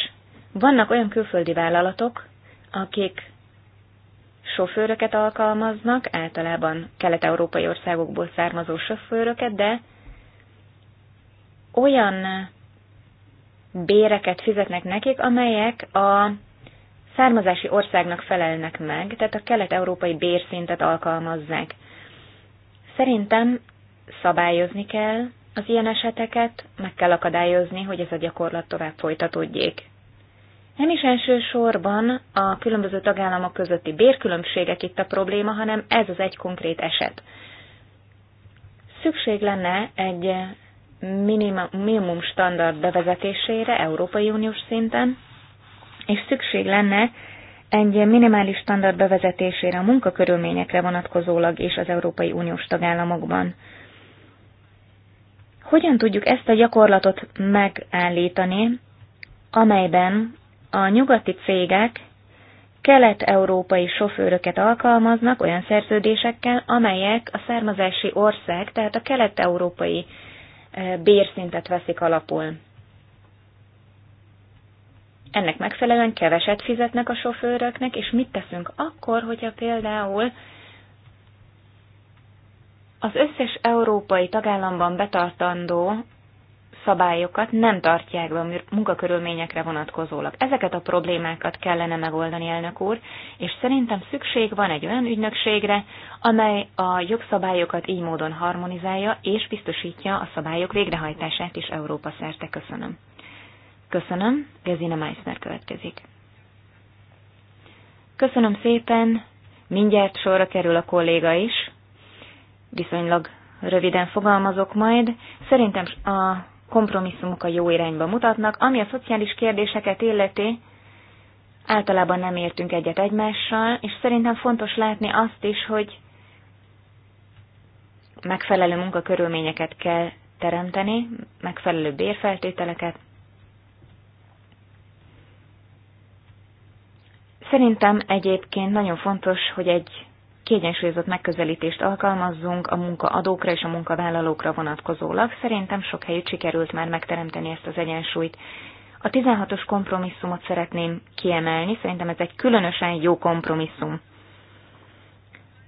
Vannak olyan külföldi vállalatok, akik sofőröket alkalmaznak, általában kelet-európai országokból származó sofőröket, de olyan béreket fizetnek nekik, amelyek a származási országnak felelnek meg, tehát a kelet-európai bérszintet alkalmazzák. Szerintem szabályozni kell az ilyen eseteket, meg kell akadályozni, hogy ez a gyakorlat tovább folytatódjék. Nem is elsősorban a különböző tagállamok közötti bérkülönbségek itt a probléma, hanem ez az egy konkrét eset. Szükség lenne egy minimum, standard bevezetésére Európai Uniós szinten, és szükség lenne egy minimális standard bevezetésére a munkakörülményekre vonatkozólag és az Európai Uniós tagállamokban. Hogyan tudjuk ezt a gyakorlatot megállítani, amelyben a nyugati cégek kelet-európai sofőröket alkalmaznak olyan szerződésekkel, amelyek a származási ország, tehát a kelet-európai e, bérszintet veszik alapul. Ennek megfelelően keveset fizetnek a sofőröknek, és mit teszünk akkor, hogyha például az összes európai tagállamban betartandó szabályokat nem tartják be a munkakörülményekre vonatkozólag. Ezeket a problémákat kellene megoldani, elnök úr, és szerintem szükség van egy olyan ügynökségre, amely a jogszabályokat így módon harmonizálja és biztosítja a szabályok végrehajtását is Európa szerte. Köszönöm. Köszönöm, Gezina Meissner következik. Köszönöm szépen, mindjárt sorra kerül a kolléga is, viszonylag röviden fogalmazok majd. Szerintem a kompromisszumok a jó irányba mutatnak, ami a szociális kérdéseket illeti, általában nem értünk egyet egymással, és szerintem fontos látni azt is, hogy megfelelő munkakörülményeket kell teremteni, megfelelő bérfeltételeket. Szerintem egyébként nagyon fontos, hogy egy kiegyensúlyozott megközelítést alkalmazzunk a munkaadókra és a munkavállalókra vonatkozólag. Szerintem sok helyütt sikerült már megteremteni ezt az egyensúlyt. A 16-os kompromisszumot szeretném kiemelni, szerintem ez egy különösen jó kompromisszum.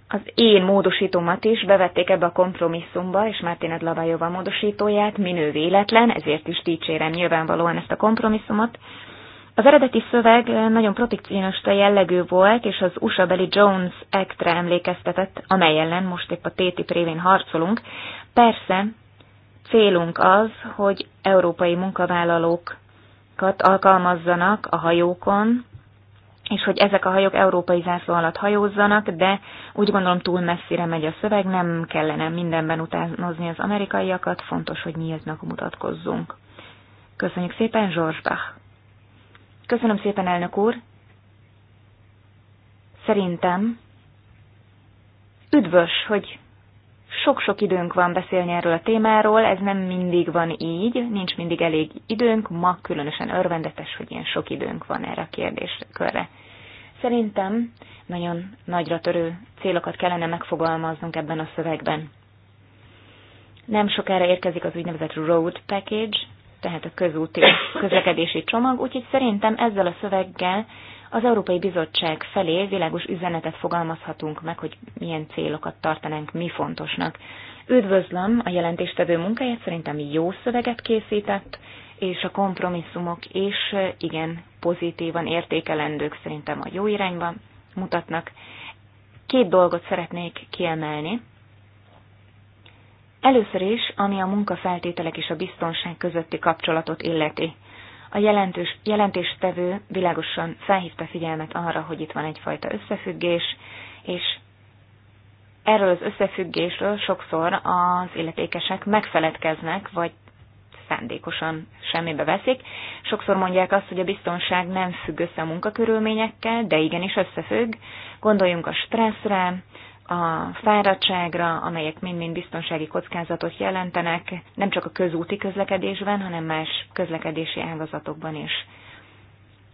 Az én módosítómat is bevették ebbe a kompromisszumba, és Mártined Lavajova módosítóját, minő véletlen, ezért is dicsérem nyilvánvalóan ezt a kompromisszumot. Az eredeti szöveg nagyon protekcionista jellegű volt, és az USA beli Jones Act-re emlékeztetett, amely ellen most épp a TTIP révén harcolunk. Persze, célunk az, hogy európai munkavállalókat alkalmazzanak a hajókon, és hogy ezek a hajók európai zászló alatt hajózzanak, de úgy gondolom túl messzire megy a szöveg, nem kellene mindenben utánozni az amerikaiakat, fontos, hogy nyíltnak mutatkozzunk. Köszönjük szépen, Zsorsbach! Köszönöm szépen, elnök úr. Szerintem üdvös, hogy sok-sok időnk van beszélni erről a témáról, ez nem mindig van így, nincs mindig elég időnk, ma különösen örvendetes, hogy ilyen sok időnk van erre a kérdéskörre. Szerintem nagyon nagyra törő célokat kellene megfogalmaznunk ebben a szövegben. Nem sokára érkezik az úgynevezett road package, tehát a közúti közlekedési csomag, úgyhogy szerintem ezzel a szöveggel az Európai Bizottság felé világos üzenetet fogalmazhatunk meg, hogy milyen célokat tartanánk mi fontosnak. Üdvözlöm a jelentéstevő munkáját, szerintem jó szöveget készített, és a kompromisszumok is igen pozitívan értékelendők szerintem a jó irányba mutatnak. Két dolgot szeretnék kiemelni. Először is, ami a munkafeltételek és a biztonság közötti kapcsolatot illeti. A jelentős, jelentéstevő világosan felhívta figyelmet arra, hogy itt van egyfajta összefüggés, és erről az összefüggésről sokszor az illetékesek megfeledkeznek, vagy szándékosan semmibe veszik. Sokszor mondják azt, hogy a biztonság nem függ össze a munkakörülményekkel, de igenis összefügg. Gondoljunk a stresszre, a fáradtságra, amelyek mind-mind biztonsági kockázatot jelentenek, nem csak a közúti közlekedésben, hanem más közlekedési ágazatokban is.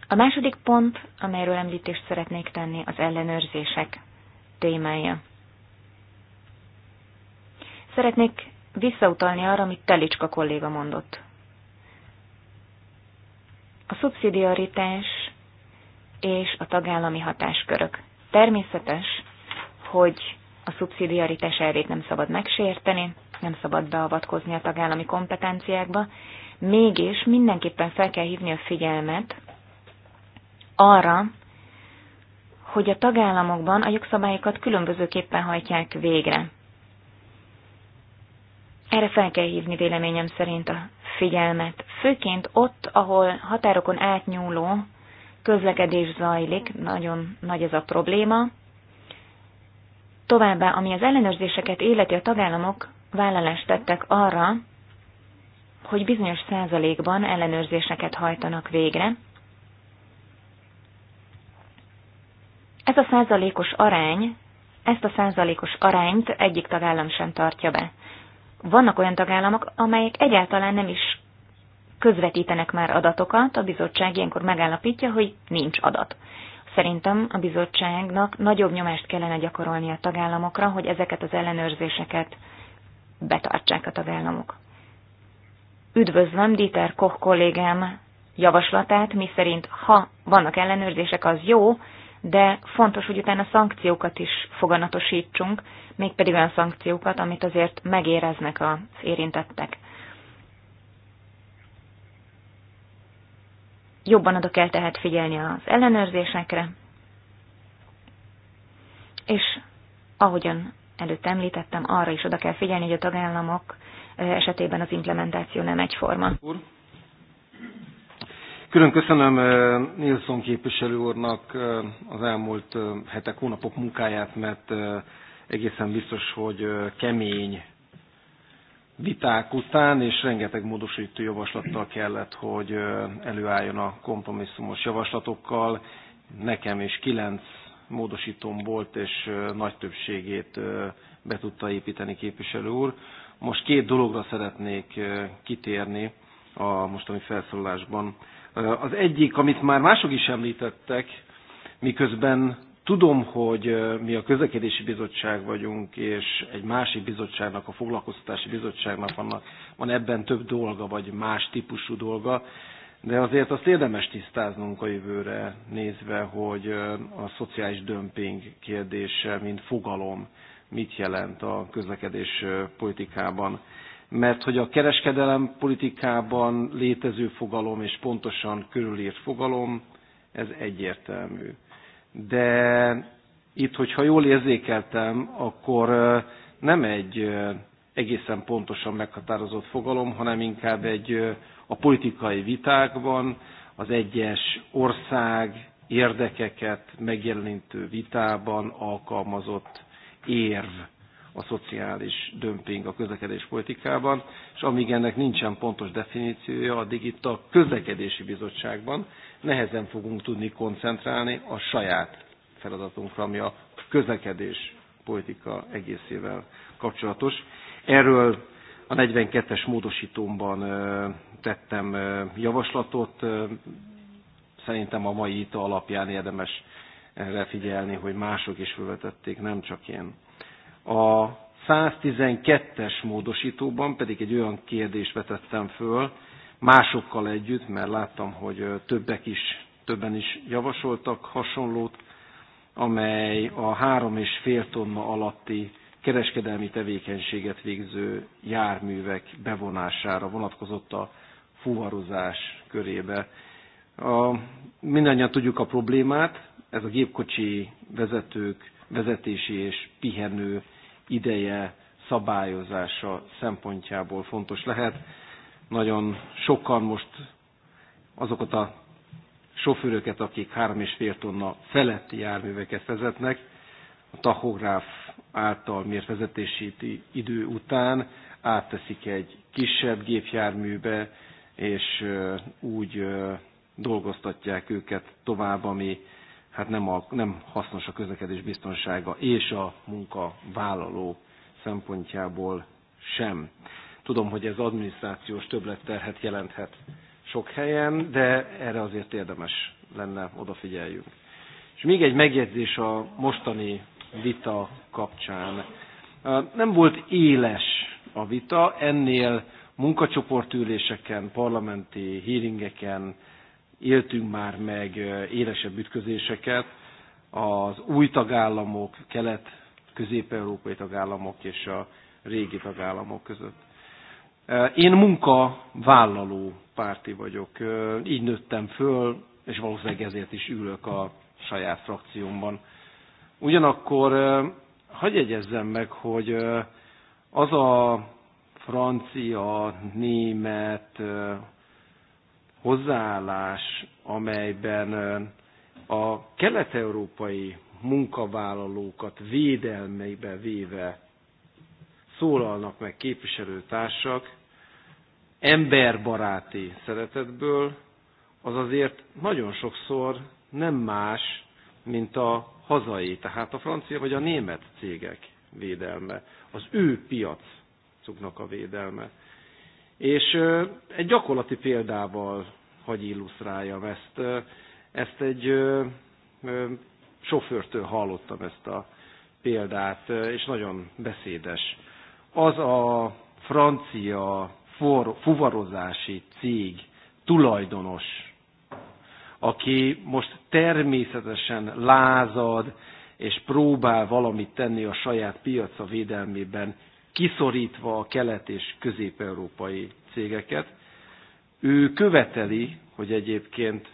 A második pont, amelyről említést szeretnék tenni, az ellenőrzések témája. Szeretnék visszautalni arra, amit Telicska kolléga mondott. A szubszidiaritás és a tagállami hatáskörök. Természetes, hogy a szubszidiaritás elvét nem szabad megsérteni, nem szabad beavatkozni a tagállami kompetenciákba, mégis mindenképpen fel kell hívni a figyelmet arra, hogy a tagállamokban a jogszabályokat különbözőképpen hajtják végre. Erre fel kell hívni véleményem szerint a figyelmet, főként ott, ahol határokon átnyúló közlekedés zajlik, nagyon nagy ez a probléma, Továbbá, ami az ellenőrzéseket életi a tagállamok vállalást tettek arra, hogy bizonyos százalékban ellenőrzéseket hajtanak végre. Ez a százalékos arány, ezt a százalékos arányt egyik tagállam sem tartja be. Vannak olyan tagállamok, amelyek egyáltalán nem is közvetítenek már adatokat, a bizottság ilyenkor megállapítja, hogy nincs adat. Szerintem a bizottságnak nagyobb nyomást kellene gyakorolni a tagállamokra, hogy ezeket az ellenőrzéseket betartsák a tagállamok. Üdvözlöm Dieter Koch kollégám javaslatát, miszerint ha vannak ellenőrzések, az jó, de fontos, hogy utána szankciókat is foganatosítsunk, mégpedig olyan szankciókat, amit azért megéreznek az érintettek. Jobban oda kell tehet figyelni az ellenőrzésekre, és ahogyan előtt említettem, arra is oda kell figyelni, hogy a tagállamok esetében az implementáció nem egyforma.
Külön köszönöm Nilsson képviselő úrnak az elmúlt hetek, hónapok munkáját, mert egészen biztos, hogy kemény viták után és rengeteg módosító javaslattal kellett, hogy előálljon a kompromisszumos javaslatokkal. Nekem is kilenc módosítom volt, és nagy többségét be tudta építeni képviselő úr. Most két dologra szeretnék kitérni a mostani felszólásban. Az egyik, amit már mások is említettek, miközben Tudom, hogy mi a közlekedési bizottság vagyunk, és egy másik bizottságnak, a foglalkoztatási bizottságnak vannak, van ebben több dolga, vagy más típusú dolga, de azért azt érdemes tisztáznunk a jövőre nézve, hogy a szociális dömping kérdése, mint fogalom, mit jelent a közlekedés politikában. Mert hogy a kereskedelem politikában létező fogalom és pontosan körülírt fogalom, ez egyértelmű de itt, hogyha jól érzékeltem, akkor nem egy egészen pontosan meghatározott fogalom, hanem inkább egy a politikai vitákban az egyes ország érdekeket megjelenítő vitában alkalmazott érv a szociális dömping a közlekedés politikában, és amíg ennek nincsen pontos definíciója, addig itt a közlekedési bizottságban, nehezen fogunk tudni koncentrálni a saját feladatunkra, ami a közlekedés politika egészével kapcsolatos. Erről a 42-es módosítómban tettem javaslatot. Szerintem a mai ita alapján érdemes erre figyelni, hogy mások is felvetették, nem csak én. A 112-es módosítóban pedig egy olyan kérdést vetettem föl, másokkal együtt, mert láttam, hogy többek is, többen is javasoltak hasonlót, amely a három és fél tonna alatti kereskedelmi tevékenységet végző járművek bevonására vonatkozott a fuvarozás körébe. A, mindannyian tudjuk a problémát, ez a gépkocsi vezetők vezetési és pihenő ideje szabályozása szempontjából fontos lehet nagyon sokan most azokat a sofőröket, akik és fél tonna feletti járműveket vezetnek, a tachográf által mért vezetési idő után átteszik egy kisebb gépjárműbe, és úgy dolgoztatják őket tovább, ami hát nem, a, nem hasznos a közlekedés biztonsága és a munkavállaló szempontjából sem. Tudom, hogy ez adminisztrációs többletterhet jelenthet sok helyen, de erre azért érdemes lenne odafigyeljünk. És még egy megjegyzés a mostani vita kapcsán. Nem volt éles a vita, ennél munkacsoportüléseken, parlamenti hearingeken éltünk már meg élesebb ütközéseket. Az új tagállamok, kelet-közép-európai tagállamok és a régi tagállamok között. Én munkavállaló párti vagyok, így nőttem föl, és valószínűleg ezért is ülök a saját frakciómban. Ugyanakkor hagyj egyezzem meg, hogy az a francia, német hozzáállás, amelyben a kelet-európai munkavállalókat védelmeibe véve szólalnak meg képviselőtársak, emberbaráti szeretetből, az azért nagyon sokszor nem más, mint a hazai, tehát a francia vagy a német cégek védelme, az ő piacuknak a védelme. És egy gyakorlati példával hagy illusztráljam ezt. Ezt egy sofőrtől hallottam ezt a példát, és nagyon beszédes. Az a francia for, fuvarozási cég tulajdonos, aki most természetesen lázad, és próbál valamit tenni a saját piaca védelmében, kiszorítva a kelet- és közép-európai cégeket. Ő követeli, hogy egyébként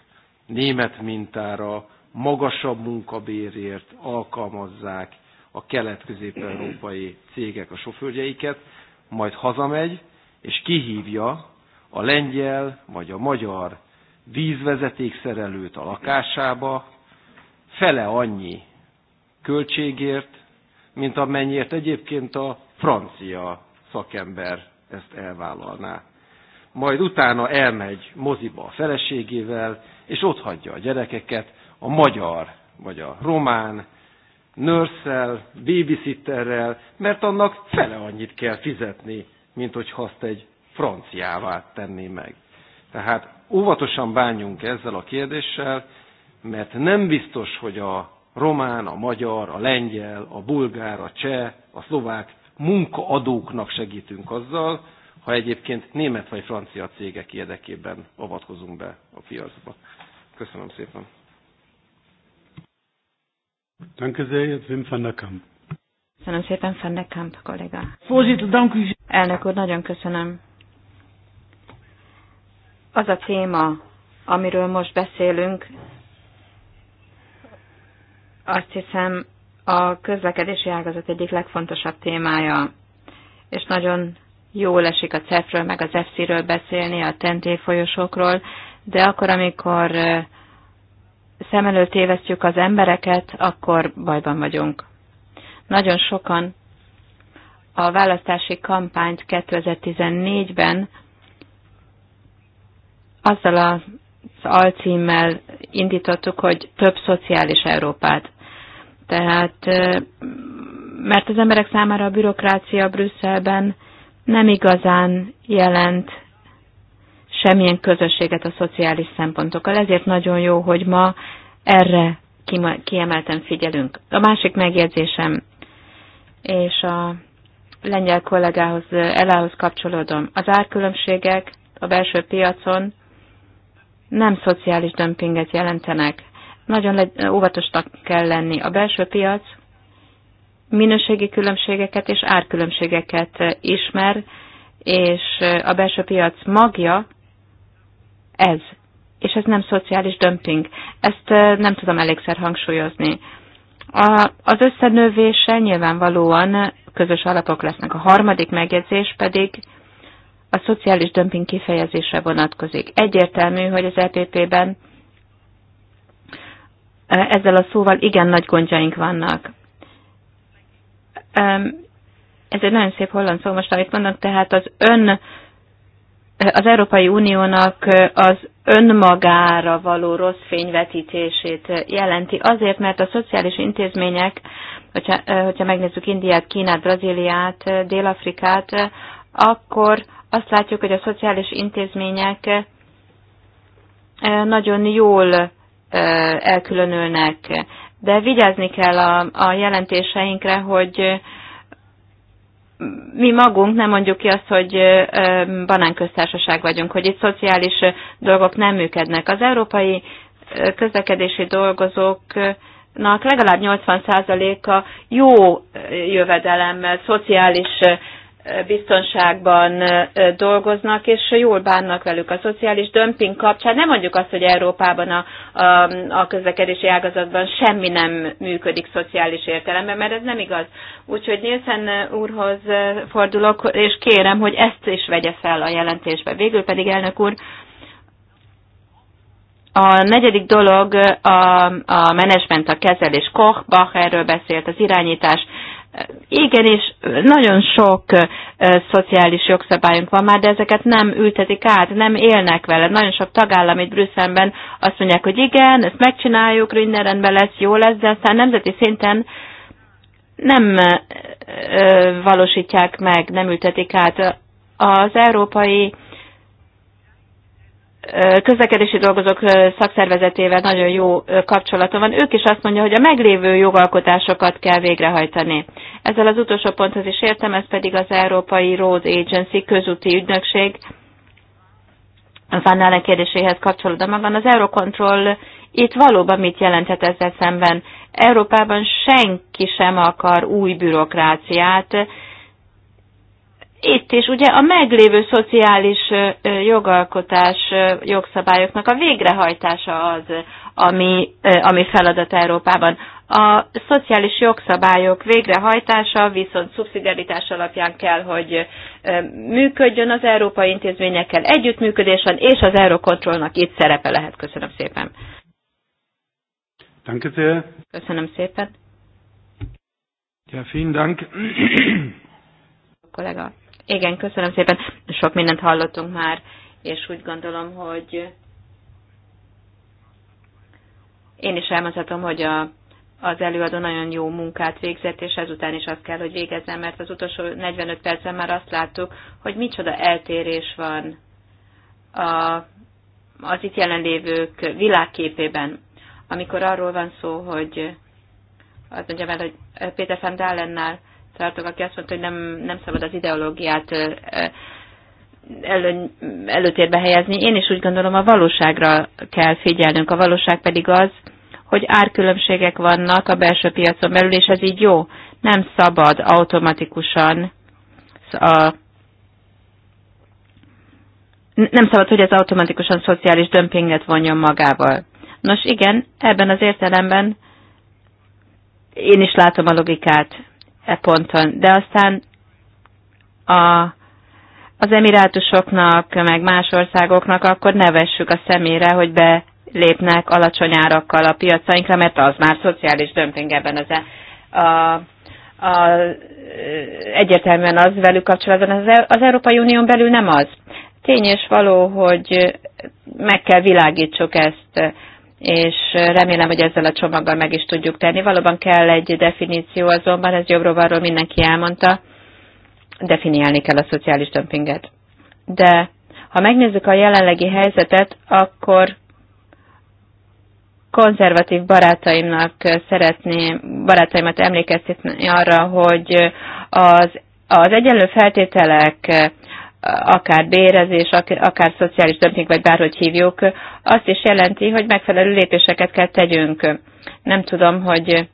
német mintára magasabb munkabérért alkalmazzák a kelet-közép-európai cégek a sofőrjeiket, majd hazamegy, és kihívja a lengyel vagy a magyar vízvezetékszerelőt a lakásába fele annyi költségért, mint amennyiért egyébként a francia szakember ezt elvállalná. Majd utána elmegy moziba a feleségével, és ott hagyja a gyerekeket a magyar vagy a román nörszel, babysitterrel, mert annak fele annyit kell fizetni, mint hogyha azt egy franciává tenné meg. Tehát óvatosan bánjunk ezzel a kérdéssel, mert nem biztos, hogy a román, a magyar, a lengyel, a bulgár, a cseh, a szlovák munkaadóknak segítünk azzal, ha egyébként német vagy francia cégek érdekében avatkozunk be a piacba. Köszönöm szépen.
Köszönöm
szépen, Fennekamp kolléga. Elnök úr, nagyon köszönöm. Az a téma, amiről most beszélünk, azt hiszem a közlekedési ágazat egyik legfontosabb témája, és nagyon jó esik a CEF-ről, meg az FC-ről beszélni, a TNT folyosókról, de akkor, amikor szem előtt évesztjük az embereket, akkor bajban vagyunk. Nagyon sokan a választási kampányt 2014-ben azzal az alcímmel indítottuk, hogy több szociális Európát. Tehát, mert az emberek számára a bürokrácia Brüsszelben nem igazán jelent semmilyen közösséget a szociális szempontokkal. Ezért nagyon jó, hogy ma erre kiemelten figyelünk. A másik megjegyzésem, és a lengyel kollégához, Elához kapcsolódom. Az árkülönbségek a belső piacon nem szociális dömpinget jelentenek. Nagyon óvatosnak kell lenni. A belső piac minőségi különbségeket és árkülönbségeket ismer, és a belső piac magja ez. És ez nem szociális dömping. Ezt nem tudom elégszer hangsúlyozni. A, az összenővése nyilvánvalóan közös alapok lesznek. A harmadik megjegyzés pedig a szociális dömping kifejezésre vonatkozik. Egyértelmű, hogy az EPP-ben e, ezzel a szóval igen nagy gondjaink vannak. Ez egy nagyon szép holland szó most, amit mondok, tehát az ön, e, az Európai Uniónak e, az önmagára való rossz fényvetítését jelenti. Azért, mert a szociális intézmények, hogyha, hogyha megnézzük Indiát, Kínát, Brazíliát, Dél-Afrikát, akkor azt látjuk, hogy a szociális intézmények eh, nagyon jól eh, elkülönülnek. De vigyázni kell a, a jelentéseinkre, hogy mi magunk nem mondjuk ki azt, hogy banánköztársaság vagyunk, hogy itt szociális dolgok nem működnek. Az európai közlekedési dolgozóknak legalább 80%-a jó jövedelemmel, szociális biztonságban dolgoznak, és jól bánnak velük a szociális dömping kapcsán. Nem mondjuk azt, hogy Európában a, a, a közlekedési ágazatban semmi nem működik szociális értelemben, mert ez nem igaz. Úgyhogy Nielsen úrhoz fordulok, és kérem, hogy ezt is vegye fel a jelentésbe. Végül pedig, elnök úr, a negyedik dolog a, a menedzsment, a kezelés. Koch, Bach erről beszélt, az irányítás. Igen, és nagyon sok szociális jogszabályunk van már, de ezeket nem ültetik át, nem élnek vele. Nagyon sok tagállam itt Brüsszelben azt mondják, hogy igen, ezt megcsináljuk, minden rendben lesz, jó lesz, de aztán nemzeti szinten nem valósítják meg, nem ültetik át. Az európai közlekedési dolgozók szakszervezetével nagyon jó kapcsolatom van. Ők is azt mondja, hogy a meglévő jogalkotásokat kell végrehajtani. Ezzel az utolsó ponthoz is értem, ez pedig az Európai Road Agency közúti ügynökség. Van Allen kérdéséhez kapcsolódva magam. Az Eurocontrol itt valóban mit jelenthet ezzel szemben? Európában senki sem akar új bürokráciát, itt is ugye a meglévő szociális jogalkotás jogszabályoknak a végrehajtása az, ami, ami feladat Európában. A szociális jogszabályok végrehajtása viszont szubszidiaritás alapján kell, hogy működjön az európai intézményekkel együttműködésen, és az Eurocontrolnak itt szerepe lehet. Köszönöm szépen. Danke sehr. Köszönöm szépen.
Ja, vielen Dank.
kollega. Igen, köszönöm szépen. Sok mindent hallottunk már, és úgy gondolom, hogy én is elmondhatom, hogy a, az előadó nagyon jó munkát végzett, és ezután is azt kell, hogy végezzen, mert az utolsó 45 percen már azt láttuk, hogy micsoda eltérés van a, az itt jelenlévők világképében, amikor arról van szó, hogy azt mondjam el, hogy Péter Fendálennál Szártok, aki azt mondta, hogy nem, nem szabad az ideológiát elő, előtérbe helyezni. Én is úgy gondolom, a valóságra kell figyelnünk. A valóság pedig az, hogy árkülönbségek vannak a belső piacon belül, és ez így jó. Nem szabad automatikusan a nem szabad, hogy ez automatikusan szociális dömpinget vonjon magával. Nos igen, ebben az értelemben én is látom a logikát e ponton. De aztán a, az emirátusoknak, meg más országoknak akkor nevessük a szemére, hogy lépnek alacsony árakkal a piacainkra, mert az már szociális dömping ebben az a, e- a a, egyértelműen az velük kapcsolatban, az, e- az Európai Unión belül nem az. Tény és való, hogy meg kell világítsuk ezt és remélem, hogy ezzel a csomaggal meg is tudjuk tenni. Valóban kell egy definíció, azonban ez jobbról-arról mindenki elmondta, definiálni kell a szociális dömpinget. De ha megnézzük a jelenlegi helyzetet, akkor konzervatív barátaimnak szeretném, barátaimat emlékeztetni arra, hogy az, az egyenlő feltételek akár bérezés, akár szociális dömping, vagy bárhogy hívjuk, azt is jelenti, hogy megfelelő lépéseket kell tegyünk. Nem tudom, hogy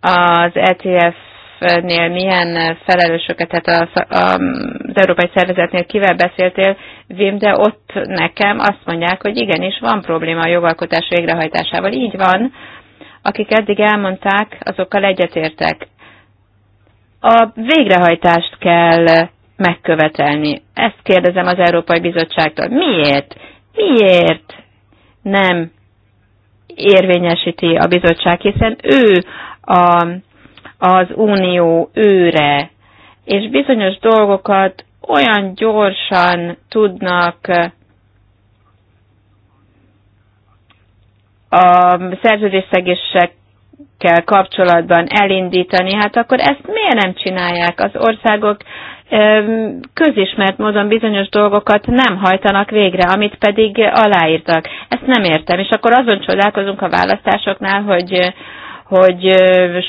az ETF nél milyen felelősöket, tehát a, a, az Európai Szervezetnél kivel beszéltél, Vim, de ott nekem azt mondják, hogy igenis van probléma a jogalkotás végrehajtásával. Így van, akik eddig elmondták, azokkal egyetértek a végrehajtást kell megkövetelni. Ezt kérdezem az Európai Bizottságtól. Miért? Miért nem érvényesíti a bizottság, hiszen ő a, az unió őre, és bizonyos dolgokat olyan gyorsan tudnak a szerződésszegések kell kapcsolatban elindítani, hát akkor ezt miért nem csinálják? Az országok közismert módon bizonyos dolgokat nem hajtanak végre, amit pedig aláírtak. Ezt nem értem, és akkor azon csodálkozunk a választásoknál, hogy hogy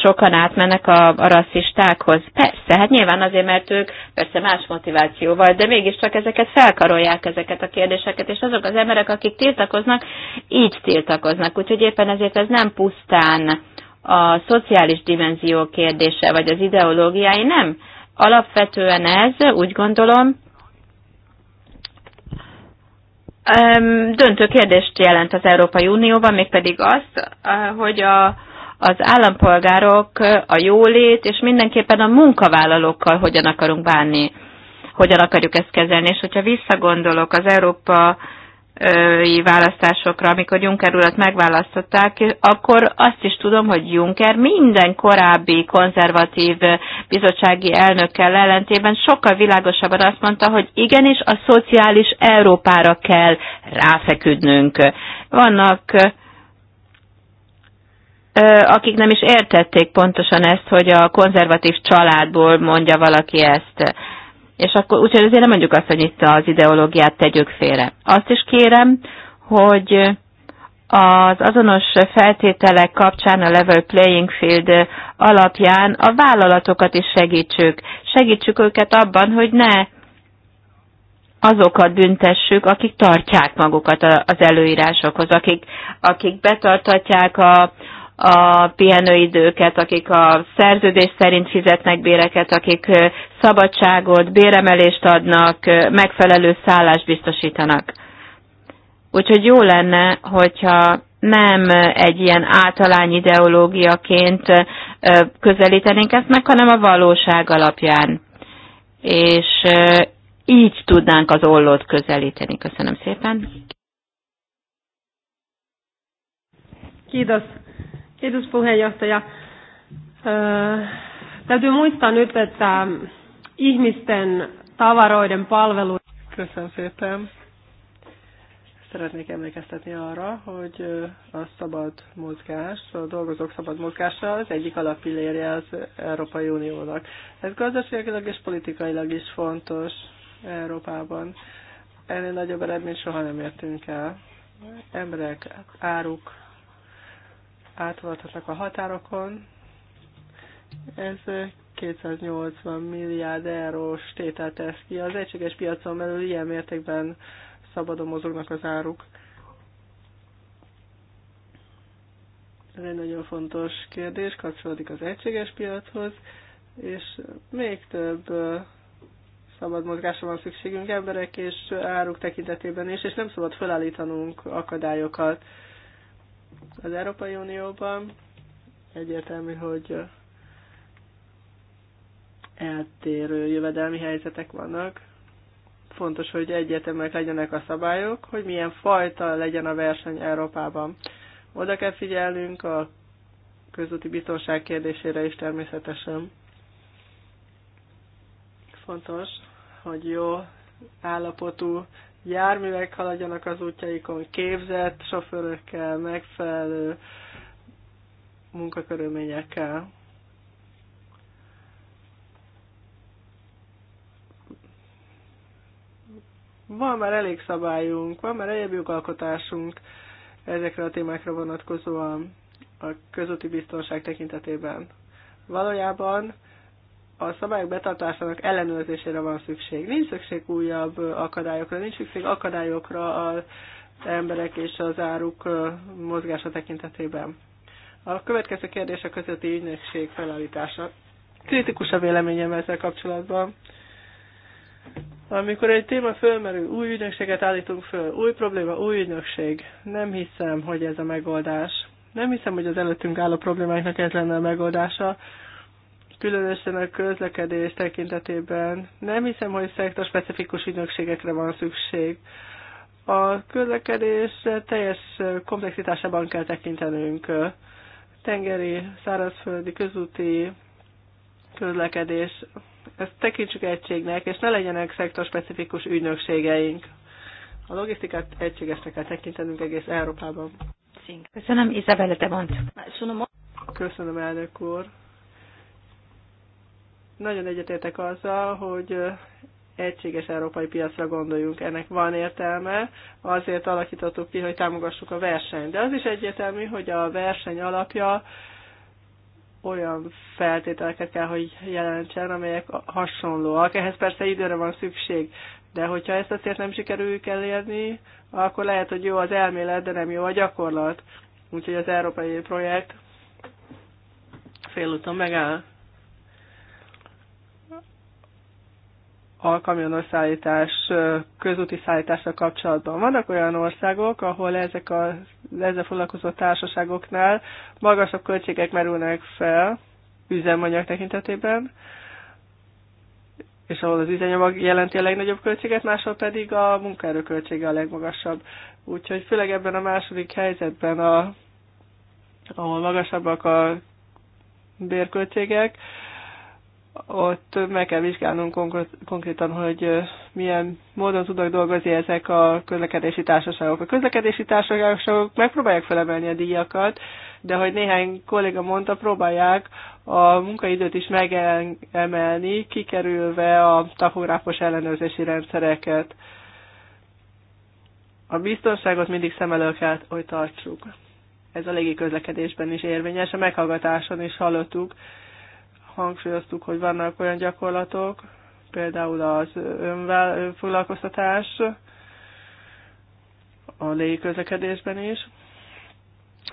sokan átmennek a, a rasszistákhoz. Persze, hát nyilván azért, mert ők persze más motivációval, de mégiscsak ezeket felkarolják, ezeket a kérdéseket, és azok az emberek, akik tiltakoznak, így tiltakoznak. Úgyhogy éppen ezért ez nem pusztán a szociális dimenzió kérdése, vagy az ideológiái, nem. Alapvetően ez, úgy gondolom, döntő kérdést jelent az Európai Unióban, mégpedig az, eh, hogy a, az állampolgárok a jólét és mindenképpen a munkavállalókkal hogyan akarunk bánni, hogyan akarjuk ezt kezelni. És hogyha visszagondolok az Európa választásokra, amikor Juncker urat megválasztották, akkor azt is tudom, hogy Juncker minden korábbi konzervatív bizottsági elnökkel ellentében sokkal világosabban azt mondta, hogy igenis a szociális Európára kell ráfeküdnünk. Vannak akik nem is értették pontosan ezt, hogy a konzervatív családból mondja valaki ezt. És akkor úgyhogy azért nem mondjuk azt, hogy itt az ideológiát tegyük félre. Azt is kérem, hogy az azonos feltételek kapcsán a level playing field alapján a vállalatokat is segítsük. Segítsük őket abban, hogy ne azokat büntessük, akik tartják magukat az előírásokhoz, akik, akik betartatják a, a pihenőidőket, akik a szerződés szerint fizetnek béreket, akik szabadságot, béremelést adnak, megfelelő szállást biztosítanak. Úgyhogy jó lenne, hogyha nem egy ilyen általány ideológiaként közelítenénk ezt meg, hanem a valóság alapján. És így tudnánk az ollót közelíteni. Köszönöm szépen.
Kidosz. Kiitos puheenjohtaja. Öö, täytyy muistaa nyt, että ihmisten tavaroiden palvelu... Köszönöm szépen. Szeretnék emlékeztetni arra, hogy a szabad mozgás, a dolgozók szabad mozgása az egyik alapillérje az Európai Uniónak. Ez gazdaságilag és politikailag is fontos Európában. Ennél nagyobb eredményt soha nem értünk el. Emberek, áruk, áthaladhatnak a határokon. Ez 280 milliárd eurós tétel tesz ki. Az egységes piacon belül ilyen mértékben szabadon mozognak az áruk. Ez egy nagyon fontos kérdés, kapcsolódik az egységes piachoz, és még több szabad mozgásra van szükségünk emberek és áruk tekintetében is, és nem szabad felállítanunk akadályokat az Európai Unióban. Egyértelmű, hogy eltérő jövedelmi helyzetek vannak. Fontos, hogy egyetemek legyenek a szabályok, hogy milyen fajta legyen a verseny Európában. Oda kell figyelnünk a közúti biztonság kérdésére is természetesen. Fontos, hogy jó állapotú járművek haladjanak az útjaikon, képzett sofőrökkel, megfelelő munkakörülményekkel. Van már elég szabályunk, van már egyéb jogalkotásunk ezekre a témákra vonatkozóan a közúti biztonság tekintetében. Valójában a szabályok betartásának ellenőrzésére van szükség. Nincs szükség újabb akadályokra, nincs szükség akadályokra az emberek és az áruk mozgása tekintetében. A következő kérdés a közötti ügynökség felállítása. Kritikus a véleményem ezzel kapcsolatban. Amikor egy téma fölmerül, új ügynökséget állítunk föl, új probléma, új ügynökség, nem hiszem, hogy ez a megoldás. Nem hiszem, hogy az előttünk álló problémáknak ez lenne a megoldása különösen a közlekedés tekintetében. Nem hiszem, hogy specifikus ügynökségekre van szükség. A közlekedés teljes komplexitásában kell tekintenünk. Tengeri, szárazföldi, közúti közlekedés, ezt tekintsük egységnek, és ne legyenek specifikus ügynökségeink. A logisztikát egységesnek kell tekintenünk egész Európában. Köszönöm,
Izabella mondtad.
Köszönöm, elnök úr. Nagyon egyetértek azzal, hogy egységes európai piacra gondoljunk. Ennek van értelme, azért alakítottuk ki, hogy támogassuk a versenyt. De az is egyértelmű, hogy a verseny alapja olyan feltételeket kell, hogy jelentsen, amelyek hasonlóak. Ehhez persze időre van szükség, de hogyha ezt azért nem sikerül elérni, akkor lehet, hogy jó az elmélet, de nem jó a gyakorlat. Úgyhogy az európai projekt félúton megáll. a kamionos szállítás, közúti szállításra kapcsolatban. Vannak olyan országok, ahol ezek a ezzel foglalkozó társaságoknál magasabb költségek merülnek fel üzemanyag tekintetében, és ahol az üzemanyag jelenti a legnagyobb költséget, máshol pedig a munkaerő költsége a legmagasabb. Úgyhogy főleg ebben a második helyzetben, a, ahol magasabbak a bérköltségek, ott meg kell vizsgálnunk konkrétan, hogy milyen módon tudnak dolgozni ezek a közlekedési társaságok. A közlekedési társaságok megpróbálják felemelni a díjakat, de hogy néhány kolléga mondta, próbálják a munkaidőt is megemelni, kikerülve a tachográfos ellenőrzési rendszereket. A biztonságot mindig szem elől kell, hogy tartsuk. Ez a légi közlekedésben is érvényes, a meghallgatáson is hallottuk, hangsúlyoztuk, hogy vannak olyan gyakorlatok, például az foglalkoztatás a légiközlekedésben is,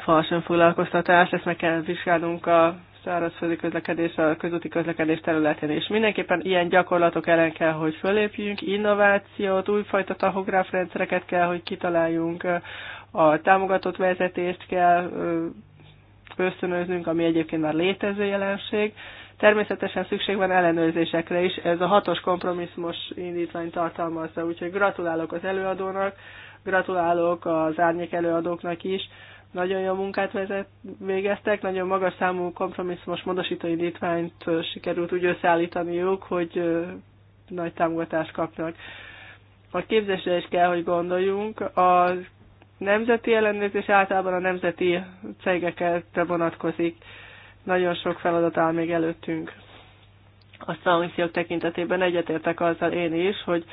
fals önfoglalkoztatás, ezt meg kell vizsgálnunk a szárazföldi közlekedés, a közúti közlekedés területén is. Mindenképpen ilyen gyakorlatok ellen kell, hogy fölépjünk, innovációt, újfajta tahográf rendszereket kell, hogy kitaláljunk, a támogatott vezetést kell ösztönöznünk, ami egyébként már létező jelenség, Természetesen szükség van ellenőrzésekre is, ez a hatos kompromisszumos indítvány tartalmazza, úgyhogy gratulálok az előadónak, gratulálok az árnyék előadóknak is, nagyon jó munkát vezet, végeztek, nagyon magas számú kompromisszumos módosító indítványt sikerült úgy összeállítaniuk, hogy nagy támogatást kapnak. A képzésre is kell, hogy gondoljunk. A nemzeti ellenőrzés általában a nemzeti cégeket vonatkozik. Nagyon sok feladat áll még előttünk. A szankciók tekintetében egyetértek azzal én is, hogy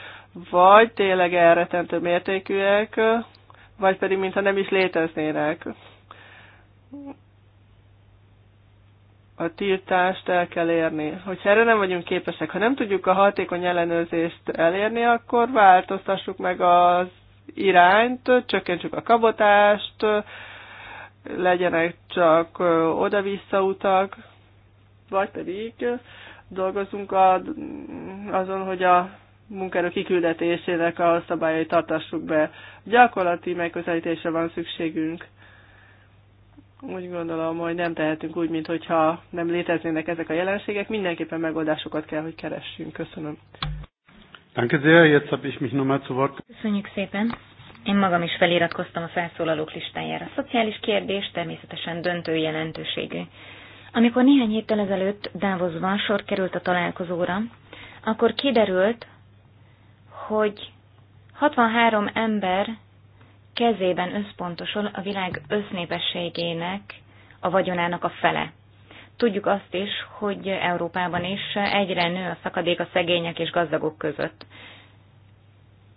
vagy tényleg elretentő mértékűek, vagy pedig mintha nem is léteznének. A tiltást el kell érni. Hogyha erre nem vagyunk képesek, ha nem tudjuk a hatékony ellenőrzést elérni, akkor változtassuk meg az irányt, csökkentsük a kabotást, legyenek csak oda-vissza utak, vagy pedig dolgozunk a, azon, hogy a munkáról kiküldetésének a szabályait tartassuk be. Gyakorlati megközelítésre van szükségünk. Úgy gondolom, hogy nem tehetünk úgy, mintha nem léteznének ezek a jelenségek. Mindenképpen megoldásokat kell, hogy keressünk. Köszönöm.
Danke sehr, jetzt habe ich mich nochmal zu Wort.
Köszönjük szépen. Én magam is feliratkoztam a felszólalók listájára. A szociális kérdés természetesen döntő jelentőségű. Amikor néhány héttel ezelőtt Dávozban sor került a találkozóra, akkor kiderült, hogy 63 ember kezében összpontosul a világ össznépességének, a vagyonának a fele. Tudjuk azt is, hogy Európában is egyre nő a szakadék a szegények és gazdagok között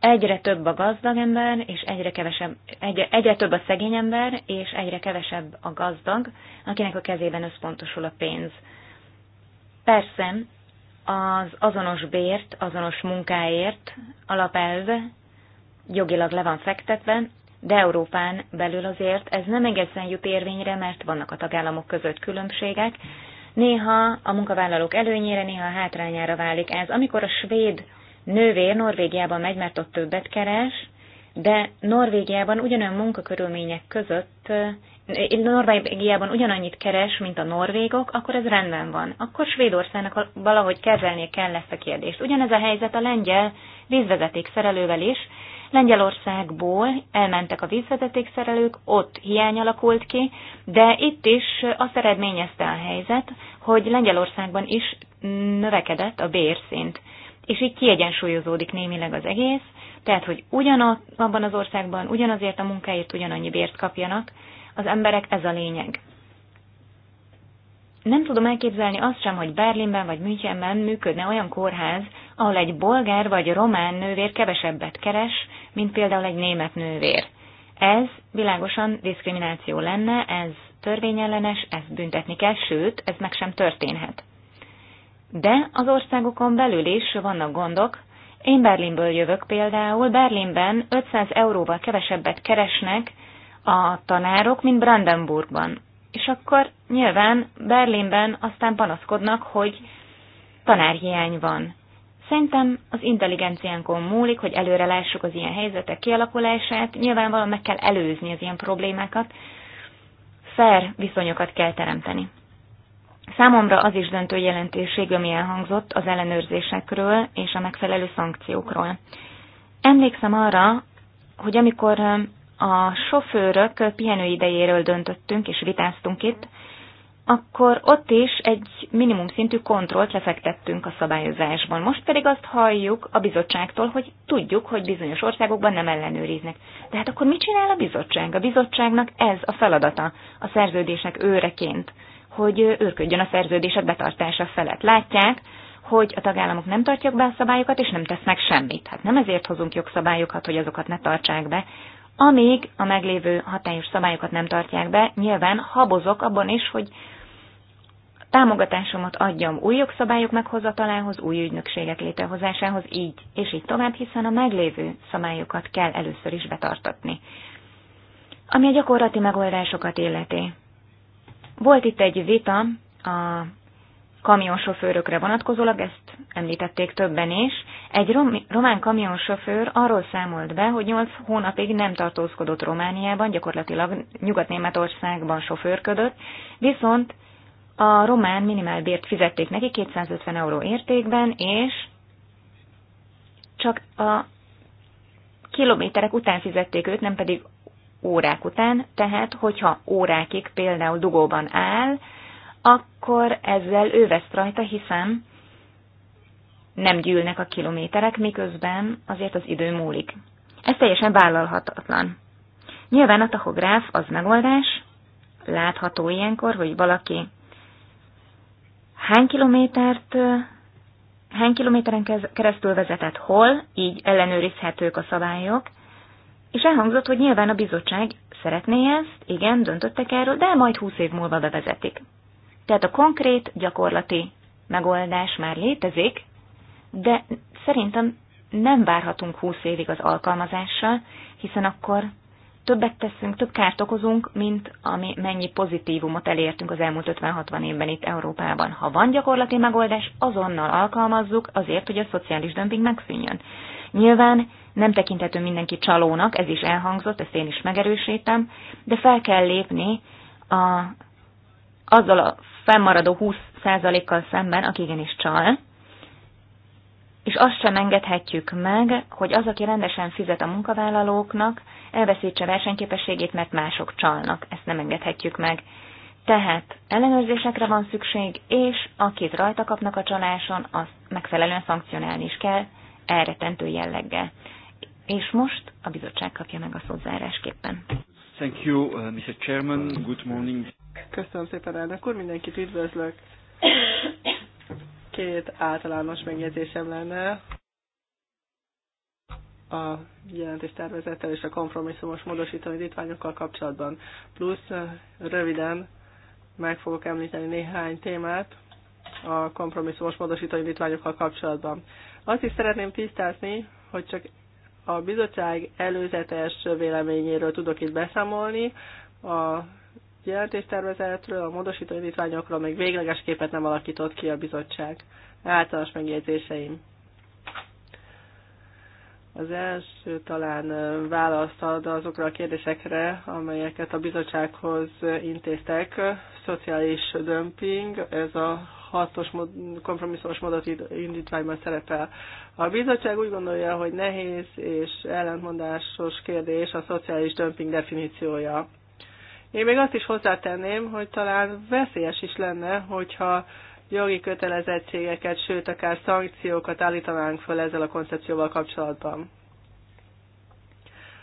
egyre több a gazdag ember, és egyre, kevesebb, egyre, egyre több a szegény ember, és egyre kevesebb a gazdag, akinek a kezében összpontosul a pénz. Persze, az azonos bért, azonos munkáért alapelve jogilag le van fektetve, de Európán belül azért ez nem egészen jut érvényre, mert vannak a tagállamok között különbségek. Néha a munkavállalók előnyére, néha a hátrányára válik ez. Amikor a svéd nővér Norvégiában megy, mert ott többet keres, de Norvégiában ugyanolyan munkakörülmények között, eh, Norvégiában ugyanannyit keres, mint a norvégok, akkor ez rendben van. Akkor Svédországnak valahogy kezelnie kell ezt a kérdést. Ugyanez a helyzet a lengyel vízvezeték szerelővel is. Lengyelországból elmentek a vízvezetékszerelők, ott hiány alakult ki, de itt is azt eredményezte a helyzet, hogy Lengyelországban is növekedett a bérszint és így kiegyensúlyozódik némileg az egész, tehát, hogy ugyanabban abban az országban ugyanazért a munkáért ugyanannyi bért kapjanak, az emberek ez a lényeg. Nem tudom elképzelni azt sem, hogy Berlinben vagy Münchenben működne olyan kórház, ahol egy bolgár vagy román nővér kevesebbet keres, mint például egy német nővér. Ez világosan diszkrimináció lenne, ez törvényellenes, ezt büntetni kell, sőt, ez meg sem történhet. De az országokon belül is vannak gondok. Én Berlinből jövök például. Berlinben 500 euróval kevesebbet keresnek a tanárok, mint Brandenburgban. És akkor nyilván Berlinben aztán panaszkodnak, hogy tanárhiány van. Szerintem az intelligenciánkon múlik, hogy előre lássuk az ilyen helyzetek kialakulását, nyilvánvalóan meg kell előzni az ilyen problémákat, fair viszonyokat kell teremteni. Számomra az is döntő jelentőség, ami elhangzott az ellenőrzésekről és a megfelelő szankciókról. Emlékszem arra, hogy amikor um, a sofőrök pihenőidejéről döntöttünk és vitáztunk itt, akkor ott is egy minimum szintű kontrollt lefektettünk a szabályozásban. Most pedig azt halljuk a bizottságtól, hogy tudjuk, hogy bizonyos országokban nem ellenőriznek. De hát akkor mit csinál a bizottság? A bizottságnak ez a feladata a szerződések őreként hogy őrködjön a szerződések betartása felett. Látják, hogy a tagállamok nem tartják be a szabályokat, és nem tesznek semmit. Hát nem ezért hozunk jogszabályokat, hogy azokat ne tartsák be. Amíg a meglévő hatályos szabályokat nem tartják be, nyilván habozok abban is, hogy támogatásomat adjam új jogszabályok meghozatalához, új ügynökségek létrehozásához, így és így tovább, hiszen a meglévő szabályokat kell először is betartatni. Ami a gyakorlati megoldásokat illeti. Volt itt egy vita a kamionsofőrökre vonatkozólag, ezt említették többen is. Egy rom- román kamionsofőr arról számolt be, hogy 8 hónapig nem tartózkodott Romániában, gyakorlatilag Nyugat-Németországban sofőrködött, viszont a román minimálbért fizették neki 250 euró értékben, és csak a kilométerek után fizették őt, nem pedig órák után, tehát hogyha órákig például dugóban áll, akkor ezzel ő vesz rajta, hiszen nem gyűlnek a kilométerek, miközben azért az idő múlik. Ez teljesen vállalhatatlan. Nyilván a tachográf az megoldás, látható ilyenkor, hogy valaki hány kilométert, hány kilométeren keresztül vezetett hol, így ellenőrizhetők a szabályok, és elhangzott, hogy nyilván a bizottság szeretné ezt, igen, döntöttek erről, de majd húsz év múlva bevezetik. Tehát a konkrét, gyakorlati megoldás már létezik, de szerintem nem várhatunk húsz évig az alkalmazással, hiszen akkor többet teszünk, több kárt okozunk, mint ami, mennyi pozitívumot elértünk az elmúlt 50-60 évben itt Európában. Ha van gyakorlati megoldás, azonnal alkalmazzuk azért, hogy a szociális dömping megszűnjön. Nyilván nem tekinthető mindenki csalónak, ez is elhangzott, ezt én is megerősítem, de fel kell lépni a, azzal a fennmaradó 20%-kal szemben, aki igenis csal, és azt sem engedhetjük meg, hogy az, aki rendesen fizet a munkavállalóknak, elveszítse versenyképességét, mert mások csalnak. Ezt nem engedhetjük meg. Tehát ellenőrzésekre van szükség, és akit rajta kapnak a csaláson, azt megfelelően szankcionálni is kell, elretentő jelleggel. És most a bizottság kapja meg a szót zárásképpen.
Thank you, uh, Mr. Chairman. Good morning.
Köszönöm szépen, elnök úr, mindenkit üdvözlök. Két általános megjegyzésem lenne a jelentés tervezettel és a kompromisszumos módosító indítványokkal kapcsolatban. Plusz uh, röviden meg fogok említeni néhány témát a kompromisszumos módosító indítványokkal kapcsolatban. Azt is szeretném tisztázni, hogy csak a bizottság előzetes véleményéről tudok itt beszámolni. A jelentéstervezetről, a módosító indítványokról még végleges képet nem alakított ki a bizottság. Általános megjegyzéseim. Az első talán választ ad azokra a kérdésekre, amelyeket a bizottsághoz intéztek. Szociális dömping, ez a hasznos mod, kompromisszumos modat indítványban szerepel. A bizottság úgy gondolja, hogy nehéz és ellentmondásos kérdés a szociális dömping definíciója. Én még azt is hozzátenném, hogy talán veszélyes is lenne, hogyha jogi kötelezettségeket, sőt akár szankciókat állítanánk föl ezzel a koncepcióval kapcsolatban.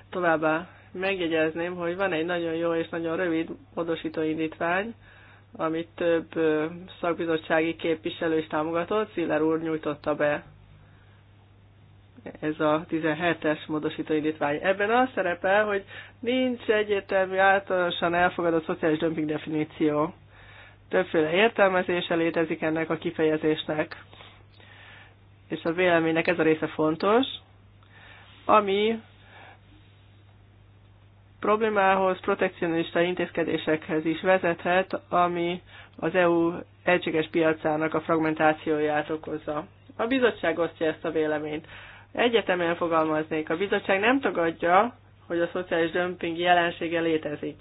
Továbbá megjegyezném, hogy van egy nagyon jó és nagyon rövid módosító indítvány, amit több szakbizottsági képviselő is támogatott, Sziller úr nyújtotta be ez a 17-es módosító indítvány. Ebben az szerepel, hogy nincs egyértelmű általánosan elfogadott szociális dömping definíció. Többféle értelmezése létezik ennek a kifejezésnek, és a véleménynek ez a része fontos, ami problémához, protekcionista intézkedésekhez is vezethet, ami az EU egységes piacának a fragmentációját okozza. A bizottság osztja ezt a véleményt. Egyetemen fogalmaznék, a bizottság nem tagadja, hogy a szociális dömping jelensége létezik.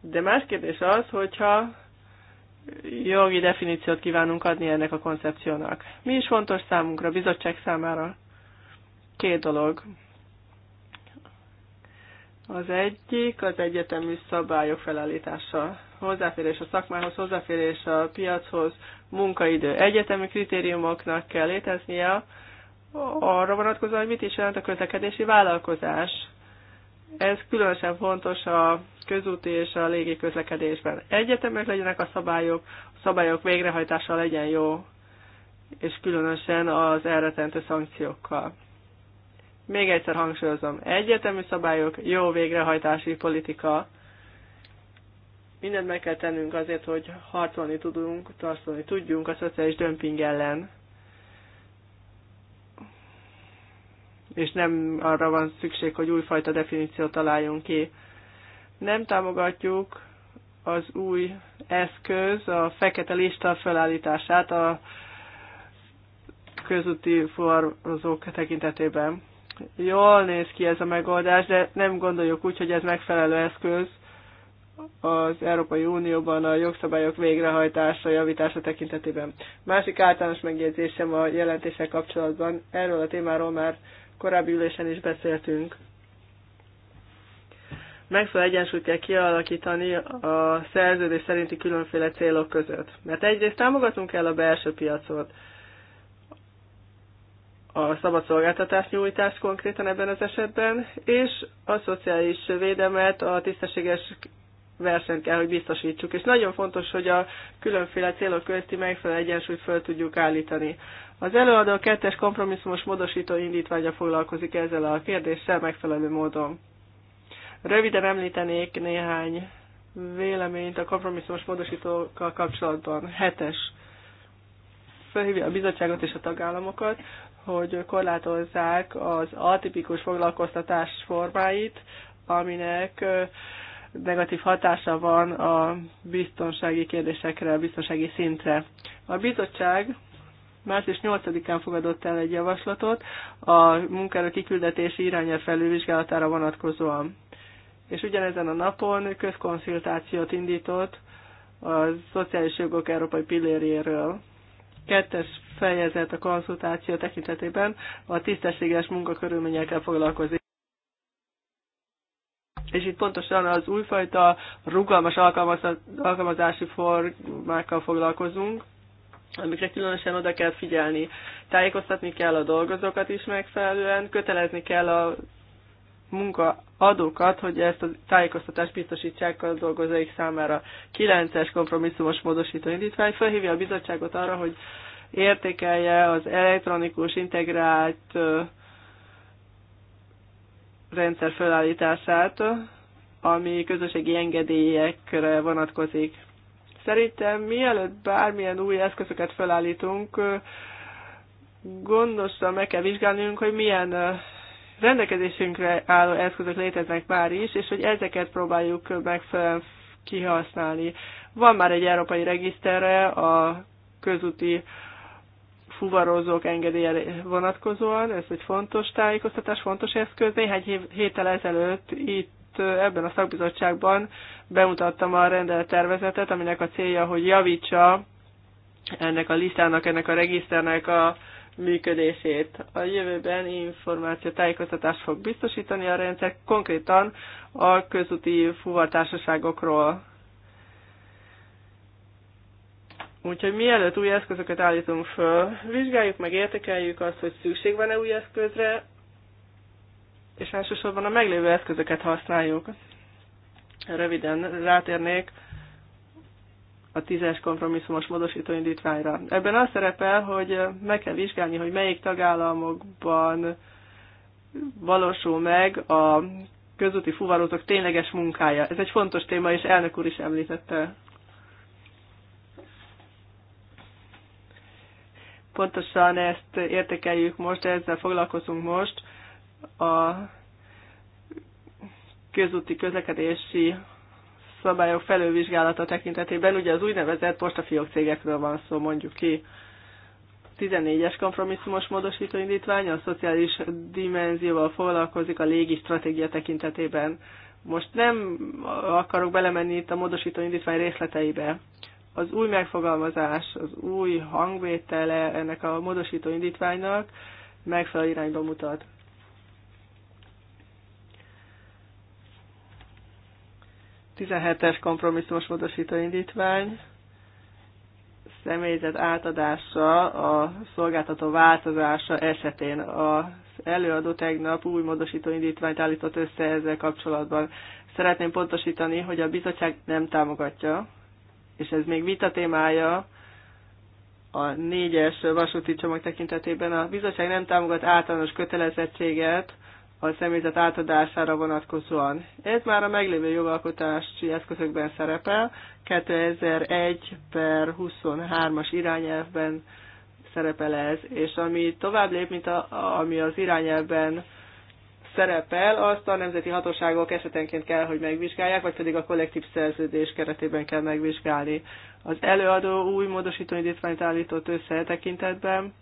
De más kérdés az, hogyha jogi definíciót kívánunk adni ennek a koncepciónak. Mi is fontos számunkra, a bizottság számára? Két dolog. Az egyik az egyetemű szabályok felállítása. Hozzáférés a szakmához, hozzáférés a piachoz, munkaidő. Egyetemi kritériumoknak kell léteznie arra vonatkozóan, hogy mit is jelent a közlekedési vállalkozás. Ez különösen fontos a közúti és a légi közlekedésben. Egyetemek legyenek a szabályok, a szabályok végrehajtása legyen jó, és különösen az elretentő szankciókkal. Még egyszer hangsúlyozom, egyetemű szabályok, jó végrehajtási politika. Mindent meg kell tennünk azért, hogy harcolni tudunk, tartani tudjunk a szociális dömping ellen. És nem arra van szükség, hogy újfajta definíciót találjunk ki. Nem támogatjuk az új eszköz, a fekete lista felállítását a közúti forrozók tekintetében. Jól néz ki ez a megoldás, de nem gondoljuk úgy, hogy ez megfelelő eszköz az Európai Unióban a jogszabályok végrehajtása, javítása tekintetében. Másik általános megjegyzésem a jelentéssel kapcsolatban. Erről a témáról már korábbi ülésen is beszéltünk. Megfelelő egyensúlyt kell kialakítani a szerződés szerinti különféle célok között. Mert egyrészt támogatunk el a belső piacot, a szabadszolgáltatás nyújtás konkrétan ebben az esetben, és a szociális védelmet, a tisztességes versenyt kell, hogy biztosítsuk. És nagyon fontos, hogy a különféle célok közti megfelelő egyensúlyt föl tudjuk állítani. Az előadó kettes kompromisszumos módosító indítványa foglalkozik ezzel a kérdéssel megfelelő módon. Röviden említenék néhány véleményt a kompromisszumos módosítókkal kapcsolatban. Hetes. Felhívja a bizottságot és a tagállamokat, hogy korlátozzák az atipikus foglalkoztatás formáit, aminek negatív hatása van a biztonsági kérdésekre, a biztonsági szintre. A bizottság március 8-án fogadott el egy javaslatot a munkára kiküldetési irányel felülvizsgálatára vonatkozóan. És ugyanezen a napon közkonszultációt indított a szociális jogok európai pilléréről kettes fejezet a konzultáció tekintetében a tisztességes munkakörülményekkel foglalkozik. És itt pontosan az újfajta rugalmas alkalmazási formákkal foglalkozunk, amikre különösen oda kell figyelni. Tájékoztatni kell a dolgozókat is megfelelően, kötelezni kell a munkaadókat, hogy ezt a tájékoztatást biztosítsák a dolgozóik számára. 9-es kompromisszumos módosító indítvány felhívja a bizottságot arra, hogy értékelje az elektronikus integrált rendszer felállítását, ami közösségi engedélyekre vonatkozik. Szerintem mielőtt bármilyen új eszközöket felállítunk, gondosan meg kell vizsgálnunk, hogy milyen rendelkezésünkre álló eszközök léteznek már is, és hogy ezeket próbáljuk megfelelően kihasználni. Van már egy európai regiszterre a közúti fuvarozók engedélye vonatkozóan, ez egy fontos tájékoztatás, fontos eszköz. Néhány héttel ezelőtt itt ebben a szakbizottságban bemutattam a rendelettervezetet, aminek a célja, hogy javítsa ennek a listának, ennek a regiszternek a működését. A jövőben információ tájékoztatást fog biztosítani a rendszer konkrétan a közúti fuvartársaságokról. Úgyhogy mielőtt új eszközöket állítunk föl, vizsgáljuk meg, értékeljük azt, hogy szükség van-e új eszközre, és elsősorban a meglévő eszközöket használjuk. Röviden rátérnék a tízes kompromisszumos módosítóindítványra. Ebben az szerepel, hogy meg kell vizsgálni, hogy melyik tagállamokban valósul meg a közúti fuvarozók tényleges munkája. Ez egy fontos téma, és elnök úr is említette. Pontosan ezt értékeljük most, ezzel foglalkozunk most. A közúti közlekedési szabályok felülvizsgálata tekintetében, ugye az úgynevezett postafiók cégekről van szó, mondjuk ki, 14-es kompromisszumos módosítóindítvány a szociális dimenzióval foglalkozik a légi stratégia tekintetében. Most nem akarok belemenni itt a módosítóindítvány részleteibe. Az új megfogalmazás, az új hangvétele ennek a módosítóindítványnak megfelelő irányba mutat. 17-es kompromisszumos módosító indítvány személyzet átadása a szolgáltató változása esetén. Az előadó tegnap új módosító indítványt állított össze ezzel kapcsolatban. Szeretném pontosítani, hogy a bizottság nem támogatja, és ez még vita témája a négyes vasúti csomag tekintetében. A bizottság nem támogat általános kötelezettséget a személyzet átadására vonatkozóan. Ez már a meglévő jogalkotási eszközökben szerepel, 2001 per 23-as irányelvben szerepel ez, és ami tovább lép, mint a, ami az irányelvben szerepel, azt a nemzeti hatóságok esetenként kell, hogy megvizsgálják, vagy pedig a kollektív szerződés keretében kell megvizsgálni. Az előadó új módosító indítványt állított össze e tekintetben,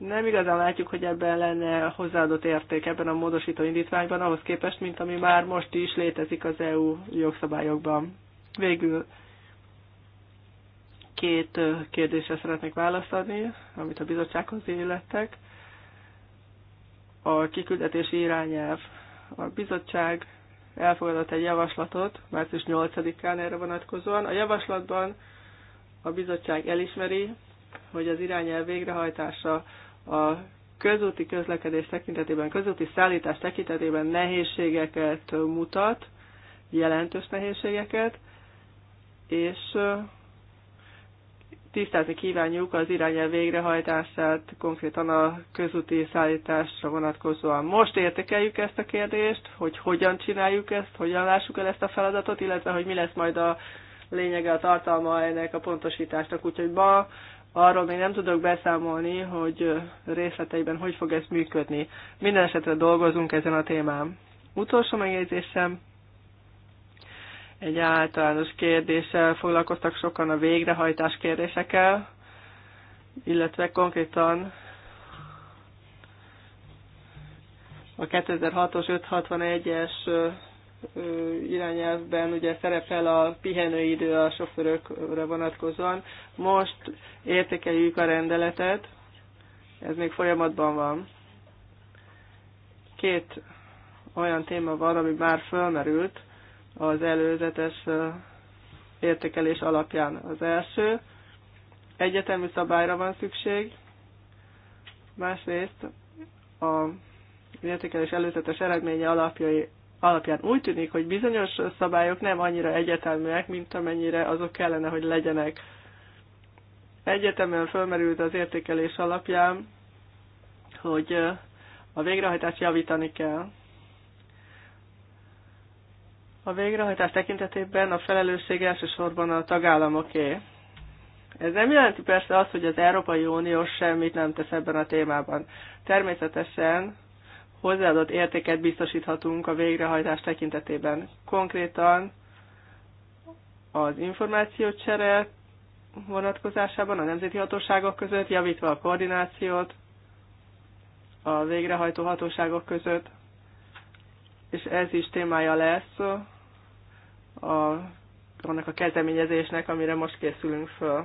nem igazán látjuk, hogy ebben lenne hozzáadott érték ebben a módosító indítványban, ahhoz képest, mint ami már most is létezik az EU jogszabályokban. Végül két kérdésre szeretnék választani, amit a bizottsághoz élettek. A kiküldetési irányelv. A bizottság elfogadott egy javaslatot március 8-án erre vonatkozóan. A javaslatban a bizottság elismeri, hogy az irányelv végrehajtása a közúti közlekedés tekintetében, közúti szállítás tekintetében nehézségeket mutat, jelentős nehézségeket, és tisztázni kívánjuk az irányel végrehajtását konkrétan a közúti szállításra vonatkozóan. Most értékeljük ezt a kérdést, hogy hogyan csináljuk ezt, hogyan lássuk el ezt a feladatot, illetve hogy mi lesz majd a lényege, a tartalma ennek a pontosításnak. Úgyhogy ma Arról még nem tudok beszámolni, hogy részleteiben hogy fog ez működni. Minden esetre dolgozunk ezen a témán. Utolsó megjegyzésem, egy általános kérdéssel foglalkoztak sokan a végrehajtás kérdésekkel, illetve konkrétan a 2006-os 561-es irányelvben ugye szerepel a pihenőidő a sofőrökre vonatkozóan. Most értékeljük a rendeletet, ez még folyamatban van. Két olyan téma van, ami már fölmerült az előzetes értékelés alapján. Az első, egyetemű szabályra van szükség, másrészt a értékelés előzetes eredménye alapjai alapján úgy tűnik, hogy bizonyos szabályok nem annyira egyeteműek, mint amennyire azok kellene, hogy legyenek. Egyetemen fölmerült az értékelés alapján, hogy a végrehajtást javítani kell. A végrehajtás tekintetében a felelősség elsősorban a tagállamoké. Ez nem jelenti persze azt, hogy az Európai Unió semmit nem tesz ebben a témában. Természetesen hozzáadott értéket biztosíthatunk a végrehajtás tekintetében. Konkrétan az információcsere vonatkozásában a nemzeti hatóságok között, javítva a koordinációt a végrehajtó hatóságok között, és ez is témája lesz a, annak a kezdeményezésnek, amire most készülünk föl.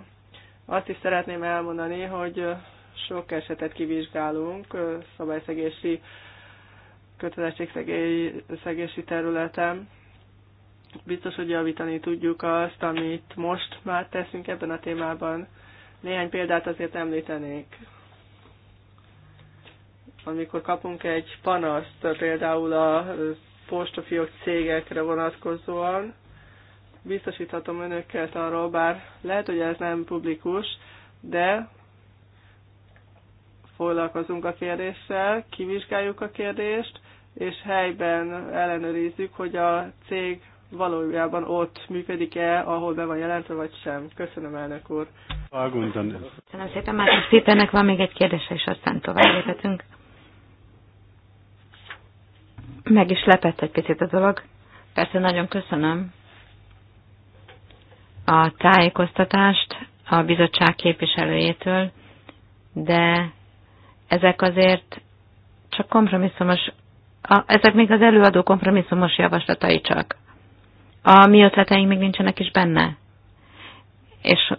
Azt is szeretném elmondani, hogy sok esetet kivizsgálunk szabályszegési kötelezettségszegési területen. Biztos, hogy javítani tudjuk azt, amit most már teszünk ebben a témában. Néhány példát azért említenék. Amikor kapunk egy panaszt, például a postafiók cégekre vonatkozóan, biztosíthatom önöket arról, bár lehet, hogy ez nem publikus, de foglalkozunk a kérdéssel, kivizsgáljuk a kérdést, és helyben ellenőrizzük, hogy a cég valójában ott működik-e, ahol be van jelentve, vagy sem. Köszönöm, elnök úr.
Köszönöm
szépen,
Márkus Péternek van még egy kérdése, és aztán tovább léphetünk. Meg is lepett egy picit a dolog. Persze nagyon köszönöm a tájékoztatást a bizottság képviselőjétől, de ezek azért csak kompromisszumos a, ezek még az előadó kompromisszumos javaslatai csak. A mi ötleteink még nincsenek is benne. És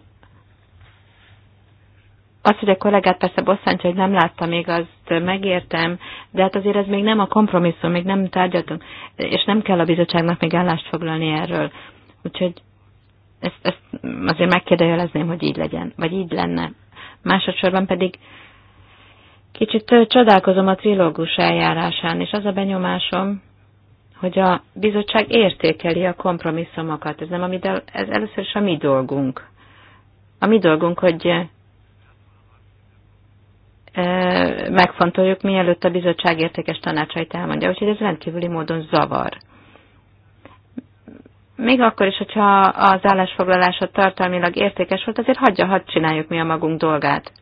az, hogy a kollégát persze bosszantja, hogy nem látta még, azt megértem, de hát azért ez még nem a kompromisszum, még nem tárgyaltunk, és nem kell a bizottságnak még állást foglalni erről. Úgyhogy ezt, ezt azért megkérdejelezném, hogy így legyen, vagy így lenne. Másodszorban pedig Kicsit csodálkozom a trilógus eljárásán, és az a benyomásom, hogy a bizottság értékeli a kompromisszumokat. Ez nem a mi, de ez először is a mi dolgunk. A mi dolgunk, hogy megfontoljuk, mielőtt a bizottság értékes tanácsait elmondja. Úgyhogy ez rendkívüli módon zavar. Még akkor is, hogyha az állásfoglalása tartalmilag értékes volt, azért hagyja, hadd csináljuk mi a magunk dolgát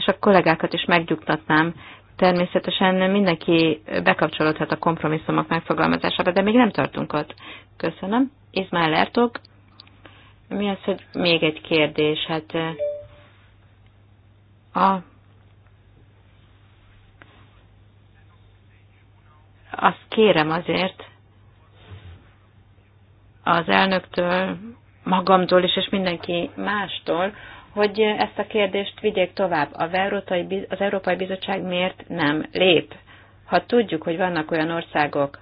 és a kollégákat is megnyugtatnám, természetesen mindenki bekapcsolódhat a kompromisszumok megfogalmazásába, de még nem tartunk ott. Köszönöm. Izmael Lertok. Mi az, hogy még egy kérdés? Hát a, azt kérem azért az elnöktől, magamtól is, és mindenki mástól, hogy ezt a kérdést vigyék tovább. Az Európai Bizottság miért nem lép? Ha tudjuk, hogy vannak olyan országok,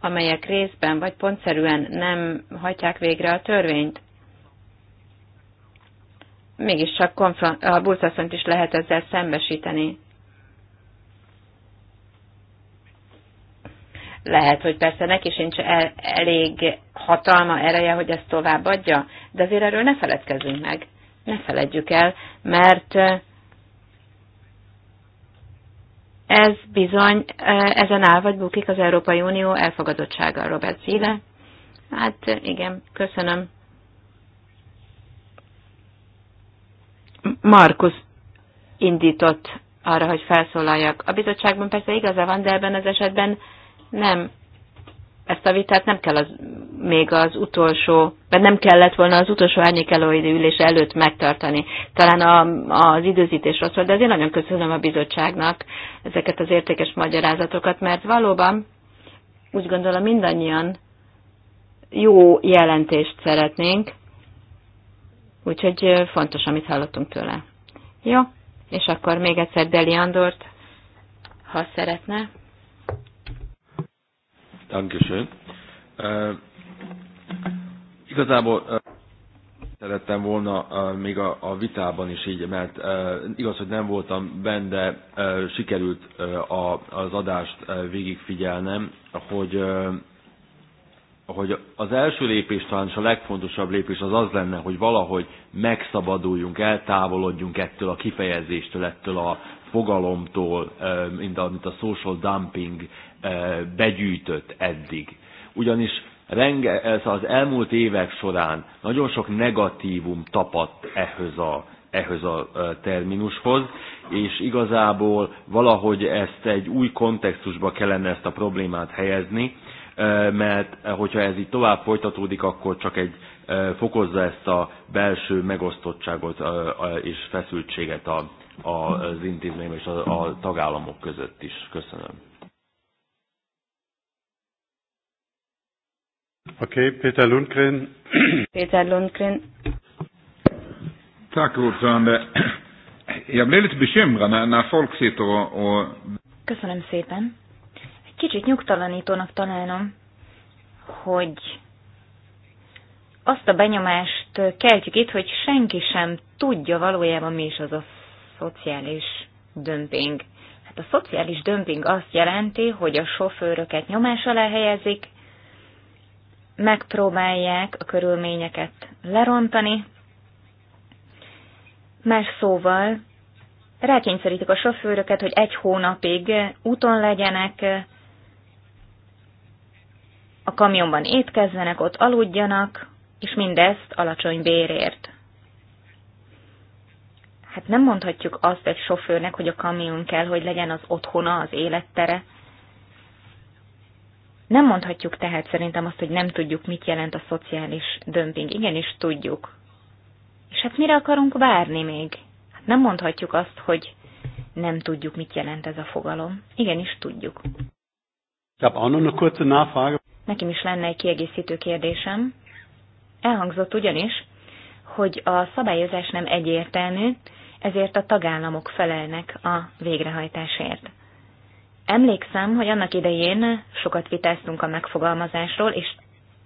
amelyek részben vagy pontszerűen nem hagyják végre a törvényt, mégis csak a bulcaszont is lehet ezzel szembesíteni. Lehet, hogy persze neki sincs el, elég hatalma ereje, hogy ezt továbbadja, de azért erről ne feledkezzünk meg ne feledjük el, mert eh, ez bizony, eh, ezen áll vagy bukik az Európai Unió elfogadottsága, Robert Zile. Hát eh, igen, köszönöm. Markus indított arra, hogy felszólaljak. A bizottságban persze igaza van, de ebben az esetben nem ezt a vitát nem kell az, még az utolsó, mert nem kellett volna az utolsó árnyékelőidő ülés előtt megtartani. Talán a, az időzítés rossz volt, de azért nagyon köszönöm a bizottságnak ezeket az értékes magyarázatokat, mert valóban úgy gondolom mindannyian jó jelentést szeretnénk, úgyhogy fontos, amit hallottunk tőle. Jó, és akkor még egyszer Deli Andort, ha szeretne.
Dankeschön. Uh, igazából uh, szerettem volna uh, még a, a vitában is így, mert uh, igaz, hogy nem voltam benne, de uh, sikerült uh, a, az adást uh, végigfigyelnem, hogy uh, hogy az első lépés talán és a legfontosabb lépés az az lenne, hogy valahogy megszabaduljunk, eltávolodjunk ettől a kifejezéstől, ettől a fogalomtól, mint a, mint a social dumping begyűjtött eddig. Ugyanis renge, ez az elmúlt évek során nagyon sok negatívum tapadt ehhez a, ehhez a terminushoz, és igazából valahogy ezt egy új kontextusba kellene ezt a problémát helyezni, mert hogyha ez így tovább folytatódik, akkor csak egy fokozza ezt a belső megosztottságot és feszültséget az intézményben és a tagállamok között is. Köszönöm.
okay, Peter Lundgren.
Peter Lundgren.
Tack ordförande. Jag blev lite bekymrad när, när folk sitter och, och...
Köszönöm szépen.
Egy kicsit nyugtalanítónak találom, hogy azt a benyomást keltjük itt, hogy senki sem tudja valójában mi is az a szociális dömping. Hát a szociális dömping azt jelenti, hogy a sofőröket nyomás alá helyezik, megpróbálják a körülményeket lerontani. Más szóval rákényszerítik a sofőröket, hogy egy hónapig úton legyenek, a kamionban étkezzenek, ott aludjanak, és mindezt alacsony bérért. Hát nem mondhatjuk azt egy sofőrnek, hogy a kamion kell, hogy legyen az otthona, az élettere, nem mondhatjuk tehát szerintem azt, hogy nem tudjuk, mit jelent a szociális dömping. Igenis tudjuk. És hát mire akarunk várni még? Hát nem mondhatjuk azt, hogy nem tudjuk, mit jelent ez a fogalom. Igenis tudjuk. Nekem is lenne egy kiegészítő kérdésem. Elhangzott ugyanis, hogy a szabályozás nem egyértelmű, ezért a tagállamok felelnek a végrehajtásért. Emlékszem, hogy annak idején sokat vitáztunk a megfogalmazásról, és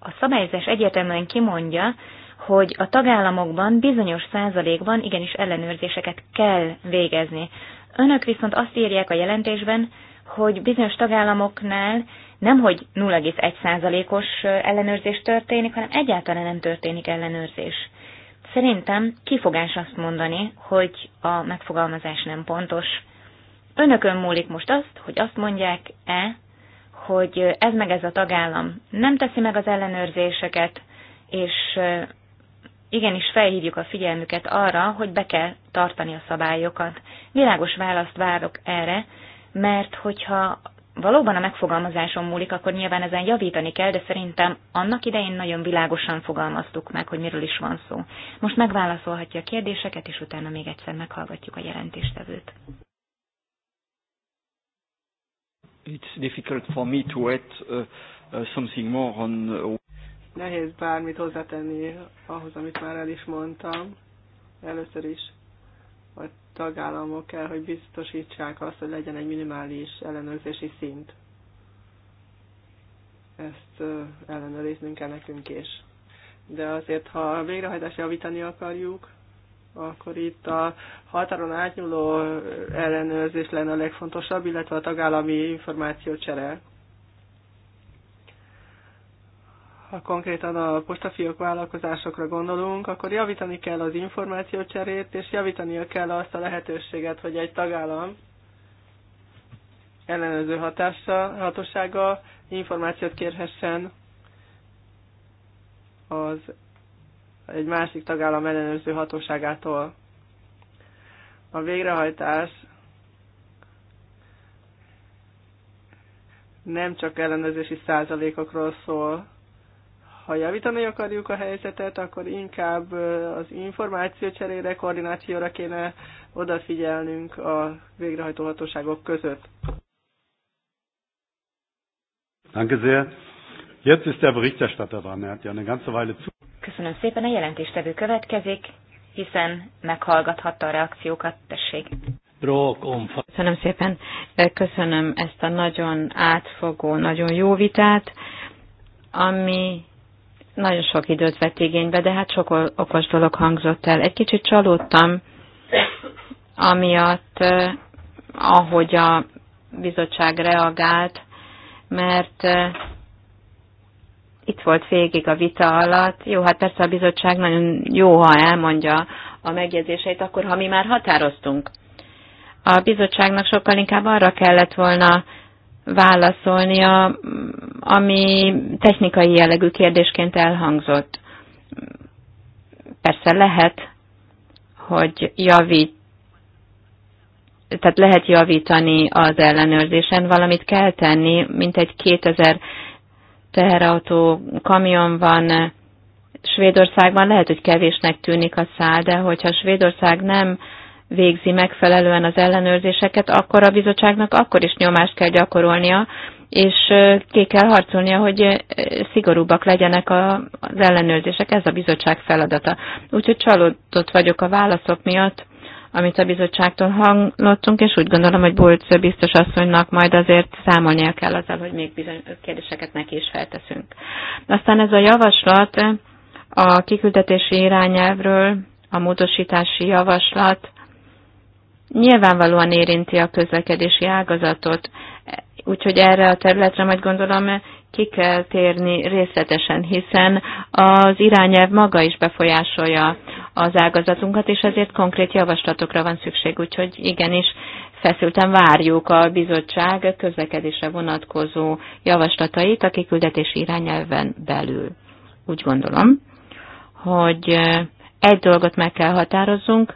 a szabályozás egyértelműen kimondja, hogy a tagállamokban bizonyos százalékban igenis ellenőrzéseket kell végezni. Önök viszont azt írják a jelentésben, hogy bizonyos tagállamoknál nem, hogy 0,1%-os ellenőrzés történik, hanem egyáltalán nem történik ellenőrzés. Szerintem kifogás azt mondani, hogy a megfogalmazás nem pontos. Önökön múlik most azt, hogy azt mondják-e, hogy ez meg ez a tagállam nem teszi meg az ellenőrzéseket, és igenis felhívjuk a figyelmüket arra, hogy be kell tartani a szabályokat. Világos választ várok erre, mert hogyha valóban a megfogalmazáson múlik, akkor nyilván ezen javítani kell, de szerintem annak idején nagyon világosan fogalmaztuk meg, hogy miről is van szó. Most megválaszolhatja a kérdéseket, és utána még egyszer meghallgatjuk
a
jelentéstevőt.
It's difficult for me to add uh, uh, something more on... Uh...
Nehéz bármit hozzátenni ahhoz, amit már el is mondtam. Először is a tagállamok kell, hogy biztosítsák azt, hogy legyen egy minimális ellenőrzési szint. Ezt uh, ellenőriznünk kell nekünk is. De azért, ha a végrehajtást javítani akarjuk, akkor itt a határon átnyúló ellenőrzés lenne a legfontosabb, illetve a tagállami információcsere. Ha konkrétan a postafiók vállalkozásokra gondolunk, akkor javítani kell az információcserét, és javítani kell azt a lehetőséget, hogy egy tagállam ellenőrző hatása, hatósága információt kérhessen az egy másik tagállam ellenőrző hatóságától. A végrehajtás nem csak ellenőrzési százalékokról szól. Ha javítani akarjuk a helyzetet, akkor inkább az információcserére, koordinációra kéne odafigyelnünk a végrehajtó hatóságok között.
Danke sehr. Jetzt ist der Berichterstatter dran. Er hat ja eine ganze Weile zu.
Köszönöm szépen, a jelentéstevő következik, hiszen meghallgathatta a reakciókat,
tessék. Köszönöm szépen, köszönöm ezt a nagyon átfogó, nagyon jó vitát, ami nagyon sok időt vett igénybe, de hát sok okos dolog hangzott el. Egy kicsit csalódtam, amiatt, eh, ahogy a bizottság reagált, mert eh, itt volt végig a vita alatt. Jó, hát persze a bizottság nagyon jó, ha elmondja a megjegyzéseit, akkor ha mi már határoztunk. A bizottságnak sokkal inkább arra kellett volna válaszolnia, ami technikai jellegű kérdésként elhangzott. Persze lehet, hogy javít, tehát lehet javítani az ellenőrzésen, valamit kell tenni, mint egy 2000 teherautó, kamion van Svédországban, lehet, hogy kevésnek tűnik a szál, de hogyha Svédország nem végzi megfelelően az ellenőrzéseket, akkor a bizottságnak akkor is nyomást kell gyakorolnia, és ki kell harcolnia, hogy szigorúbbak legyenek az ellenőrzések, ez a bizottság feladata. Úgyhogy csalódott vagyok a válaszok miatt, amit a bizottságtól hallottunk, és úgy gondolom, hogy Bulc biztos asszonynak majd azért számolnia kell azzal, hogy még bizony kérdéseket neki is felteszünk. Aztán ez a javaslat a kiküldetési irányelvről, a módosítási javaslat nyilvánvalóan érinti a közlekedési ágazatot, úgyhogy erre a területre majd gondolom ki kell térni részletesen, hiszen az irányelv maga is befolyásolja az ágazatunkat, és ezért konkrét javaslatokra van szükség. Úgyhogy igenis feszülten várjuk a bizottság közlekedésre vonatkozó javaslatait a kiküldetési irányelven belül. Úgy gondolom, hogy egy dolgot meg kell határozzunk,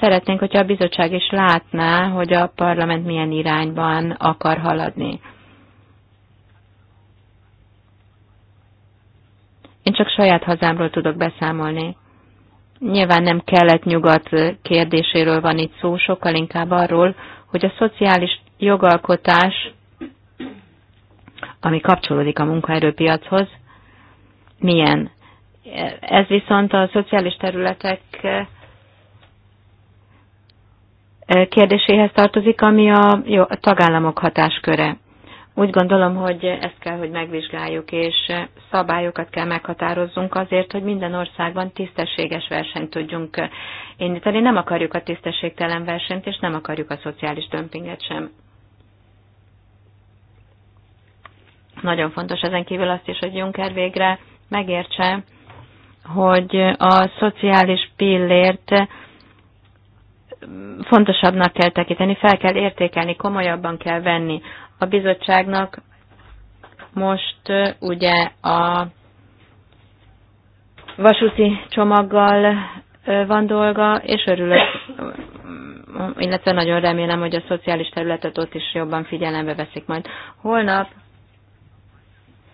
Szeretnénk, hogyha a bizottság is látná, hogy a parlament milyen irányban akar haladni. Én csak saját hazámról tudok beszámolni. Nyilván nem kelet-nyugat kérdéséről van itt szó, sokkal inkább arról, hogy a szociális jogalkotás, ami kapcsolódik a munkaerőpiachoz, milyen. Ez viszont a szociális területek kérdéséhez tartozik, ami a, jó, a tagállamok hatásköre. Úgy gondolom, hogy ezt kell, hogy megvizsgáljuk, és szabályokat kell meghatározzunk azért, hogy minden országban tisztességes versenyt tudjunk indítani. Nem akarjuk a tisztességtelen versenyt, és nem akarjuk a szociális dömpinget sem. Nagyon fontos ezen kívül azt is, hogy Juncker végre megértse, hogy a szociális pillért fontosabbnak kell tekinteni, fel kell értékelni, komolyabban kell venni. A bizottságnak most ugye a vasúti csomaggal van dolga, és örülök, illetve nagyon remélem, hogy a szociális területet ott is jobban figyelembe veszik majd. Holnap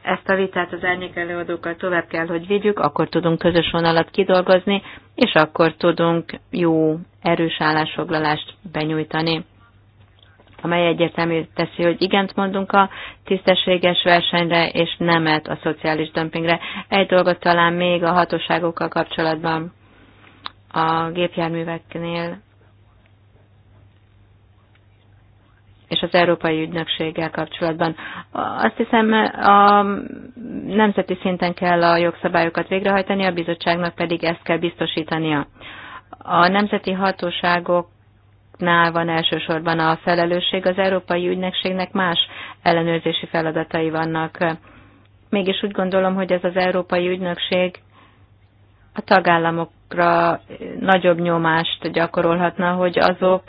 ezt a vitát az árnyék előadókkal tovább kell, hogy vigyük, akkor tudunk közös vonalat kidolgozni, és akkor tudunk jó, erős állásfoglalást benyújtani amely egyértelmű teszi, hogy igent mondunk a tisztességes versenyre, és nemet a szociális dömpingre. Egy dolgot talán még a hatóságokkal kapcsolatban a gépjárműveknél és az Európai Ügynökséggel kapcsolatban. Azt hiszem, a nemzeti szinten kell a jogszabályokat végrehajtani, a bizottságnak pedig ezt kell biztosítania. A nemzeti hatóságok nál van elsősorban a felelősség, az Európai Ügynökségnek más ellenőrzési feladatai vannak. Mégis úgy gondolom, hogy ez az Európai Ügynökség a tagállamokra nagyobb nyomást gyakorolhatna, hogy azok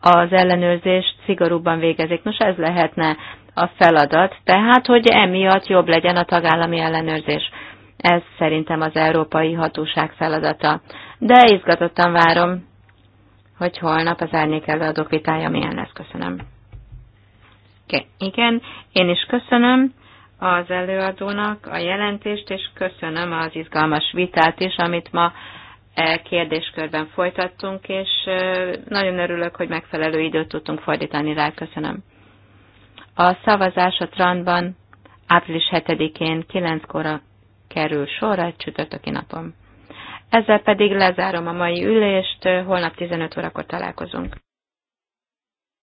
az ellenőrzést szigorúbban végezik. Nos, ez lehetne a feladat, tehát, hogy emiatt jobb legyen a tagállami ellenőrzés. Ez szerintem az európai hatóság feladata. De izgatottan várom hogy holnap az árnyék előadó vitája milyen lesz. Köszönöm. Okay. Igen, én is köszönöm az előadónak a jelentést, és köszönöm az izgalmas vitát is, amit ma e kérdéskörben folytattunk, és nagyon örülök, hogy megfelelő időt tudtunk fordítani rá. Köszönöm. A szavazás a Trandban április 7-én 9-kora kerül sorra egy csütörtöki napon. Ezzel pedig lezárom a mai ülést, holnap 15 órakor találkozunk.